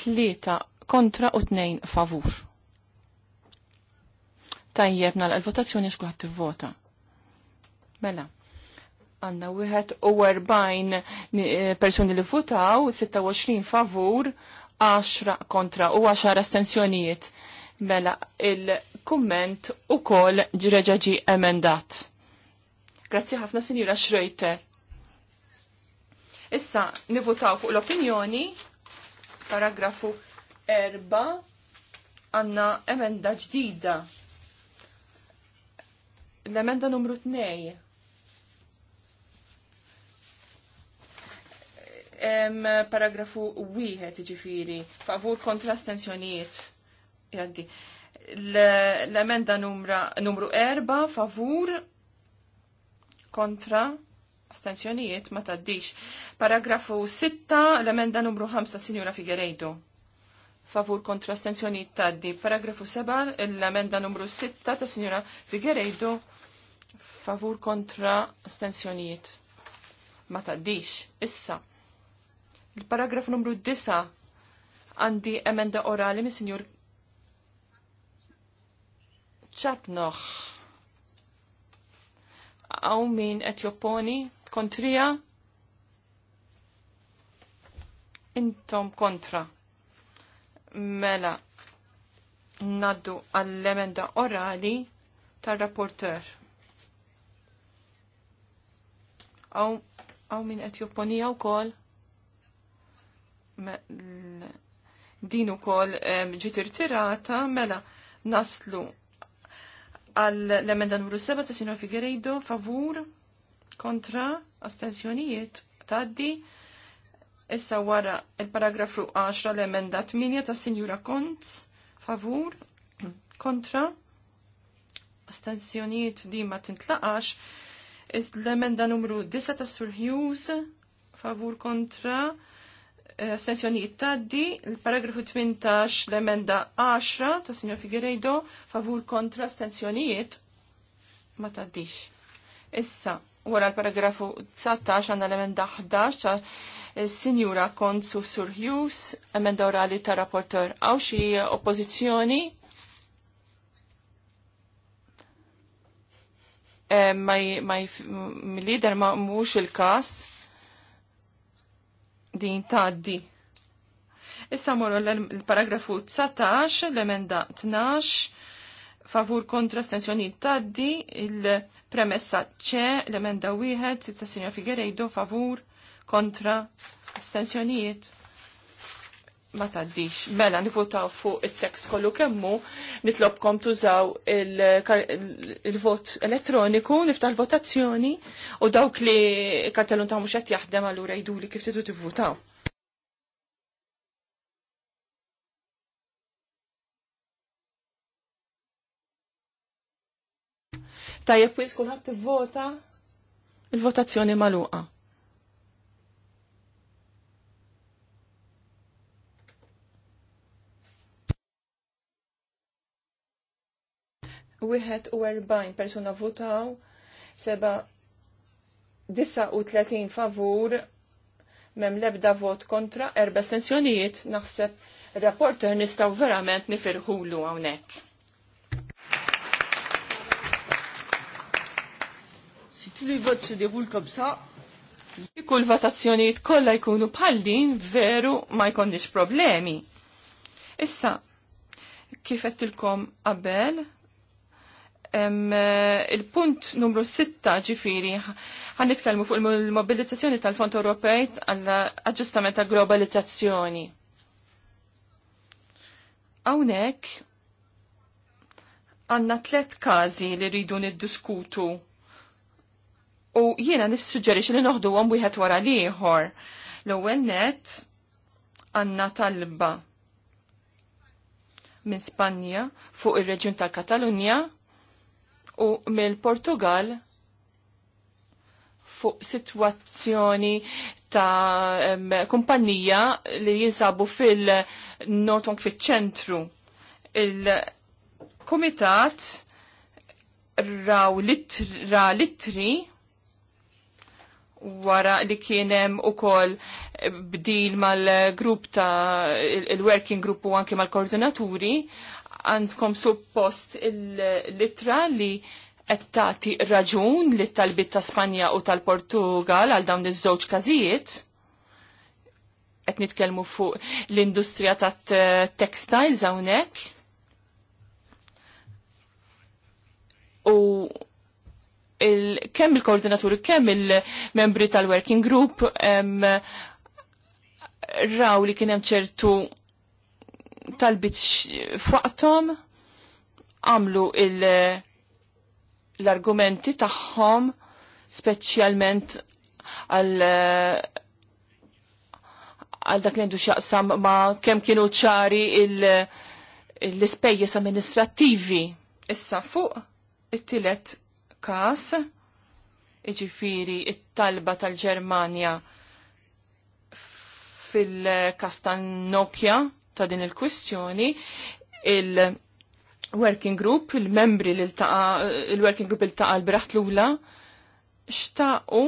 Tlieta kontra u tnejn favur. Tajjeb nagħlaq il-votazzjoni xkuħat tivvota. Mela, għanna wieħed u 40 eh, persuni li votaw, 26 favur, 10 kontra u 10 astensjonijiet. Mela, il-kumment u kol ġreġaġi emendat. Grazzi ħafna sinjura Schreiter. Issa, nivotaw fuq l-opinjoni, paragrafu 4, għanna emenda ġdida L-emenda numru 2. Em, paragrafu wieħed ġifiri, favur kontra stenzjoniet. Jaddi. L-emenda numru 4, favur kontra astenzjonijiet ma taddix. Paragrafu 6, l-emenda numru 5, Sinjura Figueiredo. Favur kontra astenzjonijiet taddi. Paragrafu 7, l-emenda numru 6, ta' Sinjura Figueiredo favur kontra astensjonijiet. Ma taddix, issa. Il-paragraf numru 9 għandi emenda orali mis sinjur ċapnoħ. Għaw min Etjoponi kontrija intom kontra. Mela, naddu għall-emenda orali tal-rapporter. għaw min qed jopponija wkoll din ukoll ġiet tirata, mela naslu għal l-emenda numru 7 ta' Sinor Figueiredo favur kontra astensjonijiet taddi issa wara il-paragrafu 10 l-emenda 8 ta' Sinjura Konz favur kontra astensjonijiet di ma tintlaqax l-emenda numru 9 ta' Sur Hughes, favur kontra, eh, it taddi, il-paragrafu 18 l-emenda 10 ta' Signor Figueiredo, favur kontra astensjonijiet ma taddix. Issa, wara l-paragrafu 19 għanna l-emenda 11 ta' Signora Konsu Sur Hughes, emenda orali ta' rapporter. Għaw xie oppozizjoni Eh, mill-lider mm, ma mhux il-każ din tgħaddi. Issa morru l-paragrafu 19, l-emenda 12, favur kontra stenzjoni tgħaddi, il-premessa ċe, l-emenda 1, sitta Sinja Figueiredo favur kontra stenzjonijiet ma taddix. Mela nivotaw fuq it-tekst kollu kemmu, nitlobkom tużaw il-vot elettroniku, niftaħ il votazzjoni u dawk li kartellun ta' mhux qed jaħdem allura jdu li kif titu tivvotaw. Tajjeb wis kullħat tivvota il-votazzjoni magħluqa. u erbajn persuna votaw, seba 39 favur, mem lebda vot kontra, erba stenzjonijiet, naħseb rapporter nistaw verament nifirħulu għawnek. Si tu li vot se déroulent comme ça, Kull votazzjonijiet kollha jkunu bħal din veru ma jkollniex problemi. Issa, kif qed qabel, Eh, il-punt numru 6 ġifiri għan nitkellmu fuq il-mobilizzazzjoni tal-Fond Ewropej għall-aġġustament tal-globalizzazzjoni. Hawnhekk għandna tliet każi li rridu niddiskutu u jiena nissuġġerix li noħdu għom wieħed wara liħor. L-ewwel net għandna talba minn Spanja fuq ir-reġjun tal-Katalunja u mill-Portugal fuq situazzjoni ta' um, kumpanija li jinsabu fil-Norton fil-ċentru. Il-Komitat raw litra litri wara li kienem u kol bdil mal-grupp ta' il-working group u anki mal-koordinaturi għandkom suppost il-litra li qed tagħti raġun li talbit ta' Spanja u tal-Portugal għal dawn iż-żewġ każijiet qed nitkellmu fuq l-industrija tat eh, textiles hawnhekk. U il kemm il-koordinaturi, kemm il-membri tal-working group raw li kien hemm ċertu talbit fuqtom għamlu l-argumenti tagħhom speċjalment għal għal dak li għandu xaqsam ma kem kienu ċari l spejjes amministrativi. Issa fuq it-tilet kas, iġifiri it-talba tal-Ġermanja fil kastan Nokia, ta' din il-kwistjoni il-working group, il-membri il-working group il-taqa l-biraħt l-ula, xtaqu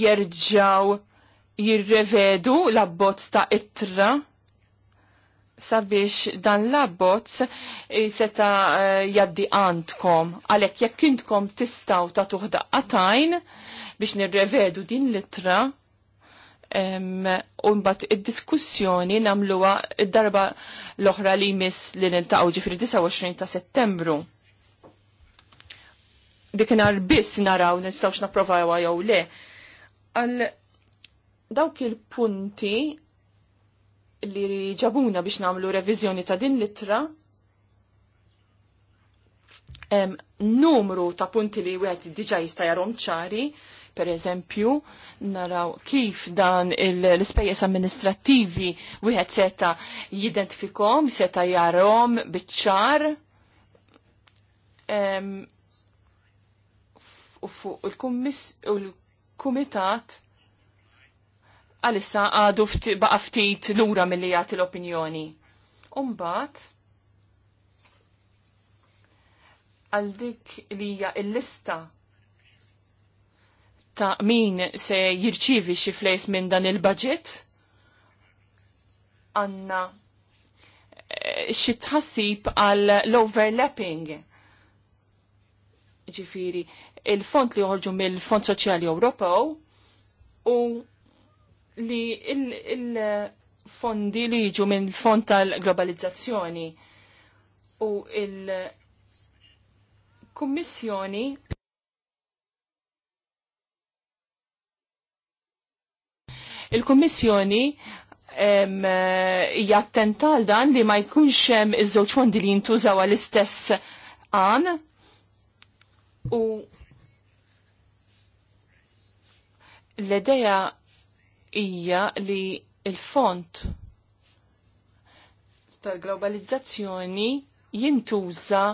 jirġaw jirrevedu l-abbozz ta' ittra sabiex dan l-abbozz eh, seta eh, jaddi għandkom. Għalek jekk intkom tistaw ta' tuħda qatajn biex nirrevedu din l-ittra, u mbagħad id-diskussjoni nagħmluha id-darba l-oħra li jmiss li niltaqgħu ġifieri 29 ta' Settembru. Dikinhar biss naraw nistgħux napprovawha jew le. Għal dawk il-punti li ġabuna biex namlu revizjoni ta' din litra numru ta' punti li wieħed diġa jista' jarom ċari Per eżempju, naraw kif dan l-ispejjeż amministrattivi wieħed seta' jidentifikom, seta' jarom biċ-ċar u fuq il-kumitat għalissa għadu baqa ftit lura mill-li jagħti l-opinjoni. Umbat, għal dik li hija l-lista ta' min se jirċivi xi flejs minn dan il-budget? Għanna eh, xi tħassib għal l-overlapping. Ġifiri, il-font li uħorġu mill-Fond Soċjali Ewropew u li il-fondi li jiġu minn fond tal-globalizzazzjoni u il-Kummissjoni Il-Kummissjoni eh, hija attenta għal dan li ma jkunx hemm iż-żewġ fondi li jintużaw għall-istess għan u l-ideja hija li il-font tal-globalizzazzjoni jintuża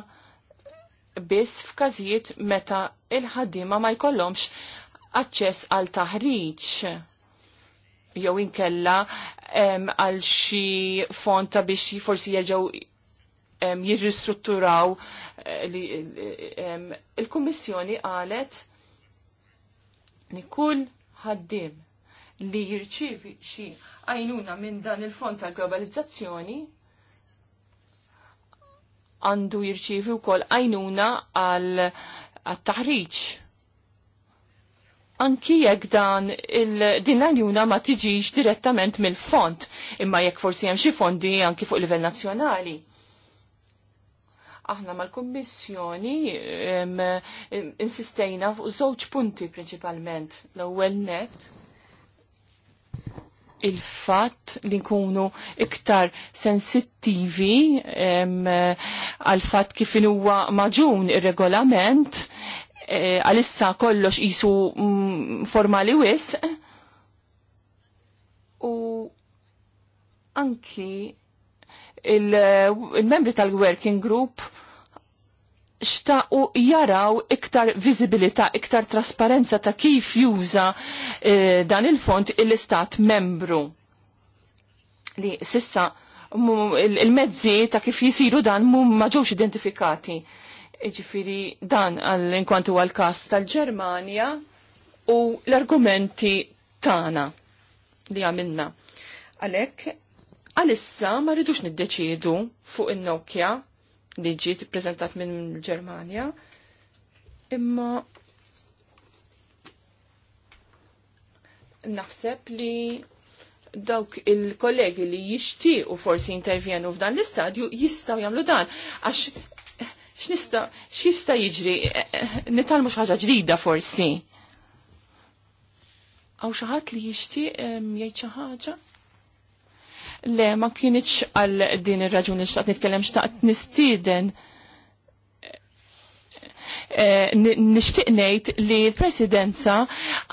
biss f'każijiet meta il-ħaddiema ma jkollhomx aċċess għal taħriġ jew inkella għal xi fond ta' biex forsi jerġgħu jirristrutturaw eh, il-Kummissjoni qalet li kull ħaddiem li jirċievi xi għajnuna minn dan il-fond tal-globalizzazzjoni għandu jirċievi wkoll għajnuna għal taħriġ anki jekk dan din l ma tiġix direttament mill-fond, imma jekk forsi hemm xi fondi anki fuq livell nazzjonali. Aħna mal-Kummissjoni insistejna fuq żewġ punti prinċipalment l-ewwel net il-fatt li nkunu iktar sensittivi għal fatt kif huwa maġun ir-regolament Eh, għalissa kollox jisu mm, formali wis u anki il-membri il membri tal working group xtaqu jaraw iktar viżibilità, iktar trasparenza ta' kif juża eh, dan il-font il-istat membru. Li sissa il-mezzi ta' kif jisiru dan mum identifikati. Iġifiri dan għal inkwantu għal kas tal-Ġermanja u l-argumenti tana li għamilna. Għalek, għalissa ma rridux niddeċidu fuq il-Nokia li ġiet prezentat minn Ġermanja, imma naħseb li dawk il-kollegi li jixtiequ forsi intervjenu f'dan l-istadju jistaw jagħmlu dan għax x'nista x'jista' jiġri eh, eh, nitalmu xi ħaġa ġdida forsi. Aw xi ħadd li jixtieq jgħid xi ħaġa? Le ma kienitx għal din ir-raġuni xtaqt nitkellem xtaqt nistieden. Eh, nixtieq ngħid li l-Presidenza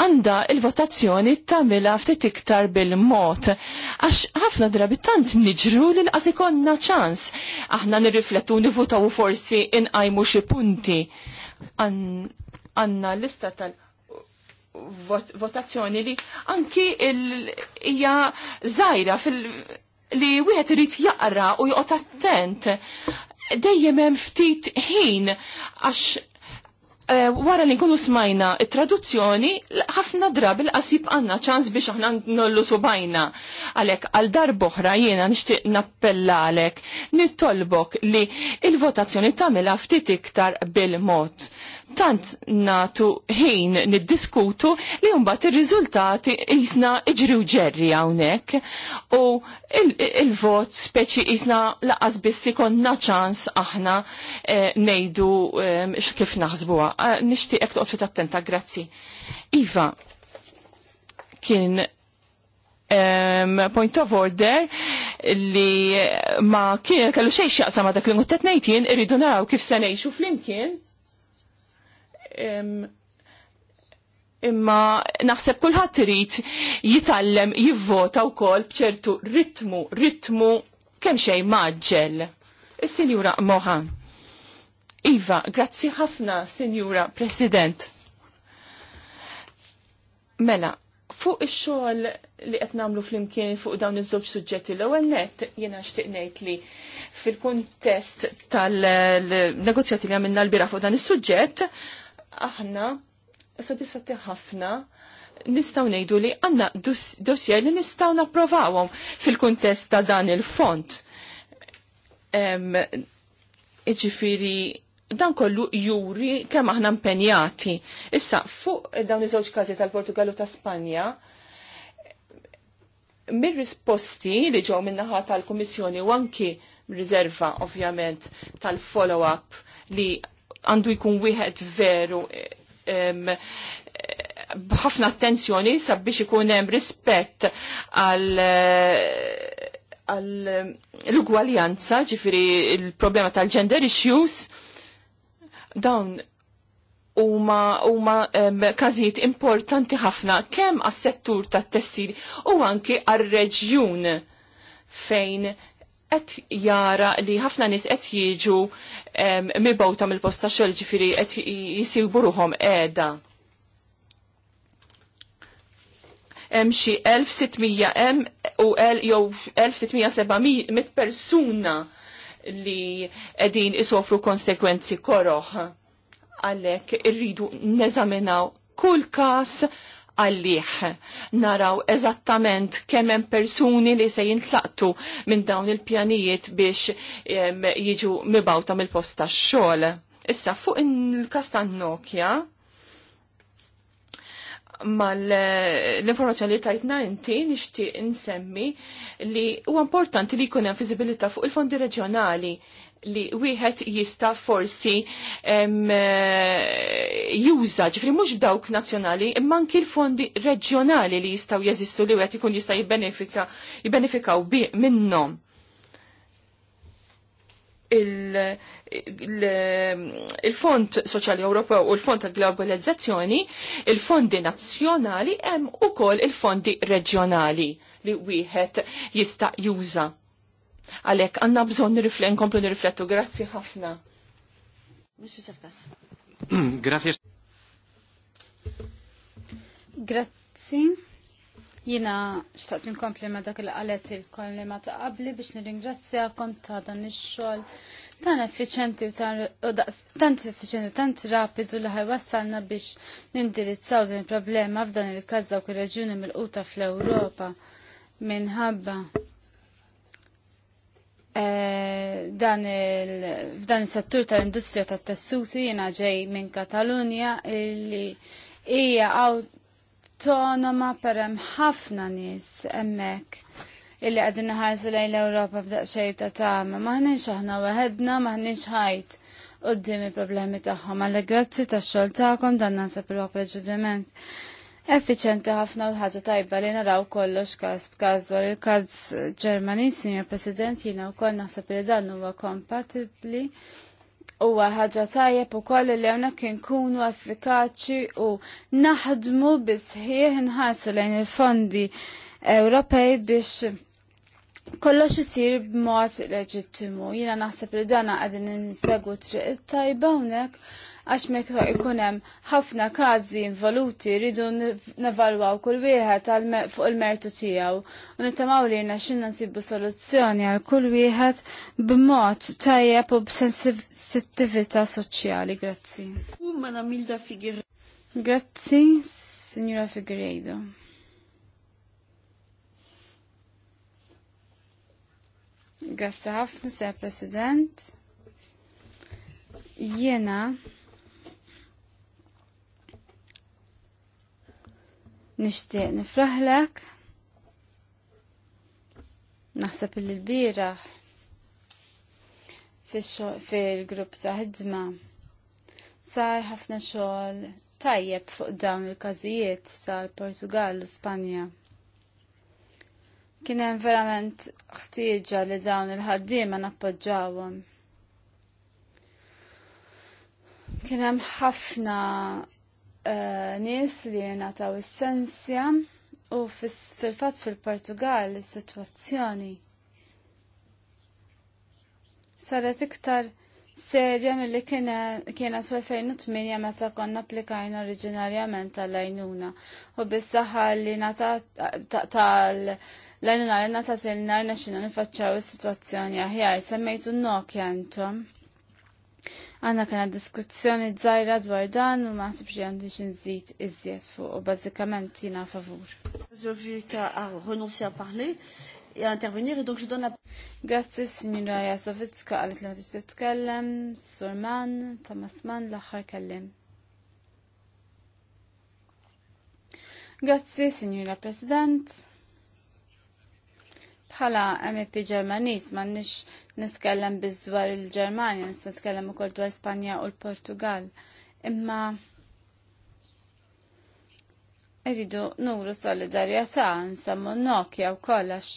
għandha il-votazzjoni ta'mila ftit iktar bil-mod. Għax ħafna drabi tant niġru li l ikonna ċans. Aħna nirriflettu nivutaw forsi inqajmu xi punti. Għanna lista tal- votazzjoni li anki hija żgħira zaħira li wieħed irid jaqra u jqot attent dejjem hemm ftit ħin għax Eh, wara li nkunu smajna traduzzjoni ħafna drabi l-qasib għanna ċans biex aħna nollu subajna. Għalek, għal darboħra jiena nishtiq nappella għalek, nittolbok li il-votazzjoni tamela ftit iktar bil-mod tant natu ħin niddiskutu li mbagħad ir-riżultati jisna iġri u ġerri hawnhekk u il-vot il speċi jisna laqas biss ikonna ċans aħna eh, ngħidu eh, kif naħsbuha. Eh, Nixtieqek toqgħod attenta, grazzi. Iva, kien um, point of order li ma kien kellu xejn xaqsa ma dak li ngħid ngħid jien irridu naraw kif se ngħixu flimkien imma naħseb kulħadd irid jitallem jivvota wkoll b'ċertu ritmu, ritmu kemm xejn maġġel. Is-Sinjura Moha. Iva, grazzi ħafna, Sinjura President. Mela, fuq ix-xogħol li qed nagħmlu flimkien fuq dawn iż-żewġ suġġetti l-ewwel nett jiena xtieq ngħid li fil-kuntest tal-negozjati li għamilna l-bira fuq dan is-suġġett aħna sodisfatti ħafna nistaw nejdu li għanna dossier li nistaw naprovawom fil-kontest ta' dan il-font. Iġifiri, dan kollu juri kemm aħna impenjati. Issa, fuq dawn iż-żewġ każi tal-Portugalu ta' Spanja, mir-risposti li ġew minnaħa tal-Kummissjoni u anki riserva ovvjament tal-follow-up li għandu jkun wieħed veru bħafna attenzjoni sabiex ikun hemm rispett għal l-ugwaljanza, ġifiri il-problema tal-gender issues, dawn huma huma każijiet importanti ħafna kemm għas-settur tat-tessil u anki għar-reġjun fejn qed jara li ħafna nies qed jiġu mibgħuta mill posta xogħol ġifieri qed jisibu ruhom qiegħda. Hemm xi 1600 hemm u jew 1600 persuna li qegħdin isofru konsekwenzi koroħ. Għalhekk irridu neżaminaw kull każ għalliħ. Naraw eżattament kemmen persuni li se jintlaqtu minn dawn il-pjanijiet biex jiġu mibawta mill posta ta' xol. Issa fuq il-kastan Nokia, mal l-informazzjoni li tajtna inti nixtieq insemmi li huwa importanti li jkun hemm fiżibilità fuq il-fondi reġjonali li wieħed jista' forsi eh, juża, ġifri mhux dawk nazzjonali, imma anki l-fondi reġjonali li jistgħu jeżistu li wieħed ikun jista' jibbenefika jibbenefikaw minnhom. Il-Fond il, il Soċjali Ewropew u l-Fond ta' Globalizzazzjoni, il-fondi nazzjonali hemm ukoll il-fondi reġjonali li wieħed jista' juża Għalek, għanna bżon nirriflet, nkomplu nirriflettu. Grazzi ħafna. Grazie. Grazzi. Jina xtaqt nkompli ma dak li il-kollima ta' qabli biex nirringrazzjakom ta' dan ix-xogħol tan effiċenti u tant effiċenti u tant rapidu li ħaj wassalna biex nindirizzaw din il-problema f'dan il-każ dawk ir-reġjuni mill-quta fl-Ewropa minħabba Eh, dan f'dan is-settur tal-industrija tat-tessuti jiena ġej minn Katalunja li hija autonoma per hemm ħafna nies hemmhekk illi qegħdin naħarsu lejn l-Ewropa b'daqsxejn ta' tagħma. Maħniex aħna weħedna, maħniex ħajt qudiem il-problemi tagħhom. Alla grazzi tax-xogħol tagħkom dan nasab il-preġudiment effiċenti ħafna u ħaġa tajba li naraw kollox każ b'każ dwar il-każ Ġermani, Sinjor President, jiena wkoll naħseb li dan huwa kompatibbli huwa ħaġa tajjeb ukoll li hawnhekk inkunu effikaċi u naħdmu bisħieħ inħarsu lejn il-fondi Ewropej biex kollox isir b'mod leġittimu. Jiena naħseb li dan qegħdin insegu triq tajba hawnhekk għax mekta ikunem ħafna kazi involuti rridu nevalwaw kull wieħed fuq il-mertu tiegħu u nittamaw li xinna nsibu soluzzjoni għal kull wieħed b'mod tajjeb u b'sensittività soċjali. Grazzi. Grazzi, Signora Figueiredo. Grazie ħafna, Sir President. Jena Nishtiq nifraħlek. Naħseb li l-biraħ fil-grupp ta' ħidma sar ħafna xogħol tajjeb fuq dawn il-każijiet sal-Portugal u Spanja. Kien hemm verament ħtieġa li dawn il-ħaddiema nappoġġawhom. Kien hemm ħafna Eh, nies li jenataw essenzja u fil-fat fil-Portugal is-sitwazzjoni saret iktar serja mill-li kienet fl-2008 meta konna applikajna oriġinarjament tal-lajnuna. U bis-saħħa li tal-lajnuna li nata il-nar naxina nifacċaw is-situazzjoni aħjar, semmejtu n-nokja intom. Għanna kena diskussjoni dżajra dwar dan u maħsib xie għandi xinżit iżjed fuq u bazzikament jina favur. Grazie signora Jasovitska għalit li ma t titkellem, Surman, Tamasman, l-axar Grazie signora President bħala MP Ġermaniż m'għandniex niskellem biż dwar il-Ġermanja, nista' nitkellem ukoll dwar Spanja u l-Portugal. Imma irridu nuru solidarjetà nsammu Nokja u għax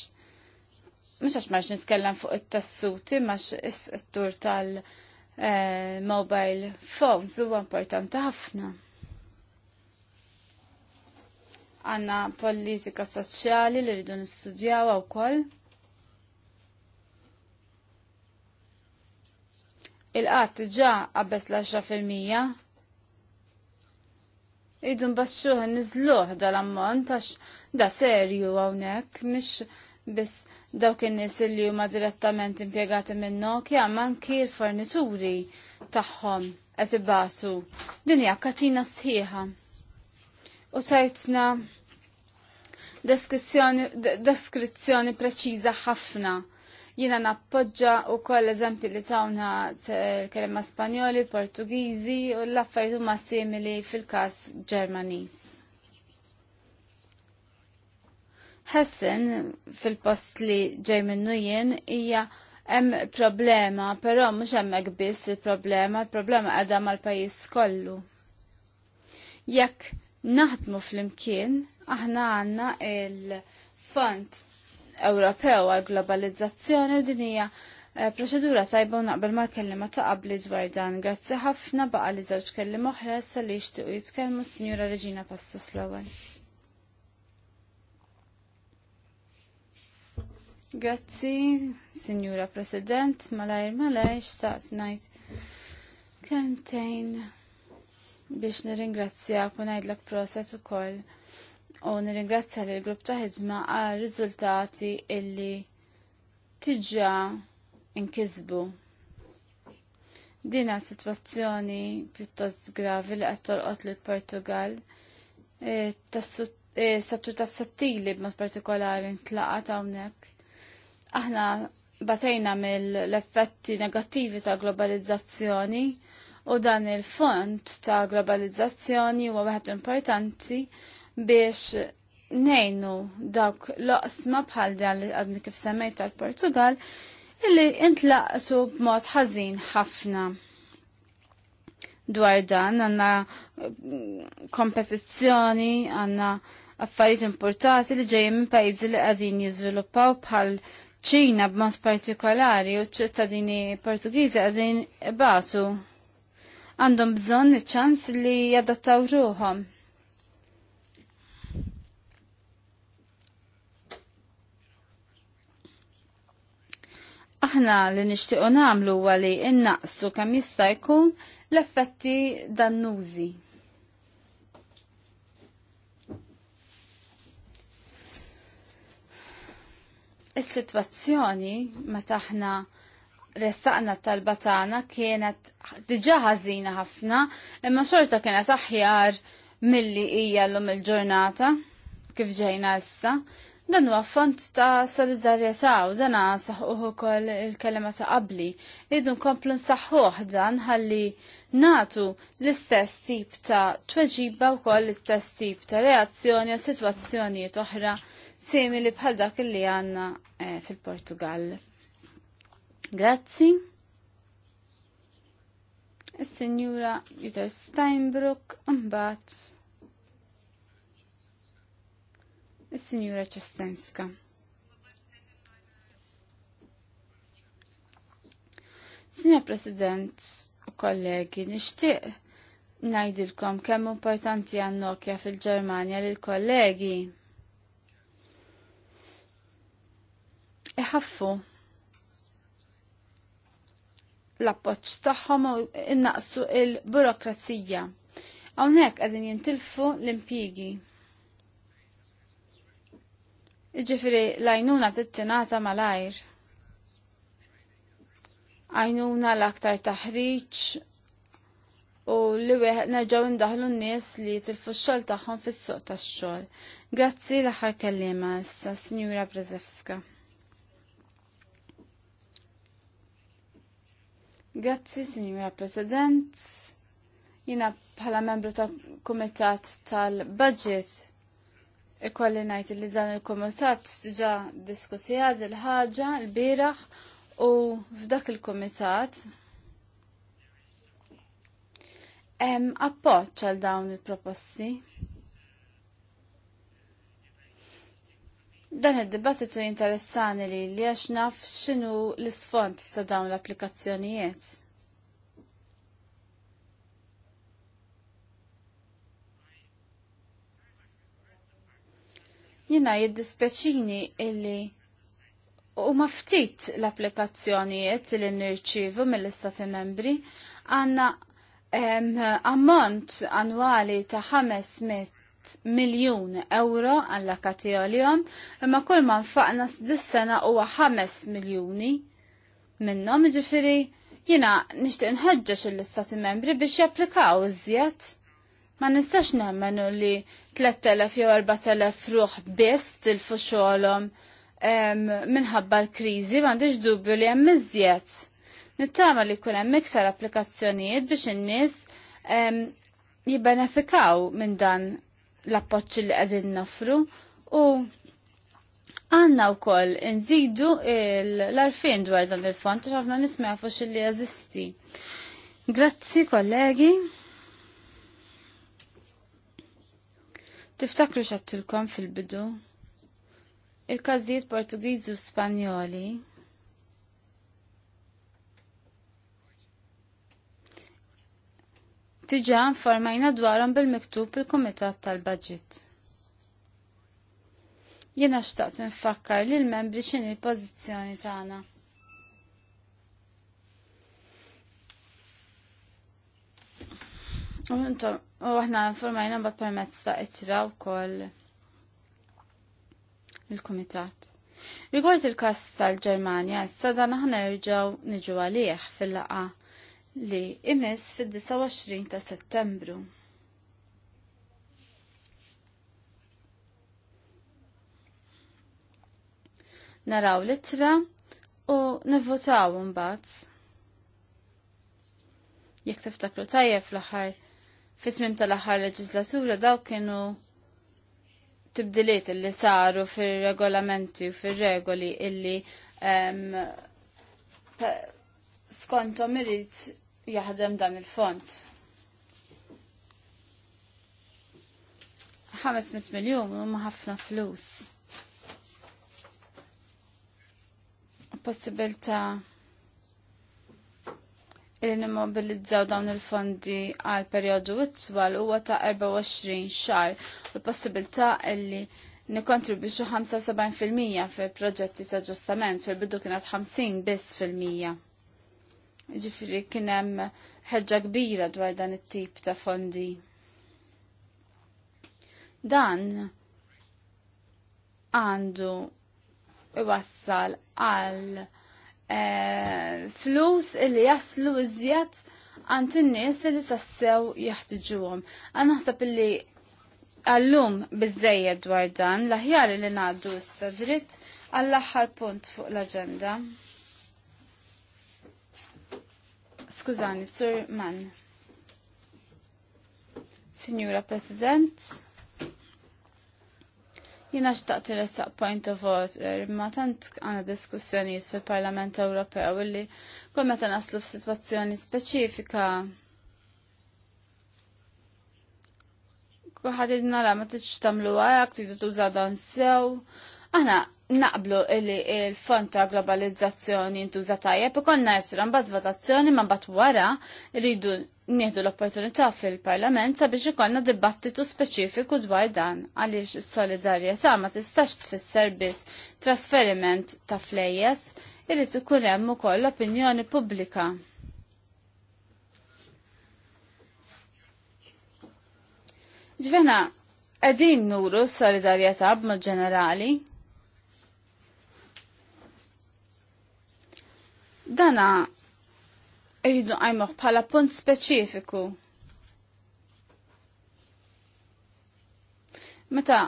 mhux għax marx niskellem fuq it-tassuti maġ is-settur tal-mobile eh, phones huwa importanti ħafna għanna politika soċjali li rridu nistudjaw u koll. Il-qatt ġa għabbes l-10%. Idu mbaxxuħ nizluħ dal-ammont għax da serju hawnhekk mhix biss dawk in-nies li huma direttament impjegati minn Nokia manki l-fornituri tagħhom qed ibatu. Din hija katina sħiħa u tajtna deskrizzjoni preċiża ħafna. Jina nappoġġa u koll eżempi li tawna kelma Spanjoli, Portugiżi u l-affarijiet huma simili fil-każ Ġermaniż. Hessen fil-post li ġej minnu jien hija hemm problema, però mhux hemmhekk biss il-problema, il-problema qiegħda mal-pajjiż kollu. Jekk naħdmu fl-imkien aħna għanna il-Fond Ewropew għal globalizzazzjoni u dinija eh, proċedura tajba u naqbel ma' kellima ta' qabli dwar dan. Grazzi ħafna baqa li żewġ kellim oħra issa li u jitkellmu Sinjura Reġina Pastas Slowen. Grazzi, Sinjura President, malajr malajr, xtaqt ngħid kentejn biex nirringrazzjak u ngħidlek proset ukoll u nirringrazzja lill grupp ta' ħidma għal riżultati illi tiġa inkizbu. Dina situazzjoni pjuttost gravi li qed tolqot lil Portugal e, tas e, ta' tas-sattili b'mod partikolari ntlaqat hawnhekk. Aħna batejna mill-effetti negattivi ta' globalizzazzjoni u dan il-fond ta' globalizzazzjoni huwa wieħed importanti biex nejnu dawk loqsma bħal dan li għadni kif semmejt tal-Portugal illi intlaqtu b'mod ħażin ħafna dwar dan għanna mm, kompetizzjoni għanna affarijiet importati li ġejjin minn pajjiżi li qegħdin jiżviluppaw bħal ċina b'mod partikolari u ċ-ċittadini Portugiżi qegħdin ibatu għandhom bżonn ċans li jadattaw ruhom. Aħna li nixtiequ namlu għali li innaqsu kemm jista' jkun l-effetti dannużi. Is-sitwazzjoni meta aħna ressaqna t-talba tagħna kienet diġà ħażina ħafna, imma xorta kienet aħjar milli hija llum il-ġurnata kif ġejna issa. Dan huwa font ta' solidarjetà u dan saħħuh ukoll il-kelma ta' qabli. Idu nkomplu nsaħħuh dan ħalli natu l-istess tip ta' tweġiba wkoll l-istess tip ta' reazzjoni għal sitwazzjonijiet oħra simili bħal dak li għandna eh, fil-Portugal. Grazzi. Is-Sinjura Jutta Steinbrook mbagħad Is-Sinjura Cestenska. Signor President u kollegi, nixtieq ngħidilkom kemm importanti għan Nokia fil-Ġermanja lil kollegi. Iħaffu l-appoċ tagħhom u innaqsu il-burokrazija. Hawnhekk qegħdin jintilfu l-impjiegi. Iġifiri l-għajnuna tinata malajr. Għajnuna l-aktar taħriġ u li weħ nerġaw indaħlu n-nies li tilfu x-xol tagħhom fis-suq tax-xogħol. Grazzi l-aħħar kellima issa, Sinjura Brezewska. Grazzi, Signora President. Jina bħala membru ta' Kumitat tal-Budget ikolli najt li dan il-Kumitat diġa diskussi il-ħagġa il biraħ u f'dak il-Kumitat appoċċa għal dawn il-proposti. Dan id-dibattitu interessani li li għax naf xinu l-sfond sa dawn l-applikazzjonijiet. Jina jiddispeċini illi u maftit l-applikazzjonijiet li nirċivu mill-istati membri għanna ammont annwali ta' 500 miljun euro allakati għal-jom, imma kull man faqna dis-sena huwa 5 miljuni minnhom ġifiri jina nixtieq nħeġġeġ l-istati membri biex japplikaw iżjed. Ma nistax nemmenu li 3000 jew 4000 ruħ biss tilfu fuxolom minħabba l-kriżi m'għandix dubju li hemm iżjed. Nittama li jkun hemm iktar applikazzjonijiet biex in-nies jibbenefikaw minn dan l-appoċ li għedin nofru u għanna u koll nżidu l-arfin dwar dan il-font, ħafna nisma jafu li jazisti. Grazzi kollegi. Tiftakru xattilkom fil-bidu. Il-kazijiet Portugiżi u Spanjoli. diġa informajna dwarhom bil-miktub il-Kumitat tal budget Jiena xtaqt nfakkar lil membri x'inhi l-pożizzjoni tagħna. U aħna informajna mbagħad permezz ta' ittra wkoll il-kumitat. Rigward il-każ tal-Ġermanja, issa dan aħna nerġgħu niġu għalih fil-laqa li imis fid-29 ta' settembru. Naraw litra u nivvotaw mbagħad. Jekk tiftakru tajjeb fl-aħħar fit-tmim tal-aħħar leġislatura daw kienu tibdiliet illi saru fir-regolamenti u fir-regoli illi skontom irid jaħdem dan il-font. 500 miljon huma ħafna flus. Possibilta il nimmobilizzaw dawn il-fondi għal periodu it-twal huwa ta' 24 xar u l-possibilità illi nikontribwixxu 75% fil-proġetti ta' ġustament fil-bidu kienet 50 biss fil-mija. Ġifiri kienem ħeġġa kbira dwar dan it-tip ta' fondi. Dan għandu iwassal għal e, flus illi jaslu iżjed għant in-nies li tassew jaħtiġuhom. Għan naħseb illi għallum bizzejjed dwar dan l-aħjar li ngħaddu issa dritt għall-aħħar punt fuq l-aġenda skużani, Sir Mann. Signora President, jina xtaqt il-ressaq point of order, ma tant għana diskussjoniet fil-Parlament Ewropew illi kol meta naslu f'sitwazzjoni specifika. Kuħad id-nara ma t iċtamlu tamlu għajak, t-idu tuża dan sew, Aħna naqblu li il-fond ta' globalizzazzjoni intuża tajjeb ikonna jitra mbagħad votazzjoni ma mbagħad wara rridu nieħdu l-opportunità fil-Parlament sabiex ikonna dibattitu speċifiku dwar dan għaliex is-solidarjetà ma tistax tfisser biss trasferiment ta' flejjes irid ikun hemm ukoll opinjoni pubblika. Ġvena, għedin nuru solidarjetà b'mod ġenerali, Dana irridu għajmuħ bħala punt speċifiku. Meta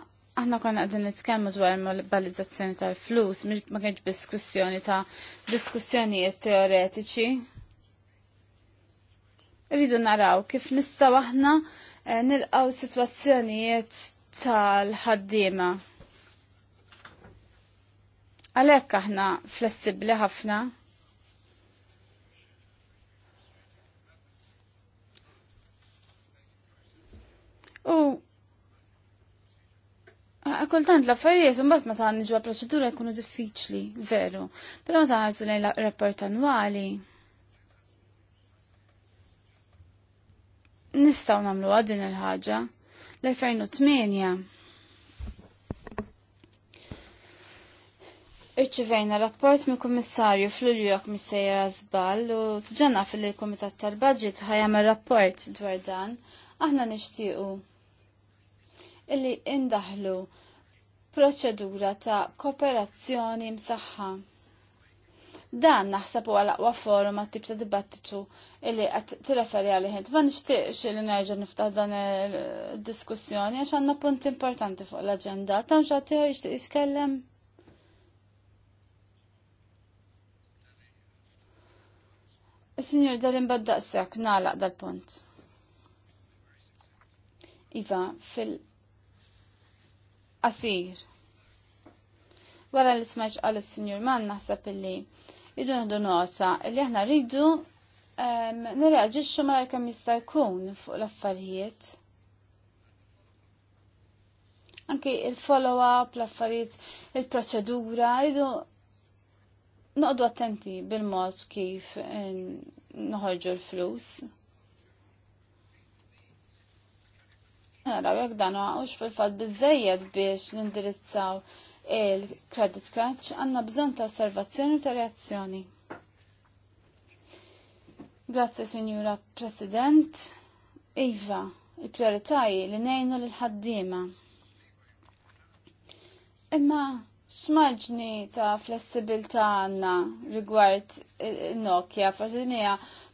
aħna konna għadin nitkellmu dwar il-mobilizzazzjoni tal-flus, ma kienx diskussjoni ta' diskussjonijiet teoretiċi. Rridu naraw kif nistaw aħna eh, nilqaw situazzjonijiet tal-ħaddiema. Għalhekk aħna flessibbli ħafna. U Kultant l-affarijiet ma meta niġu proċedura jkunu diffiċli, veru. Però meta ħarsu lejn rapport annwali. Nistgħu nagħmluha din il-ħaġa l-2008. Irċivejna rapport minn kummissarju fl-Ulju jekk missejjer żball u tġanna fil-Kumitat tal-Budget ħajjam ir-rapport dwar dan aħna nixtiequ illi indaħlu proċedura ta' kooperazzjoni msaħħa. Dan naħseb huwa l-aqwa forum għat-tip ta' dibattitu illi qed tirreferi għalih int. Ma nixtieqx li nerġa' niftaħ dan il-diskussjoni għax għandna punt importanti fuq l-aġenda. Tan xagħti jixtieq jiskellem. Signor, dalim baddaqsek, nalaq dal-punt. Iva, fil- qasir. Wara li smaġ għal il-Sinjur man naħseb illi idu nħdu nota illi aħna rridu um, nirreagġixxu mara kemm jista' jkun fuq l-affarijiet. Anki il-follow-up, l-affarijiet, il-proċedura, rridu noqdu attenti bil-mod kif noħorġu l-flus. Naraw jekk dan għax fil-fatt bizzejed biex nindirizzaw il-credit crunch għandna bżonn ta' osservazzjoni u ta' reazzjoni. Grazzi, Sinjura President. Iva, il-prioritaji li nejnu l-ħaddima. Imma x'maġni ta' flessibilta għanna rigward Nokia, forsi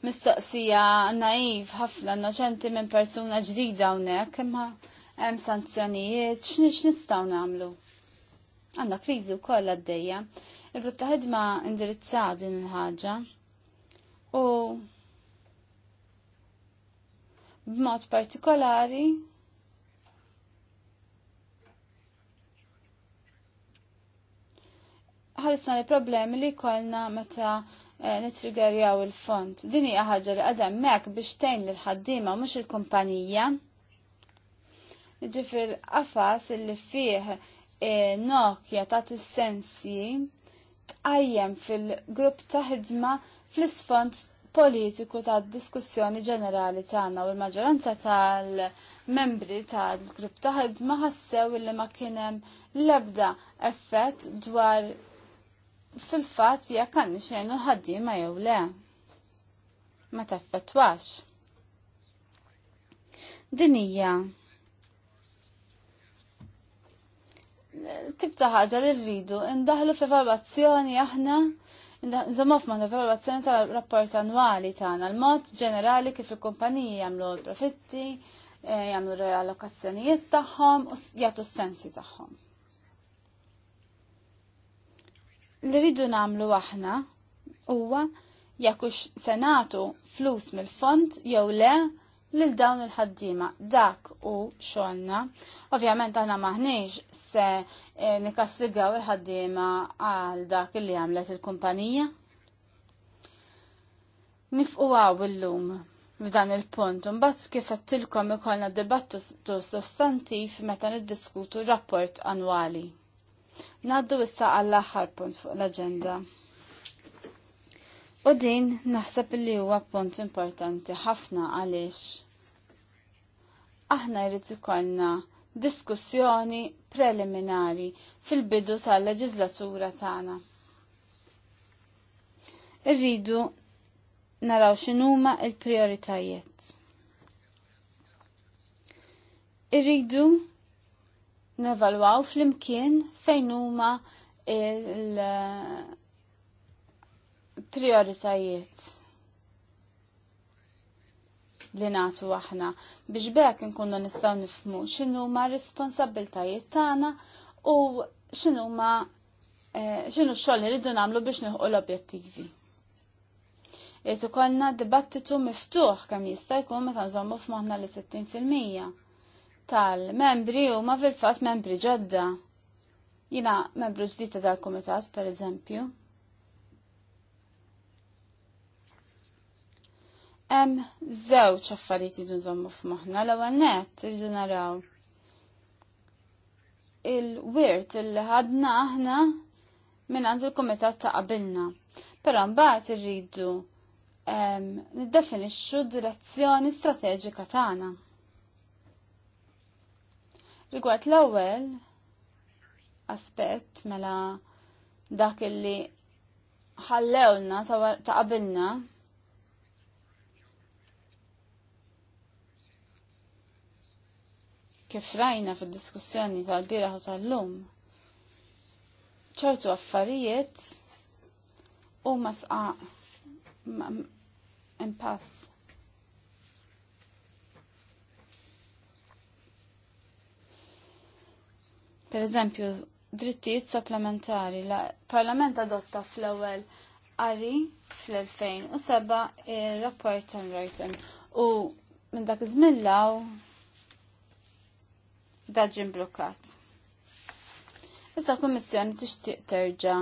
mistoqsija naiv ħafna noċenti minn persuna ġdida hawnhekk imma hemm sanzjonijiet x'nix nistgħu nagħmlu. Għandna kriżi wkoll għaddejja. Il-grupp ta' ħidma indirizzat din il-ħaġa u b'mod partikolari ħarisna li problemi li kolna meta Eh, nitrigerjaw il-font. Din hija ħaġa li għadem mek biex tgħin l-ħaddima mhux il-kumpanija. l qafas li fih eh, Nokia ta' t-sensi tqajjem fil-grupp ta' ħidma fl-isfond politiku ta' diskussjoni ġenerali tagħna u l-maġġoranza tal-membri tal-grupp ta' ħidma ħassew li ma kien hemm l-ebda effett dwar fil-fat jekk għandni xejn ħaddiema jew le. Ma taffettwax. Din hija tip ta' ħaġa li rridu indaħlu f'evalwazzjoni aħna Zamma f'man evaluazzjoni tal-rapport annwali tagħna l-mod ġenerali kif il-kumpaniji jagħmlu l-profitti, eh, jagħmlu r-allokazzjonijiet tagħhom u jagħtu s-sensi tagħhom. Li rridu namlu aħna huwa jekk hux se nagħtu flus mill-fond jew le lil dawn il-ħaddiema. Dak u xogħolna. Ovvjament aħna maħniex se eh, nikastigaw il-ħaddiema għal dak li għamlet il-kumpanija. Nifqu għaw illum f'dan il-punt, mbagħad kif qedtilkom ikollna dibattu sostantiv meta niddiskutu rapport annwali. Naddu issa għall-aħħar punt fuq l-aġenda. U din naħseb li huwa punt importanti ħafna għaliex aħna jrid ikollna diskussjoni preliminari fil-bidu tal-leġislatura tagħna. Irridu naraw x'inhuma l-prijoritajiet. Irridu nevalwaw fl-imkien fejn huma il-prioritajiet eh, li natu aħna biex bekk nkunu nistgħu nifhmu x'inhu ma responsabiltajiet tagħna u x'inhu ma eh, x'inhu x-xogħol li rridu nagħmlu biex nilħu l-objettivi. Irid ikollna dibattitu miftuħ kemm jista' jkun meta nżommu f'moħħna li 60 fil-mija tal-membri u ma fil-fat membri ġodda. Jina membru ġdita dal-komitat, per eżempju. Em zew affarijiet idu nżommu f'moħna, l-ewwel nett irridu naraw il-wirt il ħadna aħna minn għand il-komitat ta' qabilna. Però mbagħad irridu niddefinixxu direzzjoni strateġika tagħna. Rigward l-ewwel aspett mela dak illi ħallewna ta' qabilna kif rajna fil-diskussjoni tal bieraħ u tal-lum, ċertu affarijiet u masqa impass. Per eżempju, drittijiet supplementari. La parlament adotta fl-ewwel qari fl-2007 il rapport on Writing u minn dak iżmillaw daġin blokkat. Issa kummissjoni tixtieq terġa'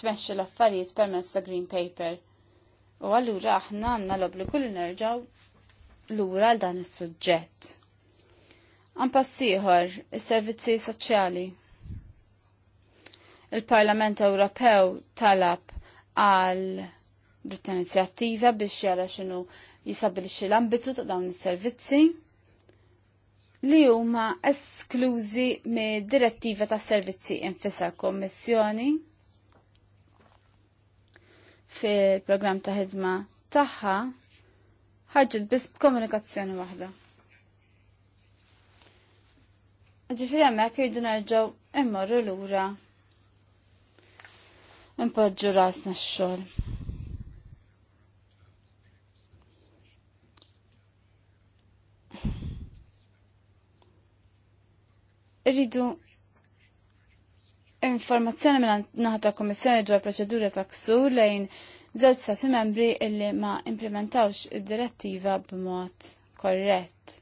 tmexxi l-affarijiet permezz ta' Green Paper. U allura aħna għandna l-obbligu li nerġgħu lura għal dan is-suġġett. Ampassiħor, il-servizzi soċjali. Il-Parlament Ewropew talab għal dritt inizjattiva biex jara xinu jisabilixi l-ambitu ta' dawn is-servizzi li huma esklużi mid direttiva ta' servizzi infisa l-Kommissjoni fil-programm ta' ħidma tagħha ħarġet biss b'komunikazzjoni waħda. Ġifiri għemmek jridu nerġaw immorru l-ura. Impoġġu rasna x-xol. Irridu informazzjoni minn naħta komissjoni dwar proċedura ta' ksur lejn żewġ stati membri illi ma implementawx id-direttiva b'mod korrett.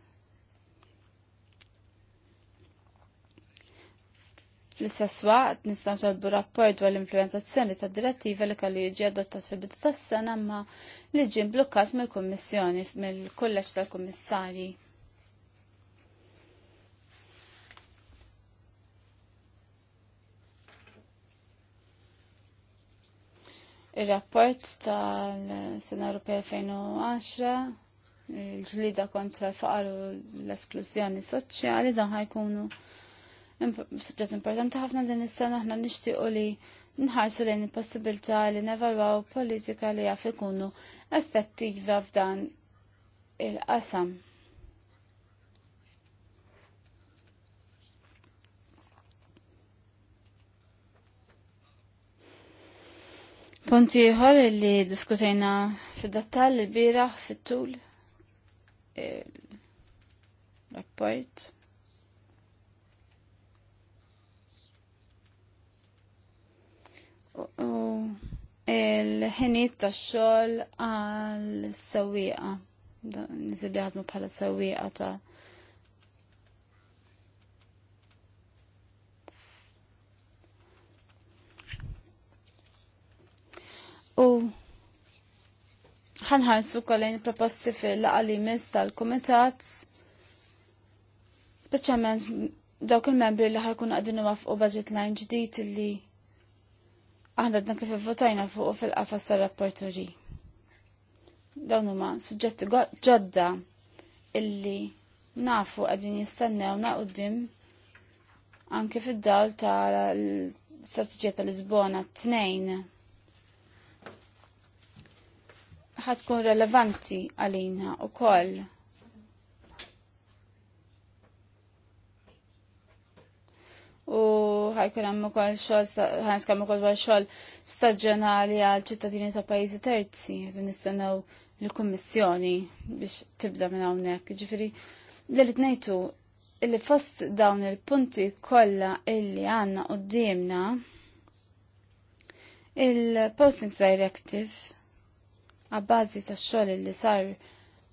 Fl-istess waqt nistgħu nsolbu rapport dwar l-implementazzjoni tad direttiva li kellu jiġi adottat fil bidu tas-sena imma li ġie mblukkat mill-Kummissjoni mill-kulleġġ tal-Kummissarji. Ir-rapport tal-Sena Ewropea 2010 il-ġlida kontra l-faqar u l-esklużjoni soċjali dan ħajkunu suġġett importanti ħafna din is-sena aħna nixtiequ li nħarsu lejn il-possibilità li nevalwaw politika li jaf ikunu effettiva f'dan il-qasam. Punti ieħor li diskutejna fid-dettall il-biraħ fit-tul il-rapport. il-ħiniet tax-xogħol għal-sewwieqa. Nisir li ħadmu bħala sawiqa ta' U ħanħarsu kollejn proposti fil-qalimis tal-kumitat, speċjalment dawk il-membri li ħakun għadinu wafqu budget line ġdid li aħna dan kif votajna fuq fil-qafas tal-rapporturi. Dawn huma suġġetti ġodda illi nafu għadin na qudiem anke fid-dawl tal-Strateġija tal-Lisbona tnejn tkun relevanti għalina u koll u ħajkun hemm ukoll xogħol kemm ukoll dwar xogħol staġjonali għal ċittadini ta' pajjiżi terzi li nistennew l-Kummissjoni biex tibda minn hawnhekk. Ġifieri li ngħidu li fost dawn il-punti kollha illi għandna qudiemna il-Postings Directive għabbażi tax-xogħol li sar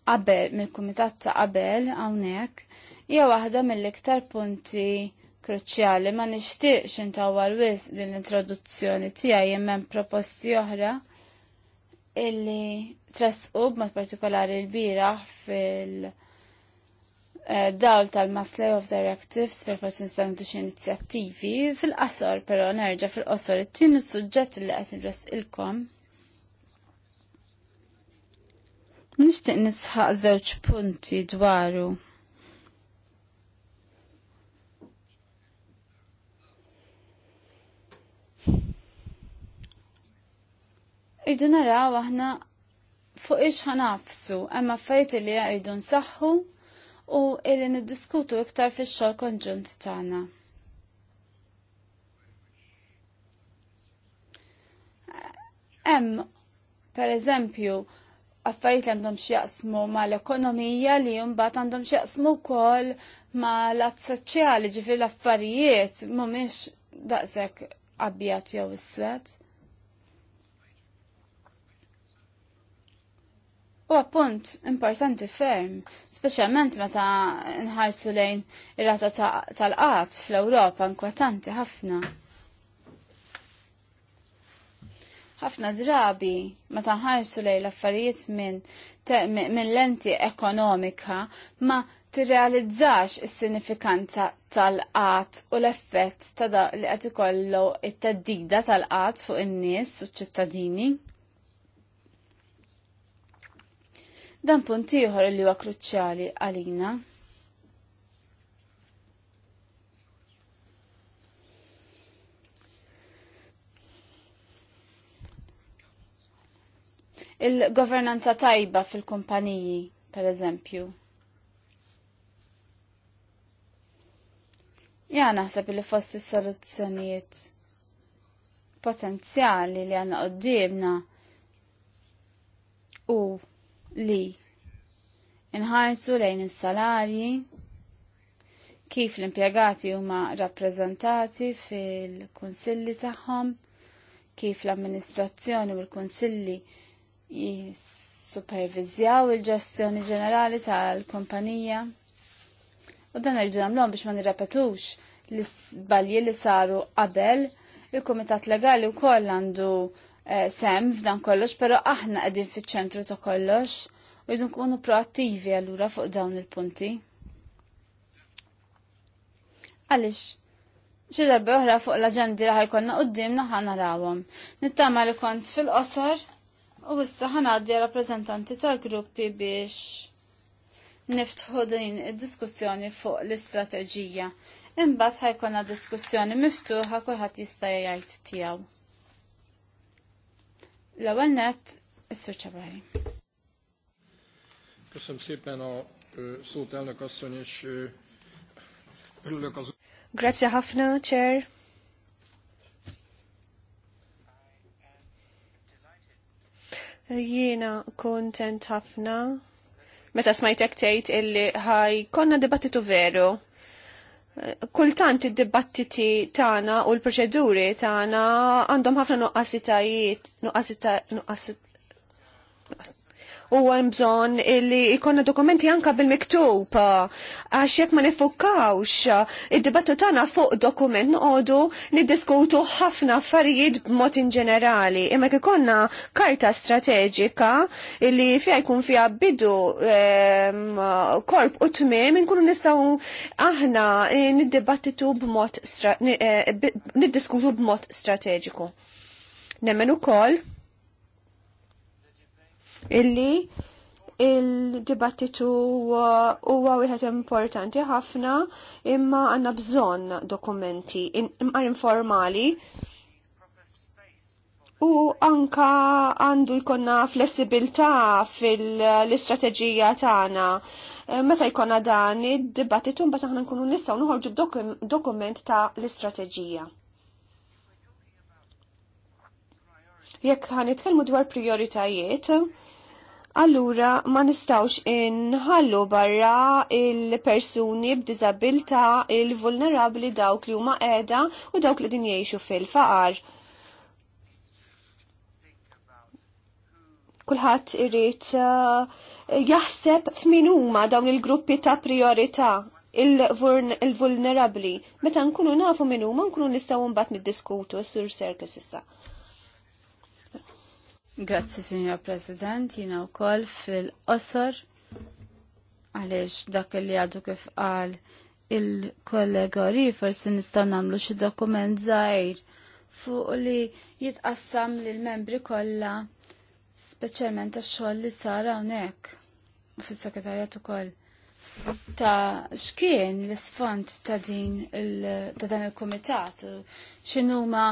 qabel mill-kumitat ta' qabel hawnhekk hija waħda mill-iktar punti kruċjali ma nixtieqx l wis din l-introduzzjoni tiegħi jemmen proposti oħra illi trasqu b'mod partikolari l bira fil- eh, dawl tal-Maslay of Directives fej forsi nistandu xi inizjattivi fil-qasor però nerġa' fil-qosor it-tieni suġġett li qed kom Nixtieq nisħaq żewġ punti dwaru. Irdu naraw aħna fuq ix ħanafsu, emma affarijiet li irdu nsaħħu u illi niddiskutu iktar fix-xogħol konġunt tagħna. Hemm pereżempju affarijiet li għandhom x'jaqsmu mal-ekonomija li mbagħad għandhom x'jaqsmu wkoll ma l-att soċjali ġifir l-affarijiet mhumiex daqshekk abjad jew is is-swed. U appunt importanti ferm, speċjalment meta nħarsu lejn ir-rata tal-qat fl-Ewropa nkwetanti ħafna. ħafna drabi meta nħarsu lejn l-affarijiet minn min lenti ekonomika ma tirrealizzax is-sinifikanza tal-qat u l-effett ta' da li qed ikollu t teddida tal-qat fuq in-nies u ċ-ċittadini. Dan punt ieħor li huwa kruċjali għalina. Il-governanza tajba fil-kumpaniji, per eżempju, Ja naħseb li fost is-soluzzjonijiet potenzjali li għanna qoddimna u li inħarsu lejn is-salarji kif l-impjegati huma rappreżentati fil-kunsilli tagħhom, kif l-amministrazzjoni u l-kunsilli jissupervizjaw il-ġestjoni ġenerali tal-kumpanija. U dan irridu nagħmluhom biex ma nirrepetux l-balji li saru qabel. Il-Kumitat Legali wkoll għandu eh, sem f'dan kollox, però aħna qegħdin fiċ-ċentru ta' kollox u jdu nkunu proattivi allura fuq dawn il-punti. Għaliex, xi darba oħra fuq l-aġendi li ħajkolna qudiemna ħa narawhom. Nittama li kont fil-qosor u issa ħanaddi rappreżentanti tal-gruppi biex niftħu din id-diskussjoni fuq l-istrateġija. Imbagħad ħajkonna diskussjoni miftuħa kulħadd jista' jgħid tiegħu. L-ewwel nett is-Sur Ċabrahim. Köszönöm szépen a szót, elnök asszony, és örülök az... Grazie ħafna, Chair. Jiena kontent ħafna meta smajtek tgħid illi ħaj konna dibattitu veru. Kultant id-dibattiti tagħna u l-proċeduri tagħna għandhom ħafna nuqqasitajiet, nuqqasitajiet, u għem bżon li ikonna dokumenti anka bil-miktub eh, għax jekk ma nifukkawx eh, id-dibattu tagħna fuq dokument noqogħdu niddiskutu ħafna affarijiet b'mod in ġenerali imma ikonna karta strateġika li fija jkun fiha bidu ehm, korp u tmiem inkunu nistgħu aħna eh, niddibattitu b'mod niddiskutu b'mod strateġiku. Nemmen ukoll illi il-dibattitu huwa wieħed importanti ħafna imma għandna bżonn dokumenti imqar informali u anka għandu jkonna flessibilità fil-istrateġija tagħna. Eh, meta jkonna dan id-dibattitu mbagħad aħna nkunu nistgħu noħorġu dokument ta' l-istrateġija. Jekk ħanitkellmu dwar prioritajiet, allura ma nistawx inħallu barra il-persuni b'dizabilta il-vulnerabli dawk li huma qiegħda u dawk li din jgħixu fil-faqar. Kulħadd irid uh, jaħseb f'min huma dawn il-gruppi ta' priorità il-vulnerabli. Meta nkunu nafu minn huma nkunu nistgħu mbagħad niddiskutu s-sur Serkis issa. Grazzi, Signor President, jina u koll fil-qosor għalix dak li għadu kif qal il-kollega ri forsi nistgħu nagħmlu xi dokument żgħir fuq li jitqassam l membri kollha speċjalment għax-xogħol li sar hawnhekk fis-sekretarjat ukoll ta' xkien l sfant ta' din ta' dan il-komitat u x'inhuma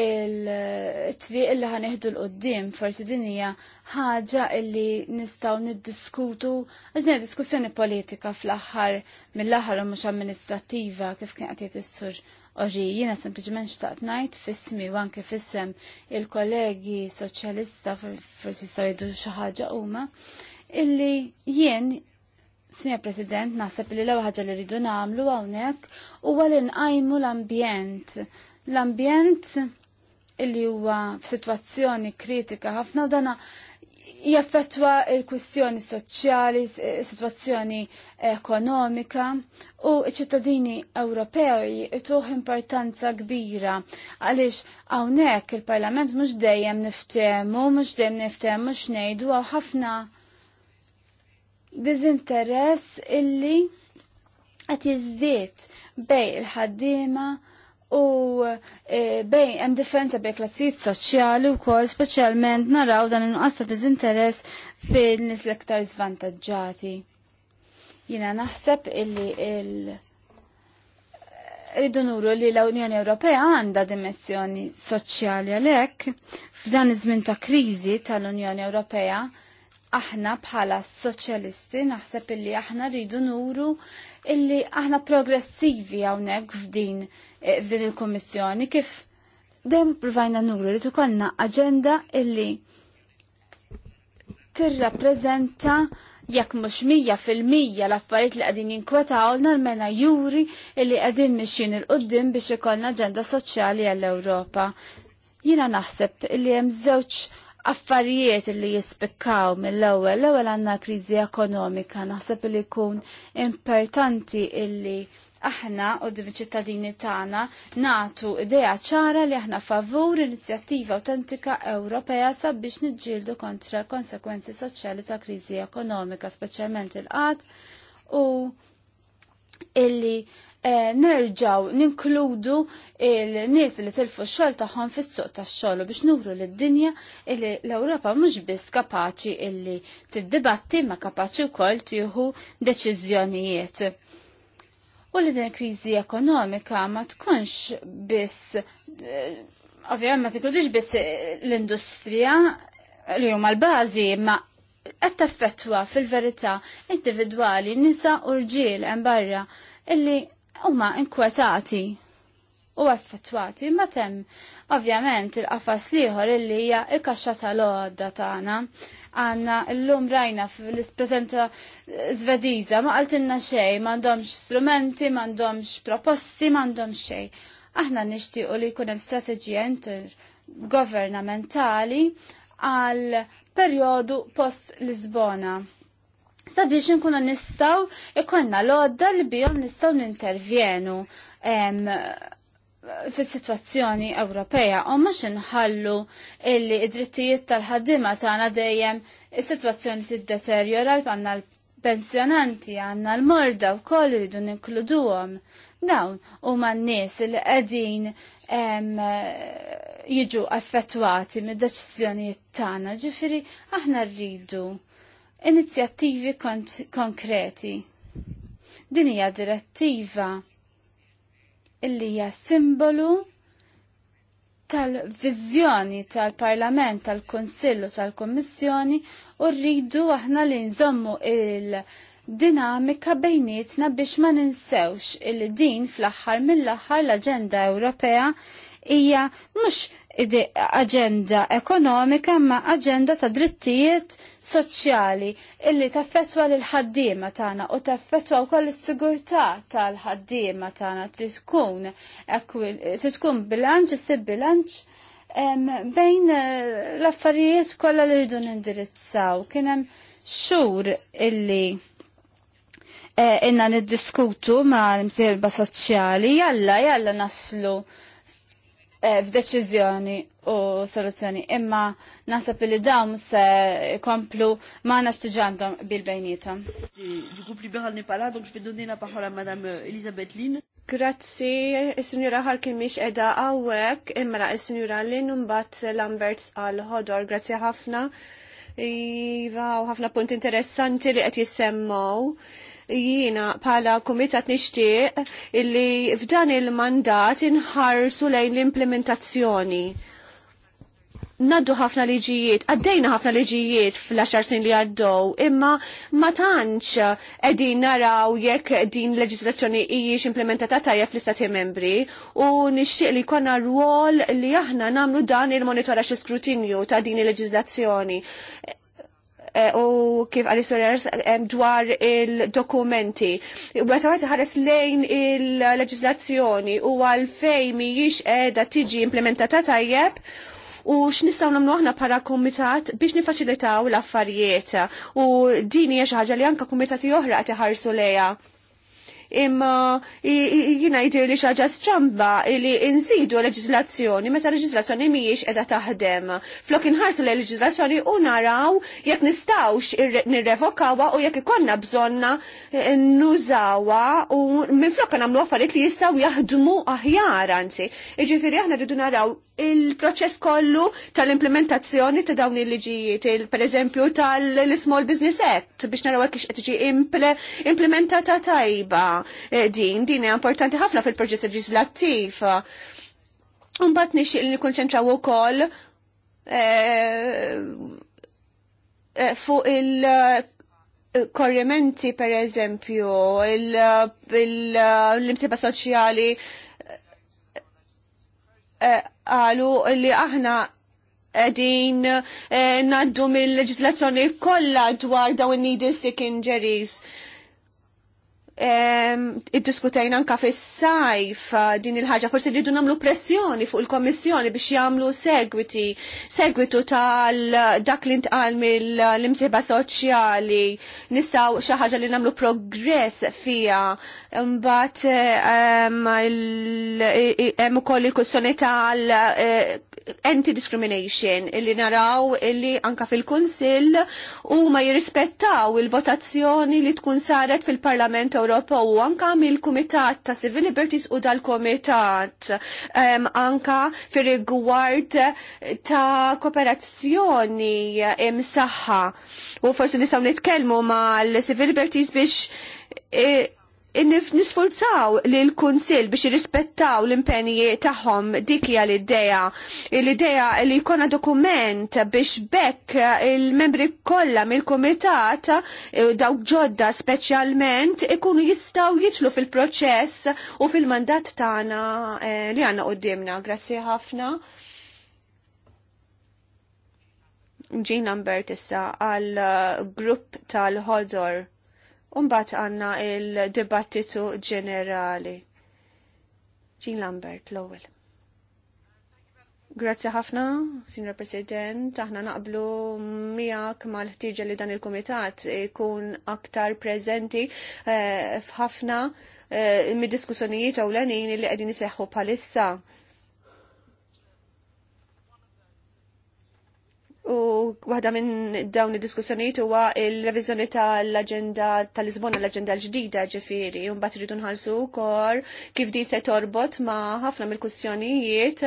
il-triq li ħaneħdu l qoddim forsi din hija ħaġa illi nistgħu niddiskutu għandna diskussjoni politika fl-aħħar mill-aħħar u mhux amministrativa kif kien għatiet jgħid sur Oġi, jina sempliciment xtaqt najt fissmi u anke fissem il-kollegi soċjalista forsi staw xaħġa xi ħaġa huma illi jien Sinja President, naħseb li l-ewwel ħaġa li rridu nagħmlu hawnhekk huwa li nqajmu l-ambjent. L-ambjent illi huwa f'sitwazzjoni kritika ħafna u dana jaffettwa il-kwistjoni soċjali, situazzjoni ekonomika u ċittadini Ewropej ituħ importanza kbira għaliex hawnhekk il-Parlament mhux dejjem niftehmu, mhux dejjem niftehmu x'ngħidu għaw ħafna dizinteress illi qed jiżdied bej il-ħaddiema u e, bejn hemm differenza bejn klassijiet soċjali wkoll speċjalment naraw dan inqas ta' diżinteress fil-nies l-iktar żvantaġġati. Jiena naħseb illi il- rridu nuru li l-Unjoni Ewropea għandha dimensjoni soċjali għalhekk f'dan iż-żmien ta' kriżi tal-Unjoni Ewropea aħna bħala soċjalisti naħseb illi aħna rridu nuru illi aħna progressivi hawnhekk f'din eh, f'din il-kummissjoni kif dejjem provajna nuru li tukolna aġenda illi tirrappreżenta jekk mhux mija fil-mija l-affarijiet li qegħdin jinkwetawna l-mena juri illi qegħdin mixjin il-qudiem biex ikollna aġenda soċjali għall-Ewropa. Jina naħseb illi hemm żewġ affarijiet li jispikkaw mill-ewwel. L-ewwel għandna kriżi ekonomika, naħseb li jkun importanti illi aħna u d ċittadini tagħna natu idea ċara li aħna favur inizjattiva autentika Ewropea sabiex niġġieldu kontra konsekwenzi soċjali ta' kriżi ekonomika, speċjalment il-qatt u illi Eh, nerġaw ninkludu il-nies li tilfu x-xogħol tagħhom fis-suq tax-xogħol biex nuru lid-dinja li l-Ewropa mhux biss kapaċi illi tiddibatti ma kapaċi wkoll tieħu deċiżjonijiet. U li din kriżi ekonomika ma tkunx biss eh, ovvjament ma tinkludix biss l-industrija li huma l-bażi ma qed taffettwa fil-verità individwali nisa u rġiel hemm barra illi huma inkwetati u effettwati ma temm ovvjament il-qafas liħor illi hija il-kaxxa tal-għodda tagħna għandna llum rajna fil-ispreżenta Zvediża ma qaltilna xejn m'għandhomx strumenti, m'għandhomx proposti, m'għandhomx xejn. Aħna nixtiequ li jkun hemm strateġija intergovernamentali għal perjodu post-Lisbona sabiex nkunu nistaw ikonna l-odda li bijom nistaw nintervjenu fis situazzjoni Ewropea u mhux inħallu illi id-drittijiet tal-ħaddima tagħna dejjem is-sitwazzjoni tiddeterjora għandna l-pensjonanti għandna l-morda wkoll iridu ninkluduhom. Dawn huma n-nies li qegħdin jiġu affettwati mid-deċiżjonijiet tagħna, ġifieri aħna rridu inizjattivi konkreti. Din hija direttiva illi hija simbolu tal-vizjoni tal-Parlament, tal-Konsillu, tal-Kommissjoni u rridu aħna li nżommu il-dinamika bejnietna biex ma ninsewx il-din fl-axħar mill-axħar l-Aġenda Ewropea hija mhux agenda ekonomika ma agenda ta' drittijiet soċjali illi taffetwa l ħaddiema tagħna u taffetwa wkoll is-sigurtà tal-ħaddiema tagħna trid tkun trid tkun bilanċ issib bilanċ bejn eh, l-affarijiet kollha li rridu nindirizzaw. Kien hemm xhur illi eh, inna niddiskutu ma' l-imsieħba soċjali, jalla jalla naslu Eh, f'deċiżjoni u soluzzjoni. Imma nasab li dawn se komplu ma nax bil-bejnietom. Grupp liberal Nepala, donc je vais donner la Madame Elisabeth Lin. Grazzi, il-Sinjura Harkin miex edha għawek, imra il-Sinjura Lin unbat Lambert għal-ħodor, grazzi ħafna. Iva, ħafna punt interessanti li għet jissemmaw jiena pala kumitat nixtieq illi f'dan il-mandat inħarsu lejn l-implementazzjoni. Naddu ħafna liġijiet, għaddejna ħafna liġijiet fl-10 snin li għaddew, imma ma tantx qegħdin naraw jekk din leġislazzjoni hijiex implementata tajjeb fl-istati membri u nixtieq li jkollna rwol li aħna nagħmlu dan il-monitoraġġ skrutinju ta' din il-leġislazzjoni Eh, u kif għalli sorjers eh, dwar il-dokumenti. U għajt ħares lejn il-leġizlazzjoni u għal fejmi jix edha tiġi implementata tajjeb u x'nistgħu nagħmlu aħna bħala kumitat biex nifaċilitaw l-affarijiet u dini hija xi ħaġa li anke kumitati oħra qed iħarsu lejha imma jina jidir li xaġa stramba li nżidu leġizlazzjoni meta leġizlazzjoni mhijiex qiegħda taħdem. Flok inħarsu le leġizlazzjoni u naraw jekk nistawx nirrevokawa u jekk ikonna bżonna eh, nużawa u minn flok nagħmlu affarijiet li jistgħu jaħdmu aħjar anzi. Jiġifieri aħna rridu naraw il-proċess kollu tal-implementazzjoni ta' dawn il-liġijiet, per eżempju tal-Small Business Act biex naraw kiex qed tiġi implementata tajba Eh, din, din hija importanti ħafna fil proċess leġislattiv. Mbagħad nixtieq li nikkonċentraw ukoll eh, eh, fuq il- korrimenti per eżempju, l-imsiba soċjali għalu li aħna edin naddu mill-leġislazzjoni kollha dwar dawn needle stick injuries id-diskutajna anka fis-sajf eh, din il-ħaġa forsi rridu nagħmlu pressjoni fuq il-Kommissjoni biex jagħmlu segwiti, segwitu tal dak li ntqal mill-imsiba soċjali nistgħu xi ħaġa li nagħmlu progress fiha. Mbagħad hemm ukoll il-kussjoni tal eh, anti-discrimination illi naraw illi anka fil-Kunsill u ma jirrispettaw il-votazzjoni li tkun saret fil-Parlament Ewropew u anka mill-Kumitat ta' Civil Liberties u dal-Kumitat um, anka fir-rigward ta' kooperazzjoni imsaħħa u forsi nisaw nitkellmu ma' l-Civil Liberties biex eh, Nisfulzaw li l-Kunsil biex irrispettaw l-impenji tagħhom dik hija l-idea. L-idea li jkollna dokument biex bekk il-membri kollha mill-kumitat eh, daw ġodda speċjalment ikunu jistgħu jitlu fil-proċess u fil-mandat tagħna eh, li għandna qudiemna. Grazzi ħafna. Jean number issa għal eh, grupp tal-ħodor. Umbat għanna il-dibattitu ġenerali. Jean Lambert, l-ewwel. Grazzi ħafna, Signor President, aħna naqblu miegħek mal-ħtieġa li dan il-Kumitat ikun aktar preżenti eh, f'ħafna eh, mid-diskussjonijiet ewlenin li qegħdin iseħħu bħalissa U waħda minn dawn id-diskussjonijiet huwa il-reviżjoni tal-aġenda tal-Lisbona l-aġenda l-ġdida ġifieri, u mbagħad irid nħallsu wkoll kif din se torbot ma' ħafna mill-kwistjonijiet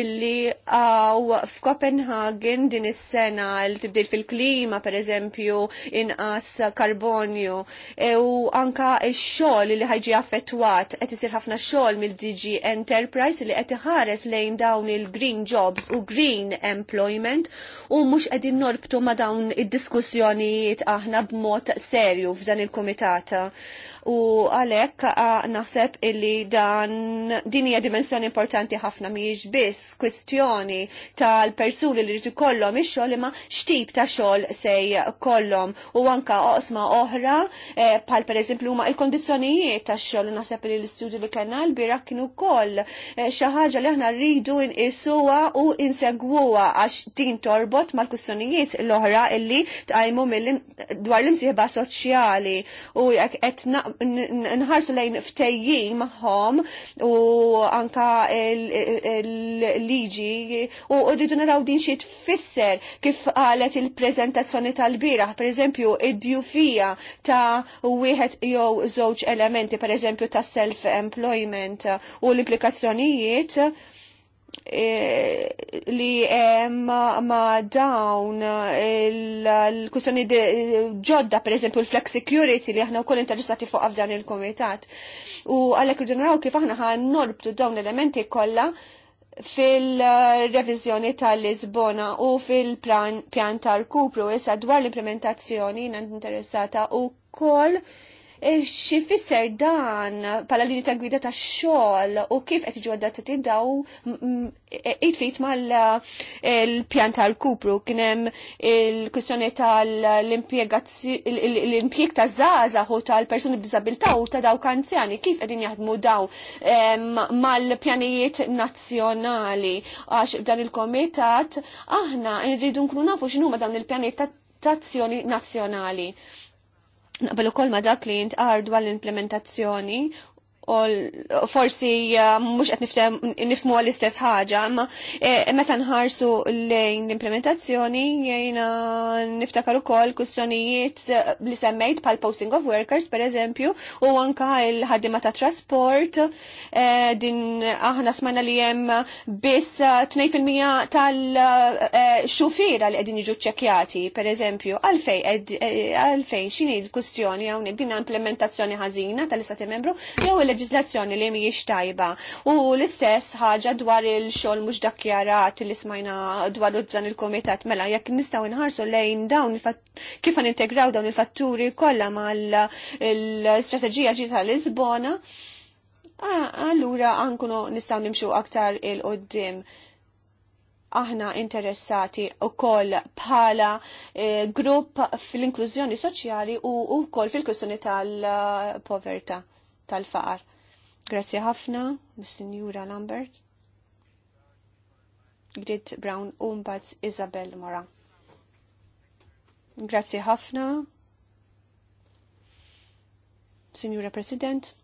illi għaw f'Copenhagen din is-sena l tibdil fil-klima pereżempju inqas karbonju e u anka x-xogħol li ħajġi affettwat qed isir ħafna xogħol mill-DG Enterprise li qed iħares lejn dawn il-green jobs u green employment u mhux qegħdin norbtu ma' dawn id-diskussjonijiet aħna b'mod serju f'dan il-kumitat. U għalhekk naħseb illi dan din hija dimensjoni importanti ħafna mhijiex biss kwistjoni tal-persuni li jrid kollom ix-xogħol imma x'tip ta' xogħol se jkollhom u anka oqsma oħra e, bħal pereżempju huma il-kondizzjonijiet tax-xogħol naħseb li l-istudju li kellna l-bira kienu koll e, xi ħaġa li aħna rridu nqisuha u insegwuha għax din torbot mal-kussjonijiet l-oħra illi tqajmu dwar l-imsieħba soċjali u qed nħarsu lejn ftejjin magħhom u anka l-liġi u rridu naraw din xi tfisser kif qalet il-preżentazzjoni tal-bieraħ, pereżempju id-djufija ta' wieħed jew żewġ elementi, pereżempju ta' self-employment u l-implikazzjonijiet Eh, li ma dawn il-kussjoni ġodda, per eżempju, l-flex security li aħna wkoll interessati fuq f'dan il-komitat. U għalhekk irdu ġeneraw kif aħna ħan norbtu dawn l-elementi kollha fil-revizjoni tal-Lisbona u fil-pjan tal-kupru issa dwar l-implementazzjoni jina interessata u koll X'ifisser fisser dan pala linja ta' gwida ta' xogħol u kif qed jiġu adattati daw e, it-fit mal-pjan eh, tal-kupru kien hemm il-kwistjoni tal-impjeg ta' żgħażagħ u tal-persuni b'diżabilità u ta' daw anzjani kif qegħdin jaħdmu daw eh, mal-pjanijiet nazzjonali għax f'dan il-komitat aħna nridu nkunu nafu ma dawn il-pjanijiet ta' tazzjoni nazzjonali. Naqbel ukoll ma dak li jintqar dwar l-implementazzjoni forsi eh, mhux qed nifmu għal istess ħaġa, ma eh, meta nħarsu lejn l-implementazzjoni jgħina niftakar ukoll kustjonijiet eh, li semmejt pal posting of workers pereżempju u anka l-ħaddima ta' trasport din aħna smana li hemm biss 2% tal-xufira li qegħdin jiġu ċċekkjati pereżempju għalfejn għalfejn x'inhi l kustjoni għawni, din implementazzjoni ħażina tal-istati membru jew leġislazzjoni li mhijiex tajba. U l-istess ħaġa dwar il-xogħol mhux dakjarat li smajna dwar dan il-komitat mela jekk nistgħu nħarsu lejn dawn kif integraw dawn il-fatturi kollha mal-strateġija ġita Lisbona. Allura ankunu nistgħu nimxu aktar il-qoddim aħna interessati u koll bħala e, grupp fil-inklużjoni soċjali u, u koll fil-kwissjoni tal-poverta tal-faqar. Grazzi ħafna, Mr. Lambert, Grid Brown umbaz Isabel Mora. Grazzi ħafna, Signora President.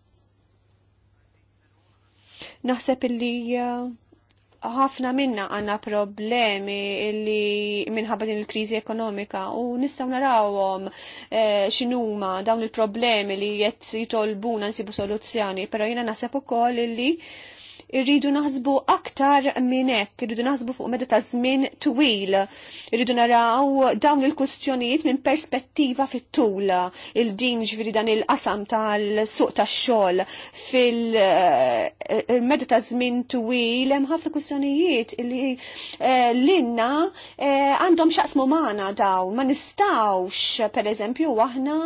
Naħseb illi uh, ħafna minna għanna problemi li minħabba din il-krizi ekonomika u nistaw narawhom xinuma eh, x'inhuma dawn il-problemi li qed jitolbuna nsibu soluzzjoni, però jiena naħseb ukoll li irridu naħsbu aktar minn hekk, irridu naħsbu fuq meta ta' żmien twil, irridu naraw dawn il-kustjonijiet minn perspettiva fit-tul, il-din ġifieri dan il-qasam tal-suq tax-xogħol fil-meta eh, ta' żmien twil hemm ħafna kustjonijiet li eh, l-inna eh, għandhom xaqsmu magħna dawn, ma nistawx pereżempju aħna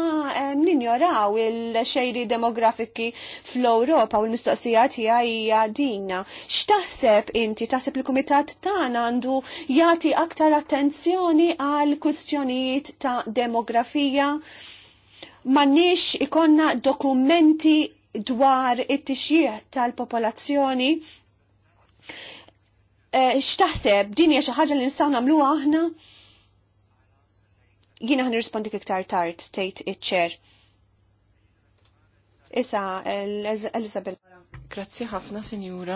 ninjoraw il-xejri demografiki fl-Ewropa u l-mistoqsija tiegħi hija din għalina. X'taħseb inti taħseb li kumitat tagħna għandu jagħti aktar attenzjoni għal kwistjonijiet ta' demografija? Mannix ikonna dokumenti dwar it-tixjieħ tal-popolazzjoni. Eh, x'taħseb din hija xi ħaġa li nistgħu nagħmluha aħna? Jina ħan nirrispondi iktar tard tgħid iċ-ċer. Issa Elizabeth. Grazzi ħafna, Sinjura.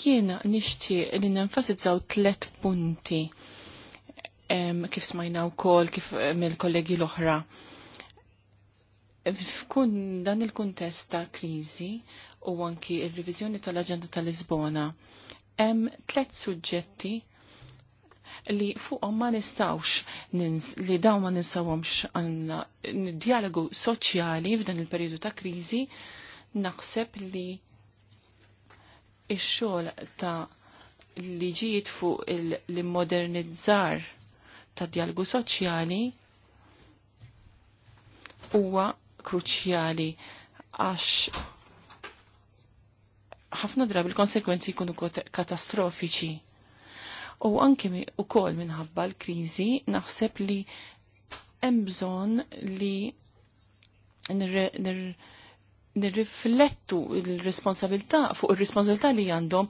Jiena nixtieq li nenfasizzaw tlet punti kif smajna wkoll kif eh, mill-kollegi l-oħra. F'kun dan il-kuntest ta' kriżi u anki il riviżjoni tal-Aġenda tal-Lisbona, hemm tlet suġġetti li fuqhom ma nistawx li dawn ma ninsawhomx għandna dialogu soċjali f'dan il-perjodu ta' kriżi naħseb li ix-xogħol ta' liġijiet fuq l-immodernizzar ta' dialgu soċjali huwa kruċjali għax ħafna drabi l-konsekwenzi jkunu katastrofiċi. U anke kol minħabba l-kriżi naħseb li hemm bżonn li nir, nir nirriflettu il-responsabilità fuq il-responsabilità li għandhom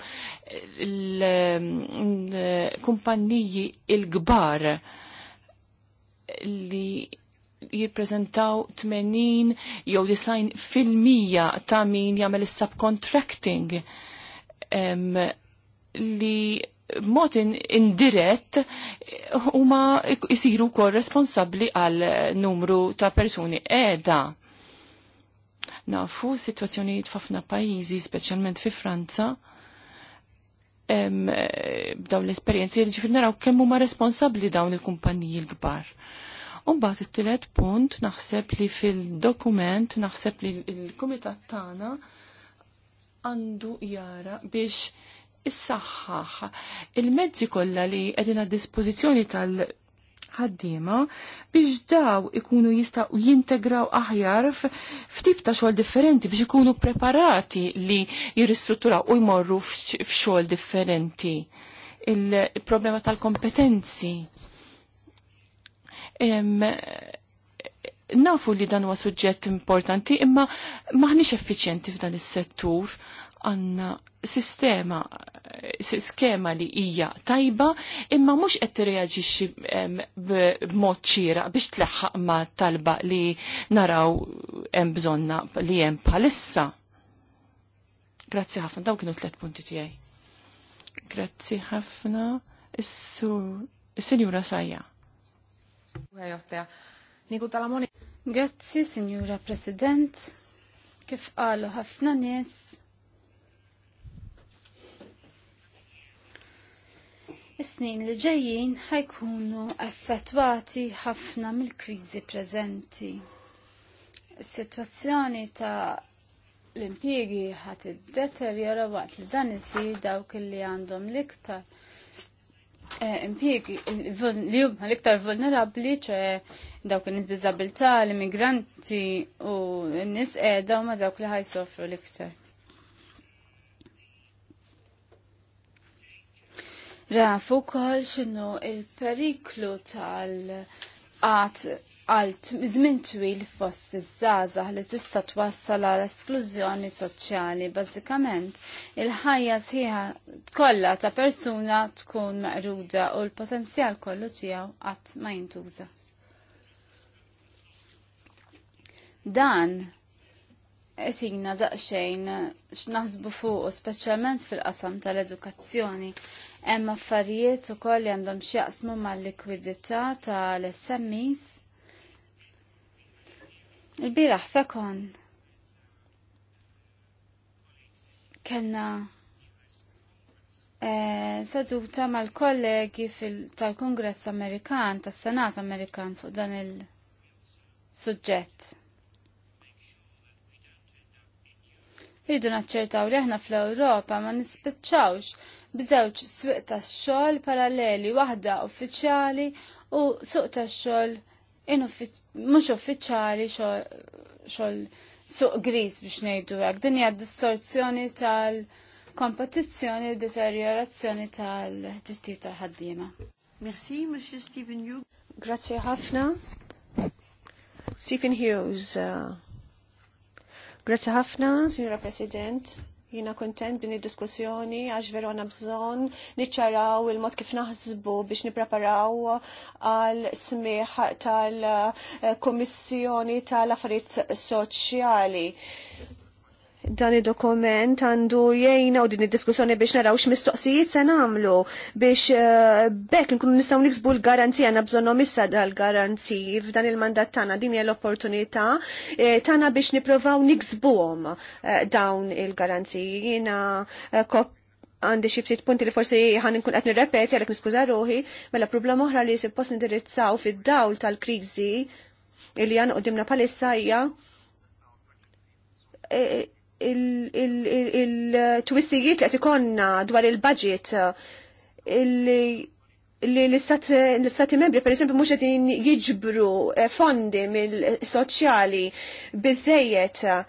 il-kumpanniji il-gbar li jirprezentaw 80 jew 90 fil-mija ta' min jagħmel is-subcontracting li mod indirett huma jsiru kol responsabbli għal numru ta' persuni qiegħda Nafu situazzjonijiet f'ħafna pajjiżi, speċjalment fi Franza, eh, b'dawn l-esperjenzi li ġifir naraw kemm huma responsabbli dawn il kumpanniji l-kbar. Umbagħad it-tielet punt naħseb li fil-dokument naħseb li l-kumitat tagħna għandu jara biex issaħħaħ il-mezzi kollha li qegħdin għad dispożizzjoni tal- ħaddiema biex daw ikunu jistaw jintegraw aħjar f'tip ta' xogħol differenti biex ikunu preparati li jirristrutturaw u jmorru f'xogħol differenti. Il-problema tal-kompetenzi. Nafu li dan huwa suġġett importanti, imma maħniex effiċjenti f'dan is-settur għanna sistema skema li hija tajba imma mhux qed tirreaġixxi b'mod ċira biex tleħħaq ma talba li naraw hemm bżonna li hemm bħalissa. Grazzi ħafna, daw kienu tliet punti tiegħi. Grazzi ħafna. Is-Sinjura Sajja. Grazzi, Sinjura President. Kif qalu ħafna nies is-snin li ġejjin ħajkunu effettwati ħafna mill-kriżi preżenti. Is-sitwazzjoni ta' l-impjiegi ħat iddeterjora waqt li dan isir dawk li għandhom l-iktar eh, impjiegi li huma l-iktar vulnerabbli ċe dawk in-nies b'iżabilità, l-immigranti u n-nies qiegħda huma dawk li ħajsofru l-iktar. rafu kol xinu il-periklu tal-għat għalt żmien twil fost iż-żgħażagħ li tista' twassal għal esklużjoni soċjali. Bażikament, il-ħajja sħiħa kollha ta' persuna tkun meqruda u l-potenzjal kollu tiegħu qatt ma jintuża. Dan esigna daqxejn x'naħsbu fuq, speċjalment fil-qasam tal-edukazzjoni, Hemm affarijiet ukoll li għandhom x'jaqsmu mal-likwidità tal-SMEs. Il-biraħ fekon kellna eh, seduta mal-kollegi tal-Kongress Amerikan, tas-Senat Amerikan fuq dan il-suġġett. Irridu naċċertaw li aħna fl-Ewropa ma nispiċċawx b'żewġ swieq tax-xogħol paralleli waħda uffiċjali u suq tax-xogħol mhux uffiċjali xogħol suq gris biex ngħidu hekk. Din hija distorzjoni tal-kompetizzjoni u deteriorazzjoni tal-ħdittijiet tal-ħaddiema. Merci, Monsieur Stephen Hughes. Grazie ħafna. Stephen Hughes, uh, Grazie ħafna, Signora President. Jina kontent din id-diskussjoni għax veru għana bżon niċċaraw il-mod kif naħsbu biex nipreparaw għal smieħ tal-Komissjoni tal-Affarijiet Soċjali dan id-dokument għandu jgħina u din id-diskussjoni biex naraw mistoqsijiet se nagħmlu biex eh, bekk nkunu nistgħu niksbu l-garanzija għandna bżonnhom issa dal-garanziji f'dan il-mandat tagħna din hija l-opportunità eh, tagħna biex nippruvaw niksbuhom eh, dawn il-garanziji. Jiena għandi xi ftit punti li forsi ħan nkun qed nirrepeti għalhekk niskuża ruħi, mela problema oħra li se post nindirizzaw fid-dawl tal-kriżi li għan qoddimna palissa hija il-twissijiet li qed ikonna dwar il-budget uh, li l-istati membri, per esempio, mux għedin jiġbru eh, fondi mill-soċjali bizzejiet uh,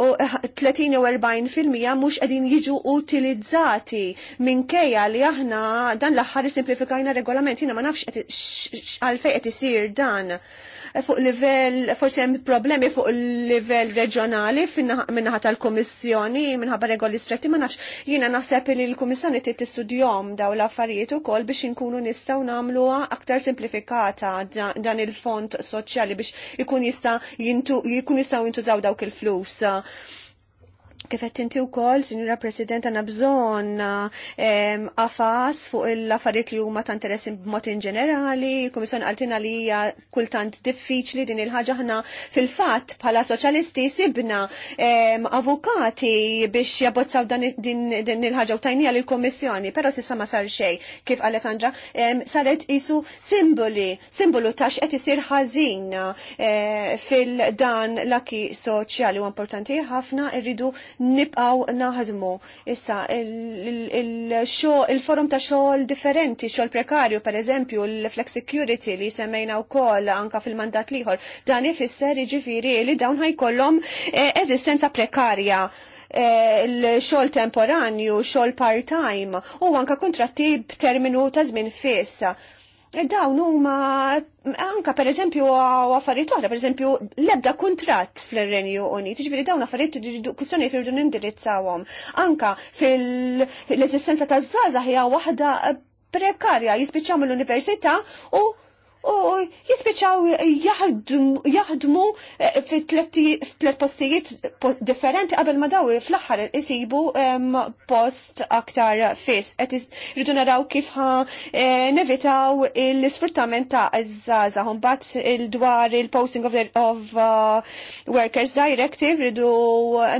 u 30 eh, u 40 filmija mux għedin jiġu utilizzati minkejja li aħna dan l-axħar simplifikajna jina ma nafx għalfej qed isir dan Eh, fuq livell, forsi hemm problemi fuq livell reġjonali naħa tal-Kummissjoni minħabba regoli stretti ma nafx. Jiena naħseb li l-Kummissjoni trid tistudjom daw l-affarijiet ukoll biex inkunu nistgħu nagħmluha aktar simplifikata dan il-fond soċjali biex ikun jista' jkun jistgħu jintużaw dawk il-flus Kifet inti u kol, Sinjura President, għana bżon għafas ehm, fuq il-affarijiet li huma ta' interess b'mod in ġenerali, komissjon għaltina li hija kultant diffiċli din il-ħaġa ħna fil-fatt bħala soċjalisti sibna ehm, avukati biex jabbozzaw din il-ħaġa u tajnija lill komissjoni però sissa ma sar xej, kif għalet Andra, ehm, saret isu simboli, simbolu ta' x'qed isir ħażin eh, fil-dan l-aki soċjali u importanti ħafna irridu nibqaw naħdmu. Issa, il-forum ta' xogħol differenti, xogħol prekarju, per eżempju, l-flex security li semmejna wkoll anka fil-mandat liħor, dan ifisser jiġifieri li dawn ħajkollhom eh, eżistenza prekarja eh, l-xol temporanju, xol part-time, u anka kontratti b'terminu ta' żmien fissa E dawn huma anka per eżempju affarijiet oħra, per eżempju l-ebda kuntratt fl-Renju Unit, ġifieri dawn affarijiet kwistjonijiet irridu nindirizzawhom. Anka fil-eżistenza taż żaza hija waħda prekarja jispiċċaw mill-università u u jispeċaw jaħdmu eh, fit-tlet postijiet differenti qabel ma dawi fl-aħħar isibu post aktar fis. Et irridu naraw kif ha eh, nevitaw l-isfruttament ta' iż-żaza il-dwar il-posting of, uh, workers directive ridu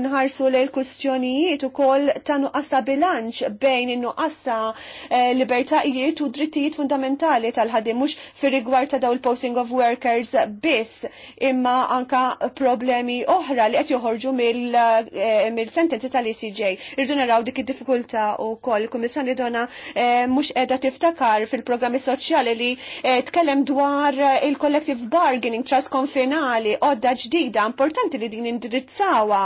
nħarsu l kustjonijiet ukoll ta' nuqassa bilanċ bejn in-nuqqas eh, libertajiet u drittijiet fundamentali tal-ħadim mhux fir rigward ta' daw il-posting of workers biss imma anka problemi oħra li qed joħorġu mill-sentenzi eh, tal-ECJ. Irdu naraw dik id-diffikultà wkoll il-Kummissjoni dona eh, mhux qiegħda tiftakar fil-programmi soċjali li eh, tkellem dwar il-collective bargaining konfinali għodda ġdida importanti li din indirizzawa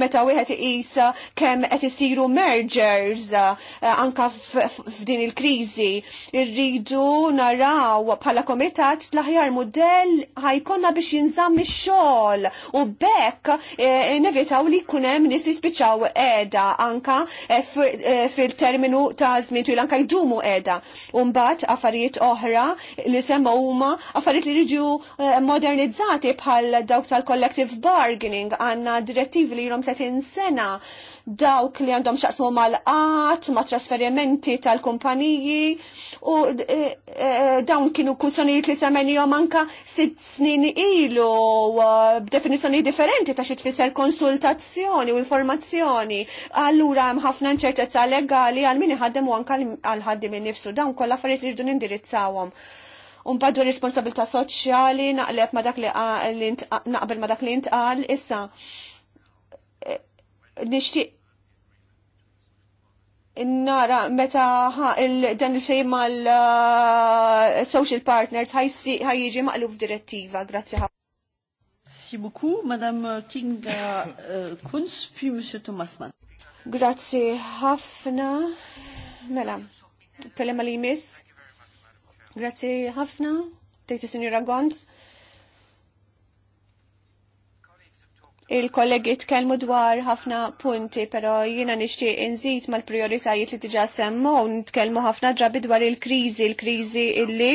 meta wieħed iqis kemm qed isiru mergers anka f'din il-kriżi irridu naraw bħala komissjoni il l-aħjar mudell ħajkonna biex jinżamm ix-xogħol u bekk eh, nevitaw li jkun hemm nies jispiċċaw qiegħda anka eh, eh, fil-terminu ta' żmien twil anka jdumu qiegħda. U mbagħad affarijiet oħra li semma huma affarijiet li jiġu modernizzati bħal dawk tal-collective bargaining għandna direttivi li jrom 30 sena dawk li għandhom xaqsmu mal-qat, ma' trasferimenti tal-kumpaniji u eh, eh, dawn kienu kusonijiet li semenijom anka sitt snin ilu eh, b'definizjoni differenti ta' xi tfisser konsultazzjoni u informazzjoni. Allura hemm ħafna inċertezza legali għal min iħaddem u anka għal ħaddim innifsu dawn kollha affarijiet li rridu nindirizzawhom. Unbaddu responsabilità soċjali naqleb ma dak li naqbel ma dak li intqal issa nixtieq nara meta dan il-fejn mal-social uh, partners ħajjiġi maqluf direttiva. Grazzi ħafna. Merci beaucoup, Madame Kinga uh, Kunz, puis Monsieur Thomasman. Grazzi ħafna. Mela, kellem li jmiss. Grazzi ħafna. Tejti Sinjura Gons Il-kollegi tkellmu dwar ħafna punti, pero jiena nixtieq inżid mal-prioritajiet li diġà semmew, nitkellmu ħafna drabi dwar il-kriżi, il-kriżi illi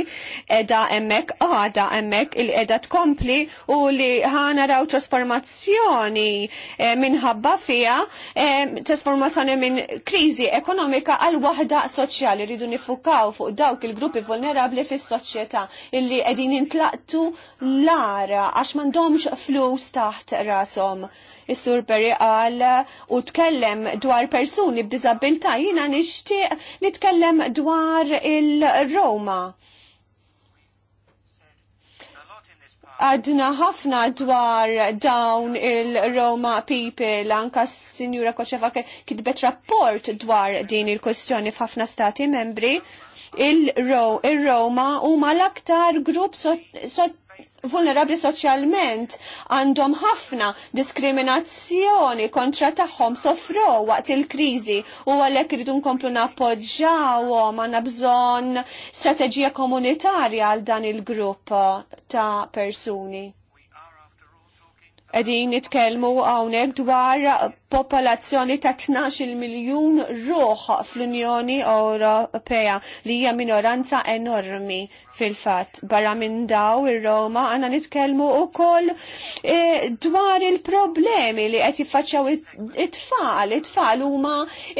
edha hemmhekk għada emmek, il qiegħda tkompli u li ħana raw trasformazzjoni eh, minħabba fiha eh, trasformazzjoni minn kriżi ekonomika għal waħda soċjali rridu nifukaw fuq dawk il-gruppi vulnerabbli fis-soċjetà illi qegħdin intlaqtu lara għax m'għandhomx flus taħt rasu fuqhom. Is-sur Berri qal u tkellem dwar persuni b'diżabilità jiena nixtieq nitkellem dwar il-Roma. għadna ħafna dwar dawn il-Roma people, anka s-Sinjura Koċefa kitbet rapport dwar din il-kwestjoni f'ħafna stati membri. Il-Roma u huma l-aktar grupp so, so, vulnerabli soċjalment għandhom ħafna diskriminazzjoni kontra tagħhom sofrow waqt il-kriżi u għalhekk iridu nkomplu nappoġġawhom għandna bżonn strateġija komunitarja għal dan il-grupp ta' persuni. Edin nitkelmu għawnek dwar popolazzjoni ta' 12 miljon ruħ fl-Unjoni Ewropea li hija minoranza enormi fil-fatt. Barra minn daw ir-Roma nitkelmu nitkellmu wkoll e, dwar il-problemi li qed jiffaċċjaw it-tfal. It-tfal huma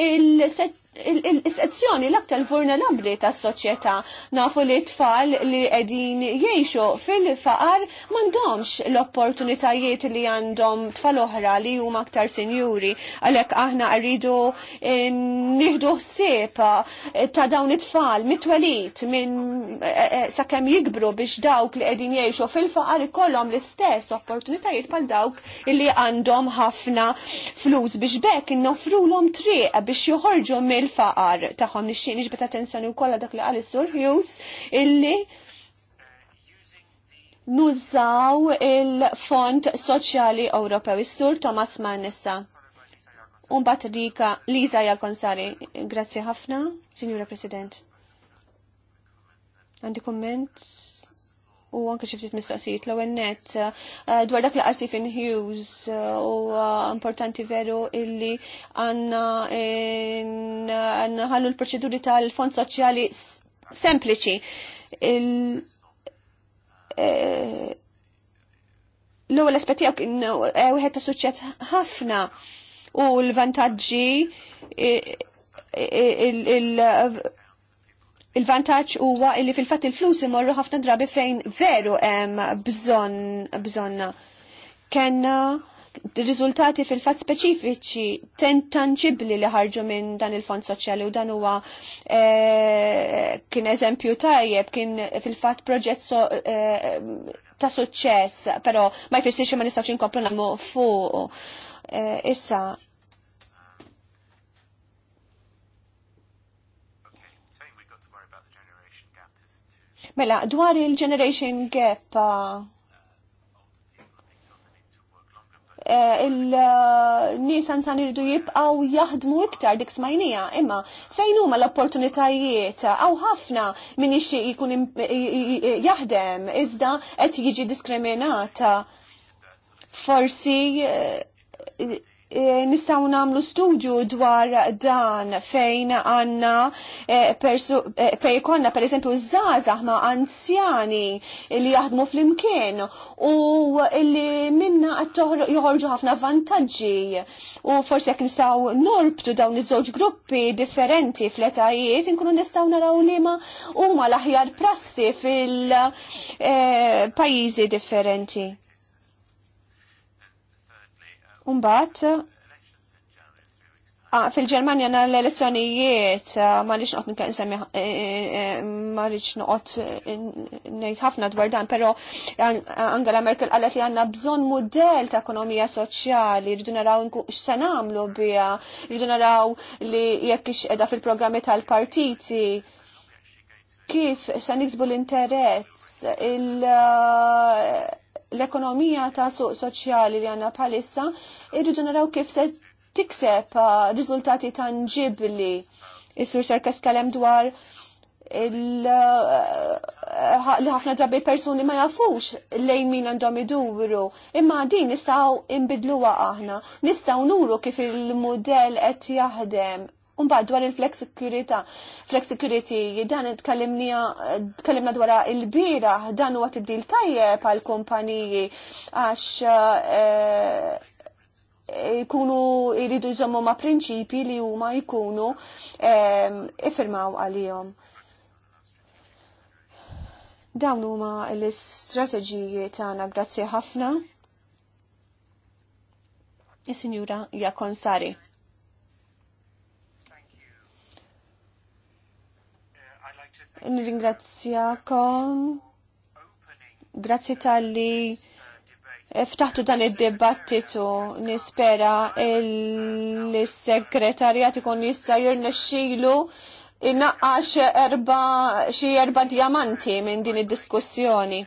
il-set l-istazzjoni l-aktar vulnerabli tas soċjetà nafu li tfal li qegħdin jgħixu fil-faqar m'għandhomx l-opportunitajiet li għandhom tfal oħra li huma aktar sinjuri għalhekk aħna rridu eh, nieħdu ħsieb ta' dawn it-tfal mitwelit minn eh, eh, sakemm jikbru biex dawk li qegħdin jgħixu fil-faqar ikollhom l-istess opportunitajiet bħal dawk li għandhom ħafna flus biex bekk innofrulhom triq biex joħorġu mill il-faqar tagħhom nixtieq iġbet attenzjoni wkoll dak li qal is-Sur Hughes illi nużaw il-Fond Soċjali Ewropew is-Sur Thomas Mannessa. issa. Umbat Rika Liza Jalkonsari, grazzi ħafna, Signora President. Għandi komment? u anke xi ftit mistoqsijiet l-ewwel nett eh, dwar dak laqgħa Stephen Hughes eh, u eh, importanti veru illi għandna ħallu l-proċeduri tal-fond soċjali sempliċi. L-ewwel aspett jew kien wieħed ta' suċċett ħafna u l-vantaġġi il- il-vantaġġ huwa li fil-fatt il-flus imorru ħafna drabi fejn veru hemm bżonna. Kenna riżultati fil-fatt speċifiċi tangibbli li ħarġu minn dan il-Fond Soċjali u dan huwa e, kien eżempju tajjeb, kien fil-fatt proġett so, e, ta' suċċess, però ma jfissirx ma nistgħux inkomplu nagħmlu fuq. E, issa, Mela, dwar il-generation gap, uh, eh, il-nis san irridu jibqaw jaħdmu iktar dik smajnija, imma fejn huma l-opportunitajiet għaw ħafna min ixi jkun jaħdem iżda qed jiġi diskriminata. Forsi eh, E, nistaw namlu studju dwar dan fejn għanna e, e, fej konna per eżempju zazah ma anzjani li jaħdmu fl-imkien u li minna joħorġu ħafna vantaġġi u forse jek nistaw norbtu dawn iż-żewġ gruppi differenti fl-etajiet inkunu nistaw naraw li ma huma l-aħjar prassi fil-pajjiżi differenti. Umbat, fil-Germania na l-elezzjonijiet ma nix noqt nkan semmi e, e, e, ma nix noqt nejt ħafna dwar dan, pero Angela Merkel għalet li għanna bżon model ta' ekonomija soċjali, rridu naraw x'se namlu bija, rridu naraw li jekk ix edha fil-programmi tal-partiti kif se nixbu l-interess il- l-ekonomija ta' suq soċjali li għanna palissa, irridu naraw kif se tikseb uh, riżultati tangibli. Is-sur kalem dwar uh, li ħafna drabi persuni ma jafux lejn min għandhom iduru. Imma din nistaw imbidluwa aħna, nistaw nuru kif il-modell qed jaħdem Mbagħad dwar il-flexicurita, flexicurity, dan tkallimna dwar il-bira, dan huwa tibdil tajjeb għal kumpaniji għax jkunu eh, jridu jżommu ma' prinċipi li huma jkunu eh, iffirmaw għalihom. Dawn huma l-istrateġiji tagħna grazzi ħafna. Is-Sinjura Jakon Sari. nirringrazzjakom. Grazzi tal-li ftaħtu dan id-dibattitu nispera il-segretarjat ikun jista' jirnexxilu innaqqax erba xi erba diamanti minn din id-diskussjoni.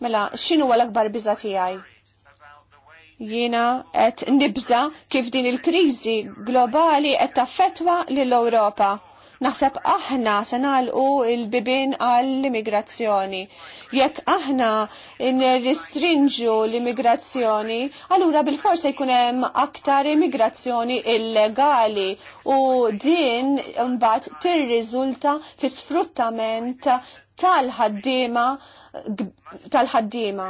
Mela, x'inhu l-akbar biża tiegħi? jiena qed nibża kif din il-kriżi globali qed taffetwa lill-Ewropa. Naħseb aħna se nagħlqu l-bibin għall-immigrazzjoni. Jekk aħna nirristrinġu l-immigrazzjoni, allura bil-fors se jkun hemm aktar immigrazzjoni illegali u din mbagħad tirriżulta fi sfruttament tal ħaddiema tal-ħaddima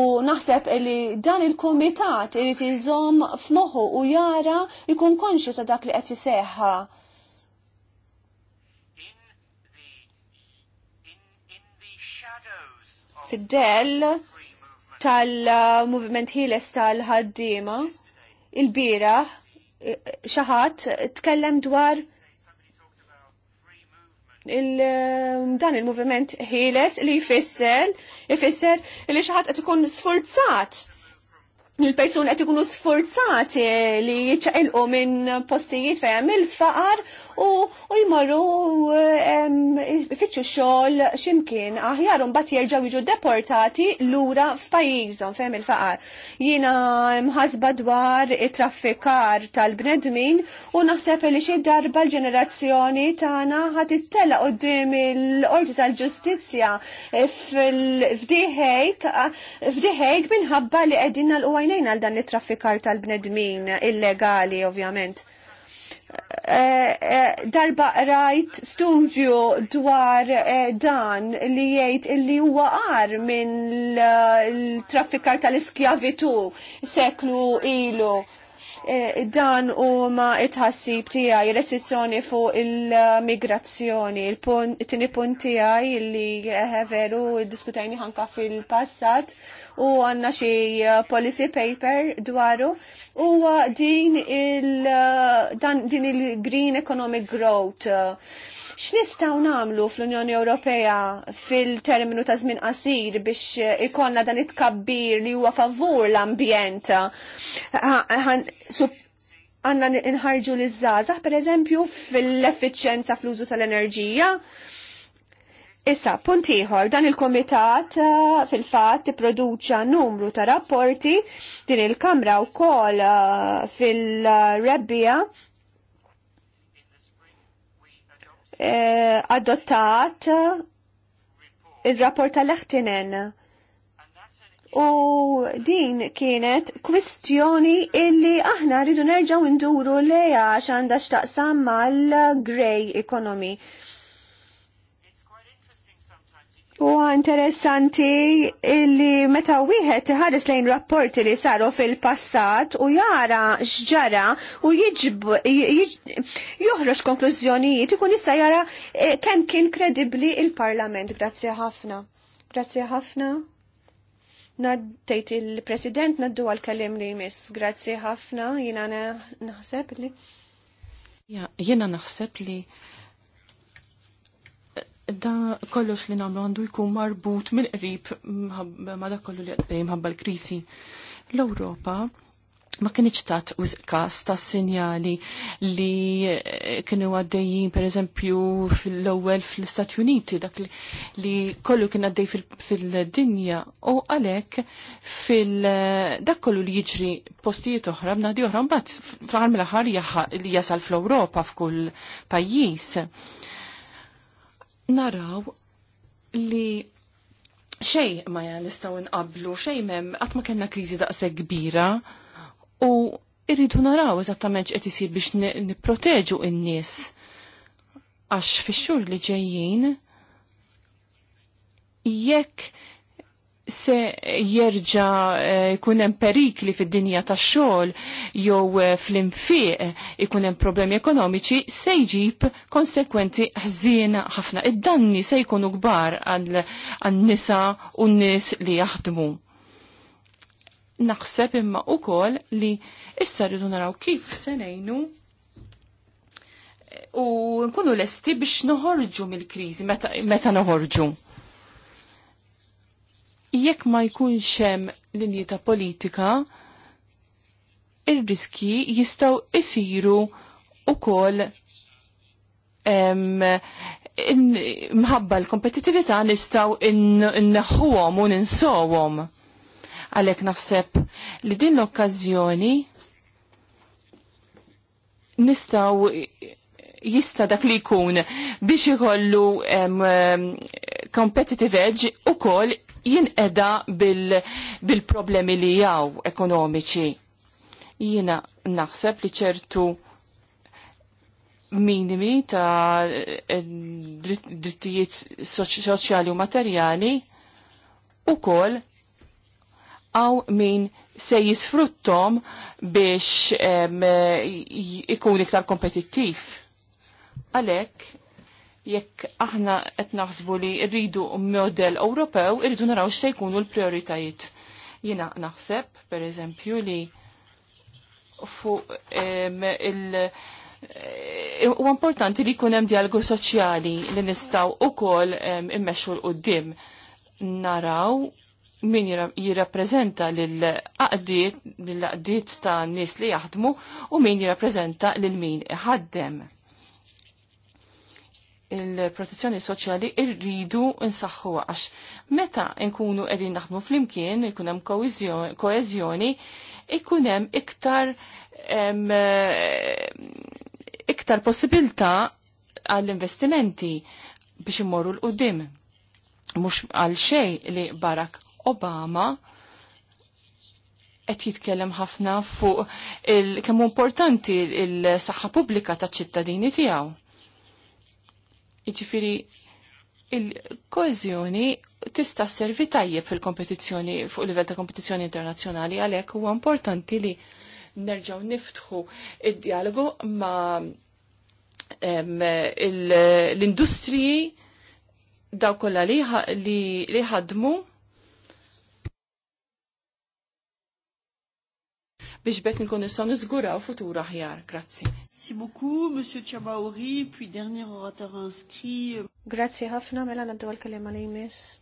u naħseb li dan il-komitat irid iżom f'moħħu u jara jkun konxu ta' dak li qed iseħħa fid-del tal-movement Hiles tal-ħaddima il-bira xaħat tkellem dwar il dan il-movement Hiles li jfisser, jfisser li xaħat qed ikun sfurzat il-persuna qed ikunu sforzati li jċaqilqu minn postijiet fejn il-faqar u, jmorru fitxu xogħol x'imkien aħjar u mbagħad jerġgħu jiġu deportati lura f'pajjiżhom fejn il-faqar. Jiena mħasba dwar it-traffikar tal-bnedmin u naħseb li xi darba l-ġenerazzjoni tagħna u d-dim il-qorti tal-ġustizzja f'diħejk minħabba li qegħdin l lejn għal dan it-traffikar tal-bnedmin illegali ovvjament. Eh, eh, darba rajt studju dwar eh, dan li jgħid illi huwa għar minn l-traffikar tal-iskjavitu seklu ilu E, dan huma it-ħassib tiegħi restrizzjoni fuq il-migrazzjoni. Il-tieni punt tiegħi li eh, veru diskutajni ħanka fil-passat u għandna xi eh, policy paper dwaru huwa din eh, il-green economic growth X'nistgħu nagħmlu fl-Unjoni Ewropea fil-terminu ta' żmien qasir biex ikollna dan it-kabbir li huwa favur l-ambjent? Għanna nħarġu l żgħażagħ pereżempju fil-effiċenza fl-użu tal-enerġija. Issa, punt ieħor, dan il-komitat eh, fil-fat produċa numru ta' rapporti din il-Kamra wkoll eh, fil-rebbija eh, adottat il-rapport tal-Ehtinen. U din kienet kwistjoni illi aħna rridu nerġaw induru leja għax għandha x'taqsam mal-grey economy. U interessanti illi meta wieħed ħares lejn rapporti li saru fil-passat u jara xġara u joħroġ konklużjonijiet ikun jista' jara eh, kemm kien kredibbli il-Parlament. Grazzi ħafna. Grazzi ħafna. Naddejt il-President naddu għal-kellim li jmiss. Grazzi ħafna, jina naħseb li. Ja, jina naħseb li da kollox li namlu għandu jkun marbut mill-qrib ma da kollu li għaddej mħabba l-krisi. L-Europa ma kienieċ tat użkas ta' sinjali li eh, kienu għaddejjin per eżempju fil-ewwel fl-Istati Uniti dak li kollu kien għaddej fil-dinja u għalhekk fil eh, dak kollu li jiġri postijiet oħra b'nadi oħra mbagħad fl-aħħar mill-aħħar jasal fl-Ewropa f'kull pajjiż naraw li xej ma ja nistaw nqablu, xej mem, għat ma kena krizi daqse kbira u irridu naraw eżattament x'qed isir biex nipproteġu n-nies. Għax fix-xhur li ġejjin jekk se jerġa eh, jkun hemm perikli fid-dinja tax-xogħol jew eh, fl infiq ikun hemm problemi ekonomiċi se jġib konsekwenzi ħżiena ħafna. Id-danni se jkunu kbar għan-nisa u n-nies li jaħdmu. Naħseb imma kol li issa rridu naraw kif se ngħinu eh, u nkunu lesti biex noħorġu mill-kriżi meta, meta noħorġu jekk ma jkunx hemm linji ta' politika, ir-riski jistgħu isiru kol mħabba l-kompetitività nistaw inneħħuhom u ninsowhom. Għalhekk naħseb li din l-okkażjoni nistaw jista dak li jkun biex ikollu competitive edge u kol jinqeda bil-problemi bil li jaw ekonomiċi. Jina naħseb li ċertu minimi ta' drittijiet soċjali u materjali u kol għaw min se jisfruttom biex ikun iktar kompetittiv. Għalek, jekk aħna qed naħsbu li rridu model Ewropew, irridu naraw x'se jkunu l-prioritajiet. Jiena naħseb, pereżempju, li fuq il- Huwa eh, importanti li jkun hemm dialogu soċjali li nistgħu wkoll immexxu l qudiem naraw min jirrappreżenta lill-aqdiet lill-aqdiet ta' nies li jaħdmu u min jirrappreżenta lil min ħaddem il-protezzjoni soċjali irridu nsaħħu għax meta nkunu qegħdin naħdmu flimkien, ikun hemm koeżjoni, ikun hemm iktar em, eh, iktar possibilità għall-investimenti biex imorru l-qudiem. Mhux għal xejn li Barack Obama qed jitkellem ħafna fuq kemm importanti il-saħħa pubblika taċ-ċittadini tiegħu iġifiri il-koezjoni tista' servi tajjeb fil-kompetizzjoni fuq livell ta' kompetizzjoni internazzjonali għalhekk huwa importanti li nerġgħu niftħu id-dialogu ma' l-industriji daw kollha li ħadmu biex bekk nkun nistgħu niżguraw futur aħjar. Grazzi. Merci beaucoup, Monsieur Tchabauri, puis dernier orateur inscrit. Grazzi ħafna, mela naddu għal-kelema li jmiss.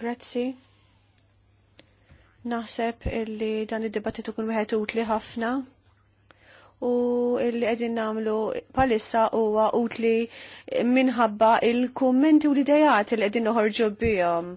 Grazzi. Naħseb illi dan id-dibattitu kun wieħed utli ħafna u illi għedin nagħmlu palissa huwa utli minħabba il-kummenti u l-idejat li qegħdin noħorġu bihom.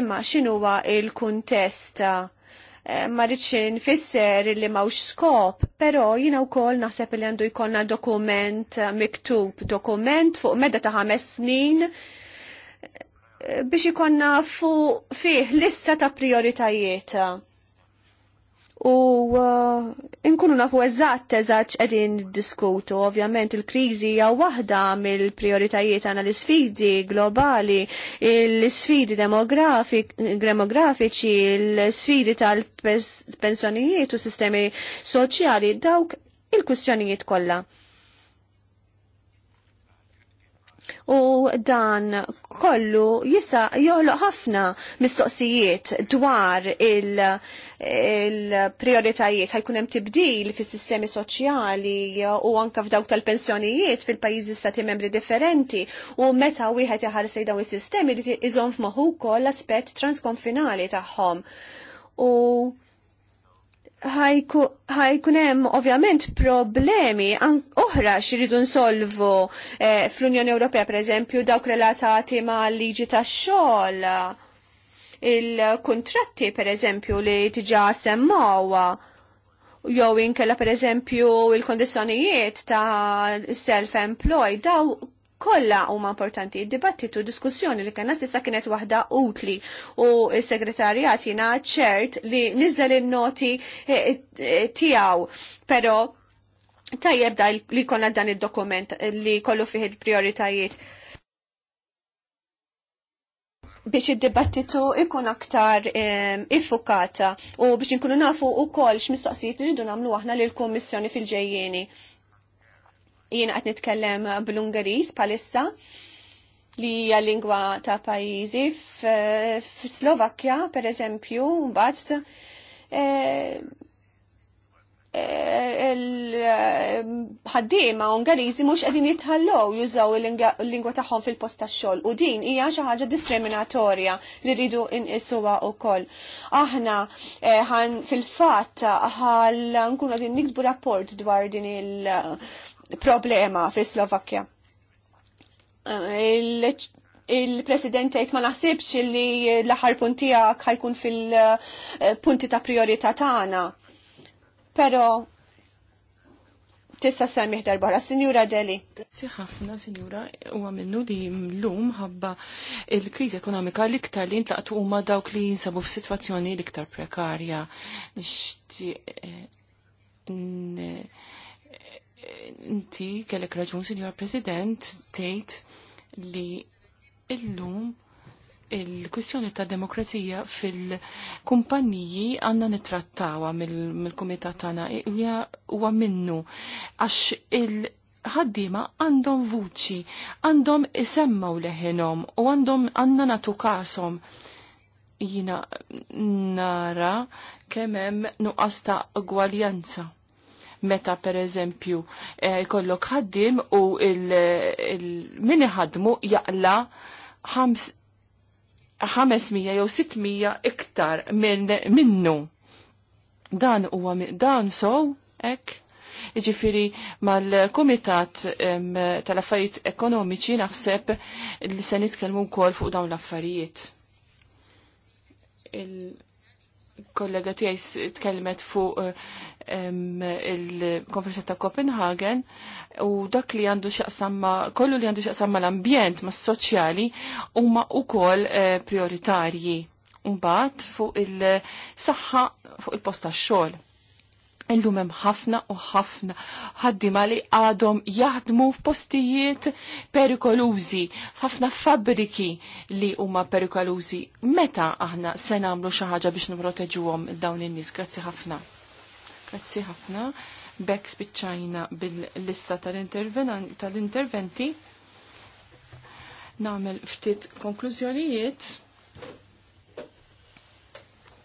Imma x'inhuwa il kontest eh, ma fisser nfisser li mawx skop, però jina wkoll naħseb li għandu jkollna dokument eh, miktub, dokument fuq medda ta' ħames snin eh, biex ikonna fuq fih lista ta' prioritajiet u nkunu uh, inkunu nafu eżatt eżatt qegħdin diskutu. Ovvjament il-kriżi hija waħda mill-prijoritajiet għandna l-isfidi globali, l-isfidi demografiċi, l-isfidi tal-pensjonijiet u sistemi soċjali dawk il-kwistjonijiet kollha. u dan kollu jista joħloq ħafna mistoqsijiet dwar il-prioritajiet il ħajkun hemm tibdil fis-sistemi soċjali u anka f'dawk tal-pensjonijiet fil-pajjiżi stati membri differenti u meta wieħed iħarsej dawn is-sistemi li iżomm f'moħħu ukoll l-aspett transkonfinali tagħhom. U ħajkun hemm ovvjament problemi oħra xiridu nsolvu eh, fl-Unjoni Ewropea, pereżempju dawk relatati ma' liġi tax-xogħol, il-kontratti pereżempju li tiġa semmawa jew inkella pereżempju il-kondizzjonijiet ta' self-employed daw kollha huma importanti. dibattitu diskussjoni li kena sissa kienet waħda utli u s-segretarjat jiena ċert li nizzel in-noti eh, eh, tiegħu, però tajjeb da li konna dan id-dokument li kollu fih il-prioritajiet biex id-dibattitu ikun aktar iffukata u biex inkunu nafu u kol x-mistoqsijiet li rridu namlu aħna l komissjoni fil-ġejjeni jiena qed nitkellem bl-Ungaris palissa li hija lingwa ta' pajjiżi f'Slovakkja pereżempju mbagħad e, e, il-ħaddiema e, Ungariżi mhux qegħdin jitħallew jużaw il-lingwa tagħhom fil-post tax-xogħol u din hija xi ħaġa diskriminatorja li rridu inqisuha wkoll. Aħna fil-fatt ħal nkunu qegħdin nikbu rapport dwar din il- problema fi Slovakkja. Il-President il ma naħsibx li l-aħħar puntijak ħajkun fil-punti ta' priorità tagħna. Però tista' semmiħ darbara. Sinjura Deli. Grazzi ħafna, Sinjura. Huwa minnu li llum ħabba il-kriżi ekonomika l-iktar li ntlaqt huma dawk li jinsabu f'sitwazzjoni l-iktar prekarja. Eh, inti kellek raġun, Sinjor President, tgħid li illum il-kwistjoni ta' demokrazija fil-kumpaniji għanna nitrattawa mill kumitat tagħna huwa minnu għax il- ħaddima għandhom vuċi, għandhom isemmaw leħenom u għandhom għanna natu kasom. Jina nara kemem nuqqas ta' gwaljanza meta per eżempju eh, jkollok ħaddim u il min ħadmu jaqla 500 jew 600 iktar minn minnu. Dan huwa dan sow hekk. Iġifiri, mal-Kumitat tal-Affarijiet Ekonomiċi naħseb li se nitkellmu wkoll fuq dawn l-affarijiet kollega tiegħi tkellmet fuq eh, il-konferenza ta' Copenhagen u dak li għandu xaqsamma, kollu li għandu xaqsamma l-ambjent ma' soċjali huma wkoll eh, prioritarji. Mbagħad fuq il-saħħa fuq il posta tax-xogħol. Illum hemm ħafna u ħafna ħaddima li għadhom jaħdmu f'postijiet perikolużi, f'ħafna fabbriki li huma perikolużi. Meta aħna se nagħmlu xi ħaġa biex nipproteġuhom dawn in-nies? Grazzi ħafna. Grazzi ħafna. Bek spiċċajna bil-lista tal-interventi. Nagħmel ftit konklużjonijiet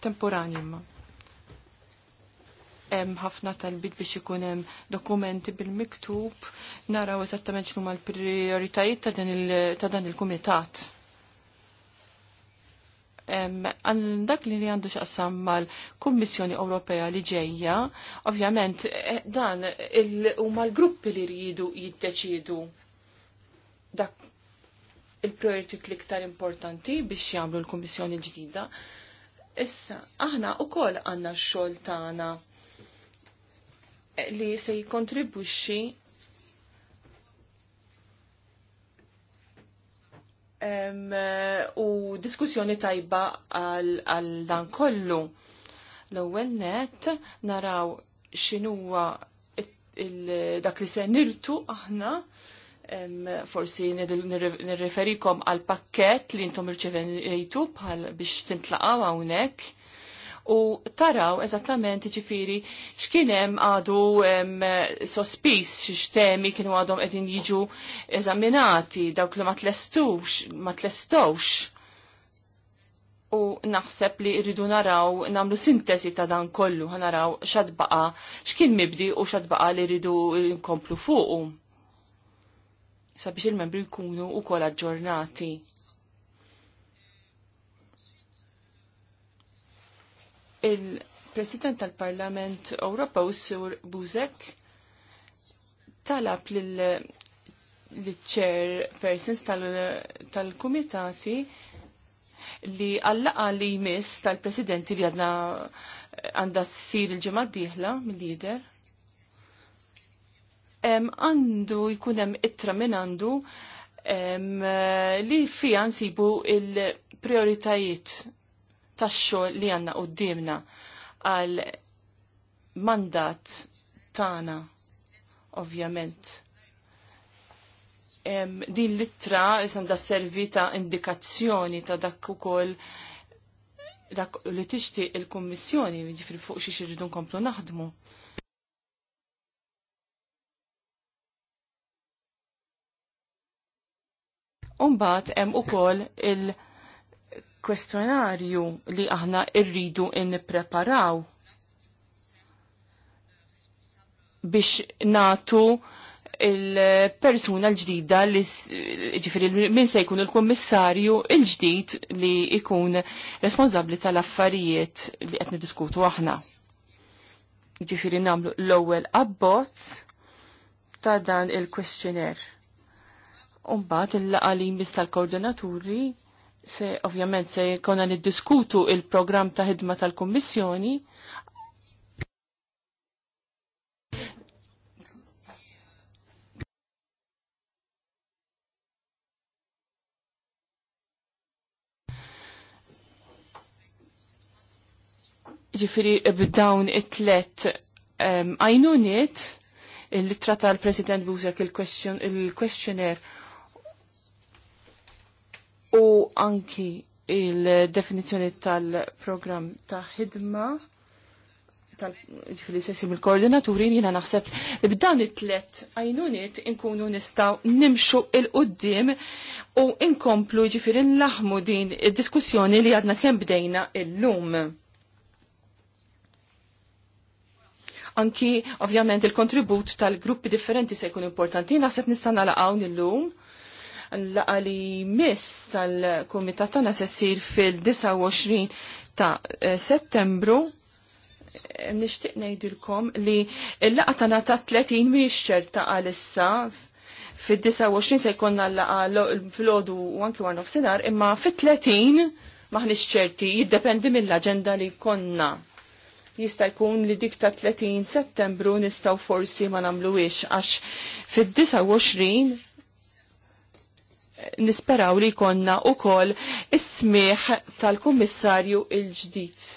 temporani imma hemm ħafna talbit biex ikun hemm dokumenti bil-miktub naraw eżattament x'nu l-prijoritajiet ta' dan il-kumitat. dak li għandu xaqsam mal-Kummissjoni Ewropea li ġejja, ovvjament eh, dan huma l-gruppi li rridu jiddeċidu dak il-prioritit l-iktar importanti biex jagħmlu l-Kummissjoni ġdida Issa, aħna u koll għanna xol tana li se um, u diskussjoni tajba għal dan kollu. L-ewwel net naraw x'inhuwa dak li se nirtu aħna forsi nirreferikom għal pakket li intom irċevejtu bħal biex tintlaqgħu hawnhekk u taraw eżattament ġifiri x'kienem għadu sospis x'temi kienu għadhom għedin jiġu eżaminati dawk li ma tlestux, ma tlestowx. U naħseb li rridu naraw namlu sintesi ta' dan kollu, naraw xadbaqa x'kien mibdi u xadbaqa li rridu nkomplu fuqu. Sabiex il-membri jkunu u kol aġġornati il-President tal-Parlament Ewropa, u Sur Buzek talab lill-chair persons tal-kumitati li għallaqa li jmiss tal-presidenti li għadna għanda s-sir il-ġemad diħla mill-lider. Għandu jkunem ittra minn għandu li fija nsibu il-prioritajiet tax-xogħol li għandna dimna għal mandat tagħna ovvjament. Din l-ittra isem da servi ta' indikazzjoni ta' dak ukoll dak li tixtieq il-Kummissjoni ġifri fuq xie xirridun nkomplu naħdmu. Umbat hemm ukoll il- kwestjonarju li aħna irridu nippreparaw biex natu il-persuna l-ġdida li ġifiri min se jkun il-kommissarju il-ġdid li jkun responsabli tal-affarijiet li qed diskutu aħna. Ġifiri namlu l-ewwel abbot ta' dan il-kwestjoner. Umbat il-laqalim tal-koordinaturi se ovvjament se jkollna niddiskutu il-programm ta' ħidma tal-Kummissjoni. Ġifiri eh, b'dawn it-tlet ehm, għajnuniet, il-litra tal-President Buzek il-questionnaire u anki il-definizjoni tal-program ta' ħidma tal-fili sessim il-koordinaturi jina naħseb li b'dan it-tlet għajnunit inkunu nistaw nimxu il-qoddim u inkomplu ġifiri nlaħmu din id-diskussjoni li għadna kem bdejna il-lum. Anki, ovvjament, il-kontribut tal-gruppi differenti se jkun importanti, naħseb nistanna laqaw il-lum l għali li miss tal-Kumitat tagħna se ssir fil-29 ta' eh, Settembru eh, nixtieq ngħidilkom li l-laqa tagħna ta' 30 mhix ta' għalissa fid-29 se jkollna l-laqa fil ħodu u anki warna f'sinar imma fit-30 maħniex ċerti jiddependi mill-aġenda li konna jista' jkun li dik ta' 30 settembru nistgħu forsi ma nagħmluhiex għax fid-29 nisperaw li konna u kol ismiħ tal-Kummissarju il-ġdid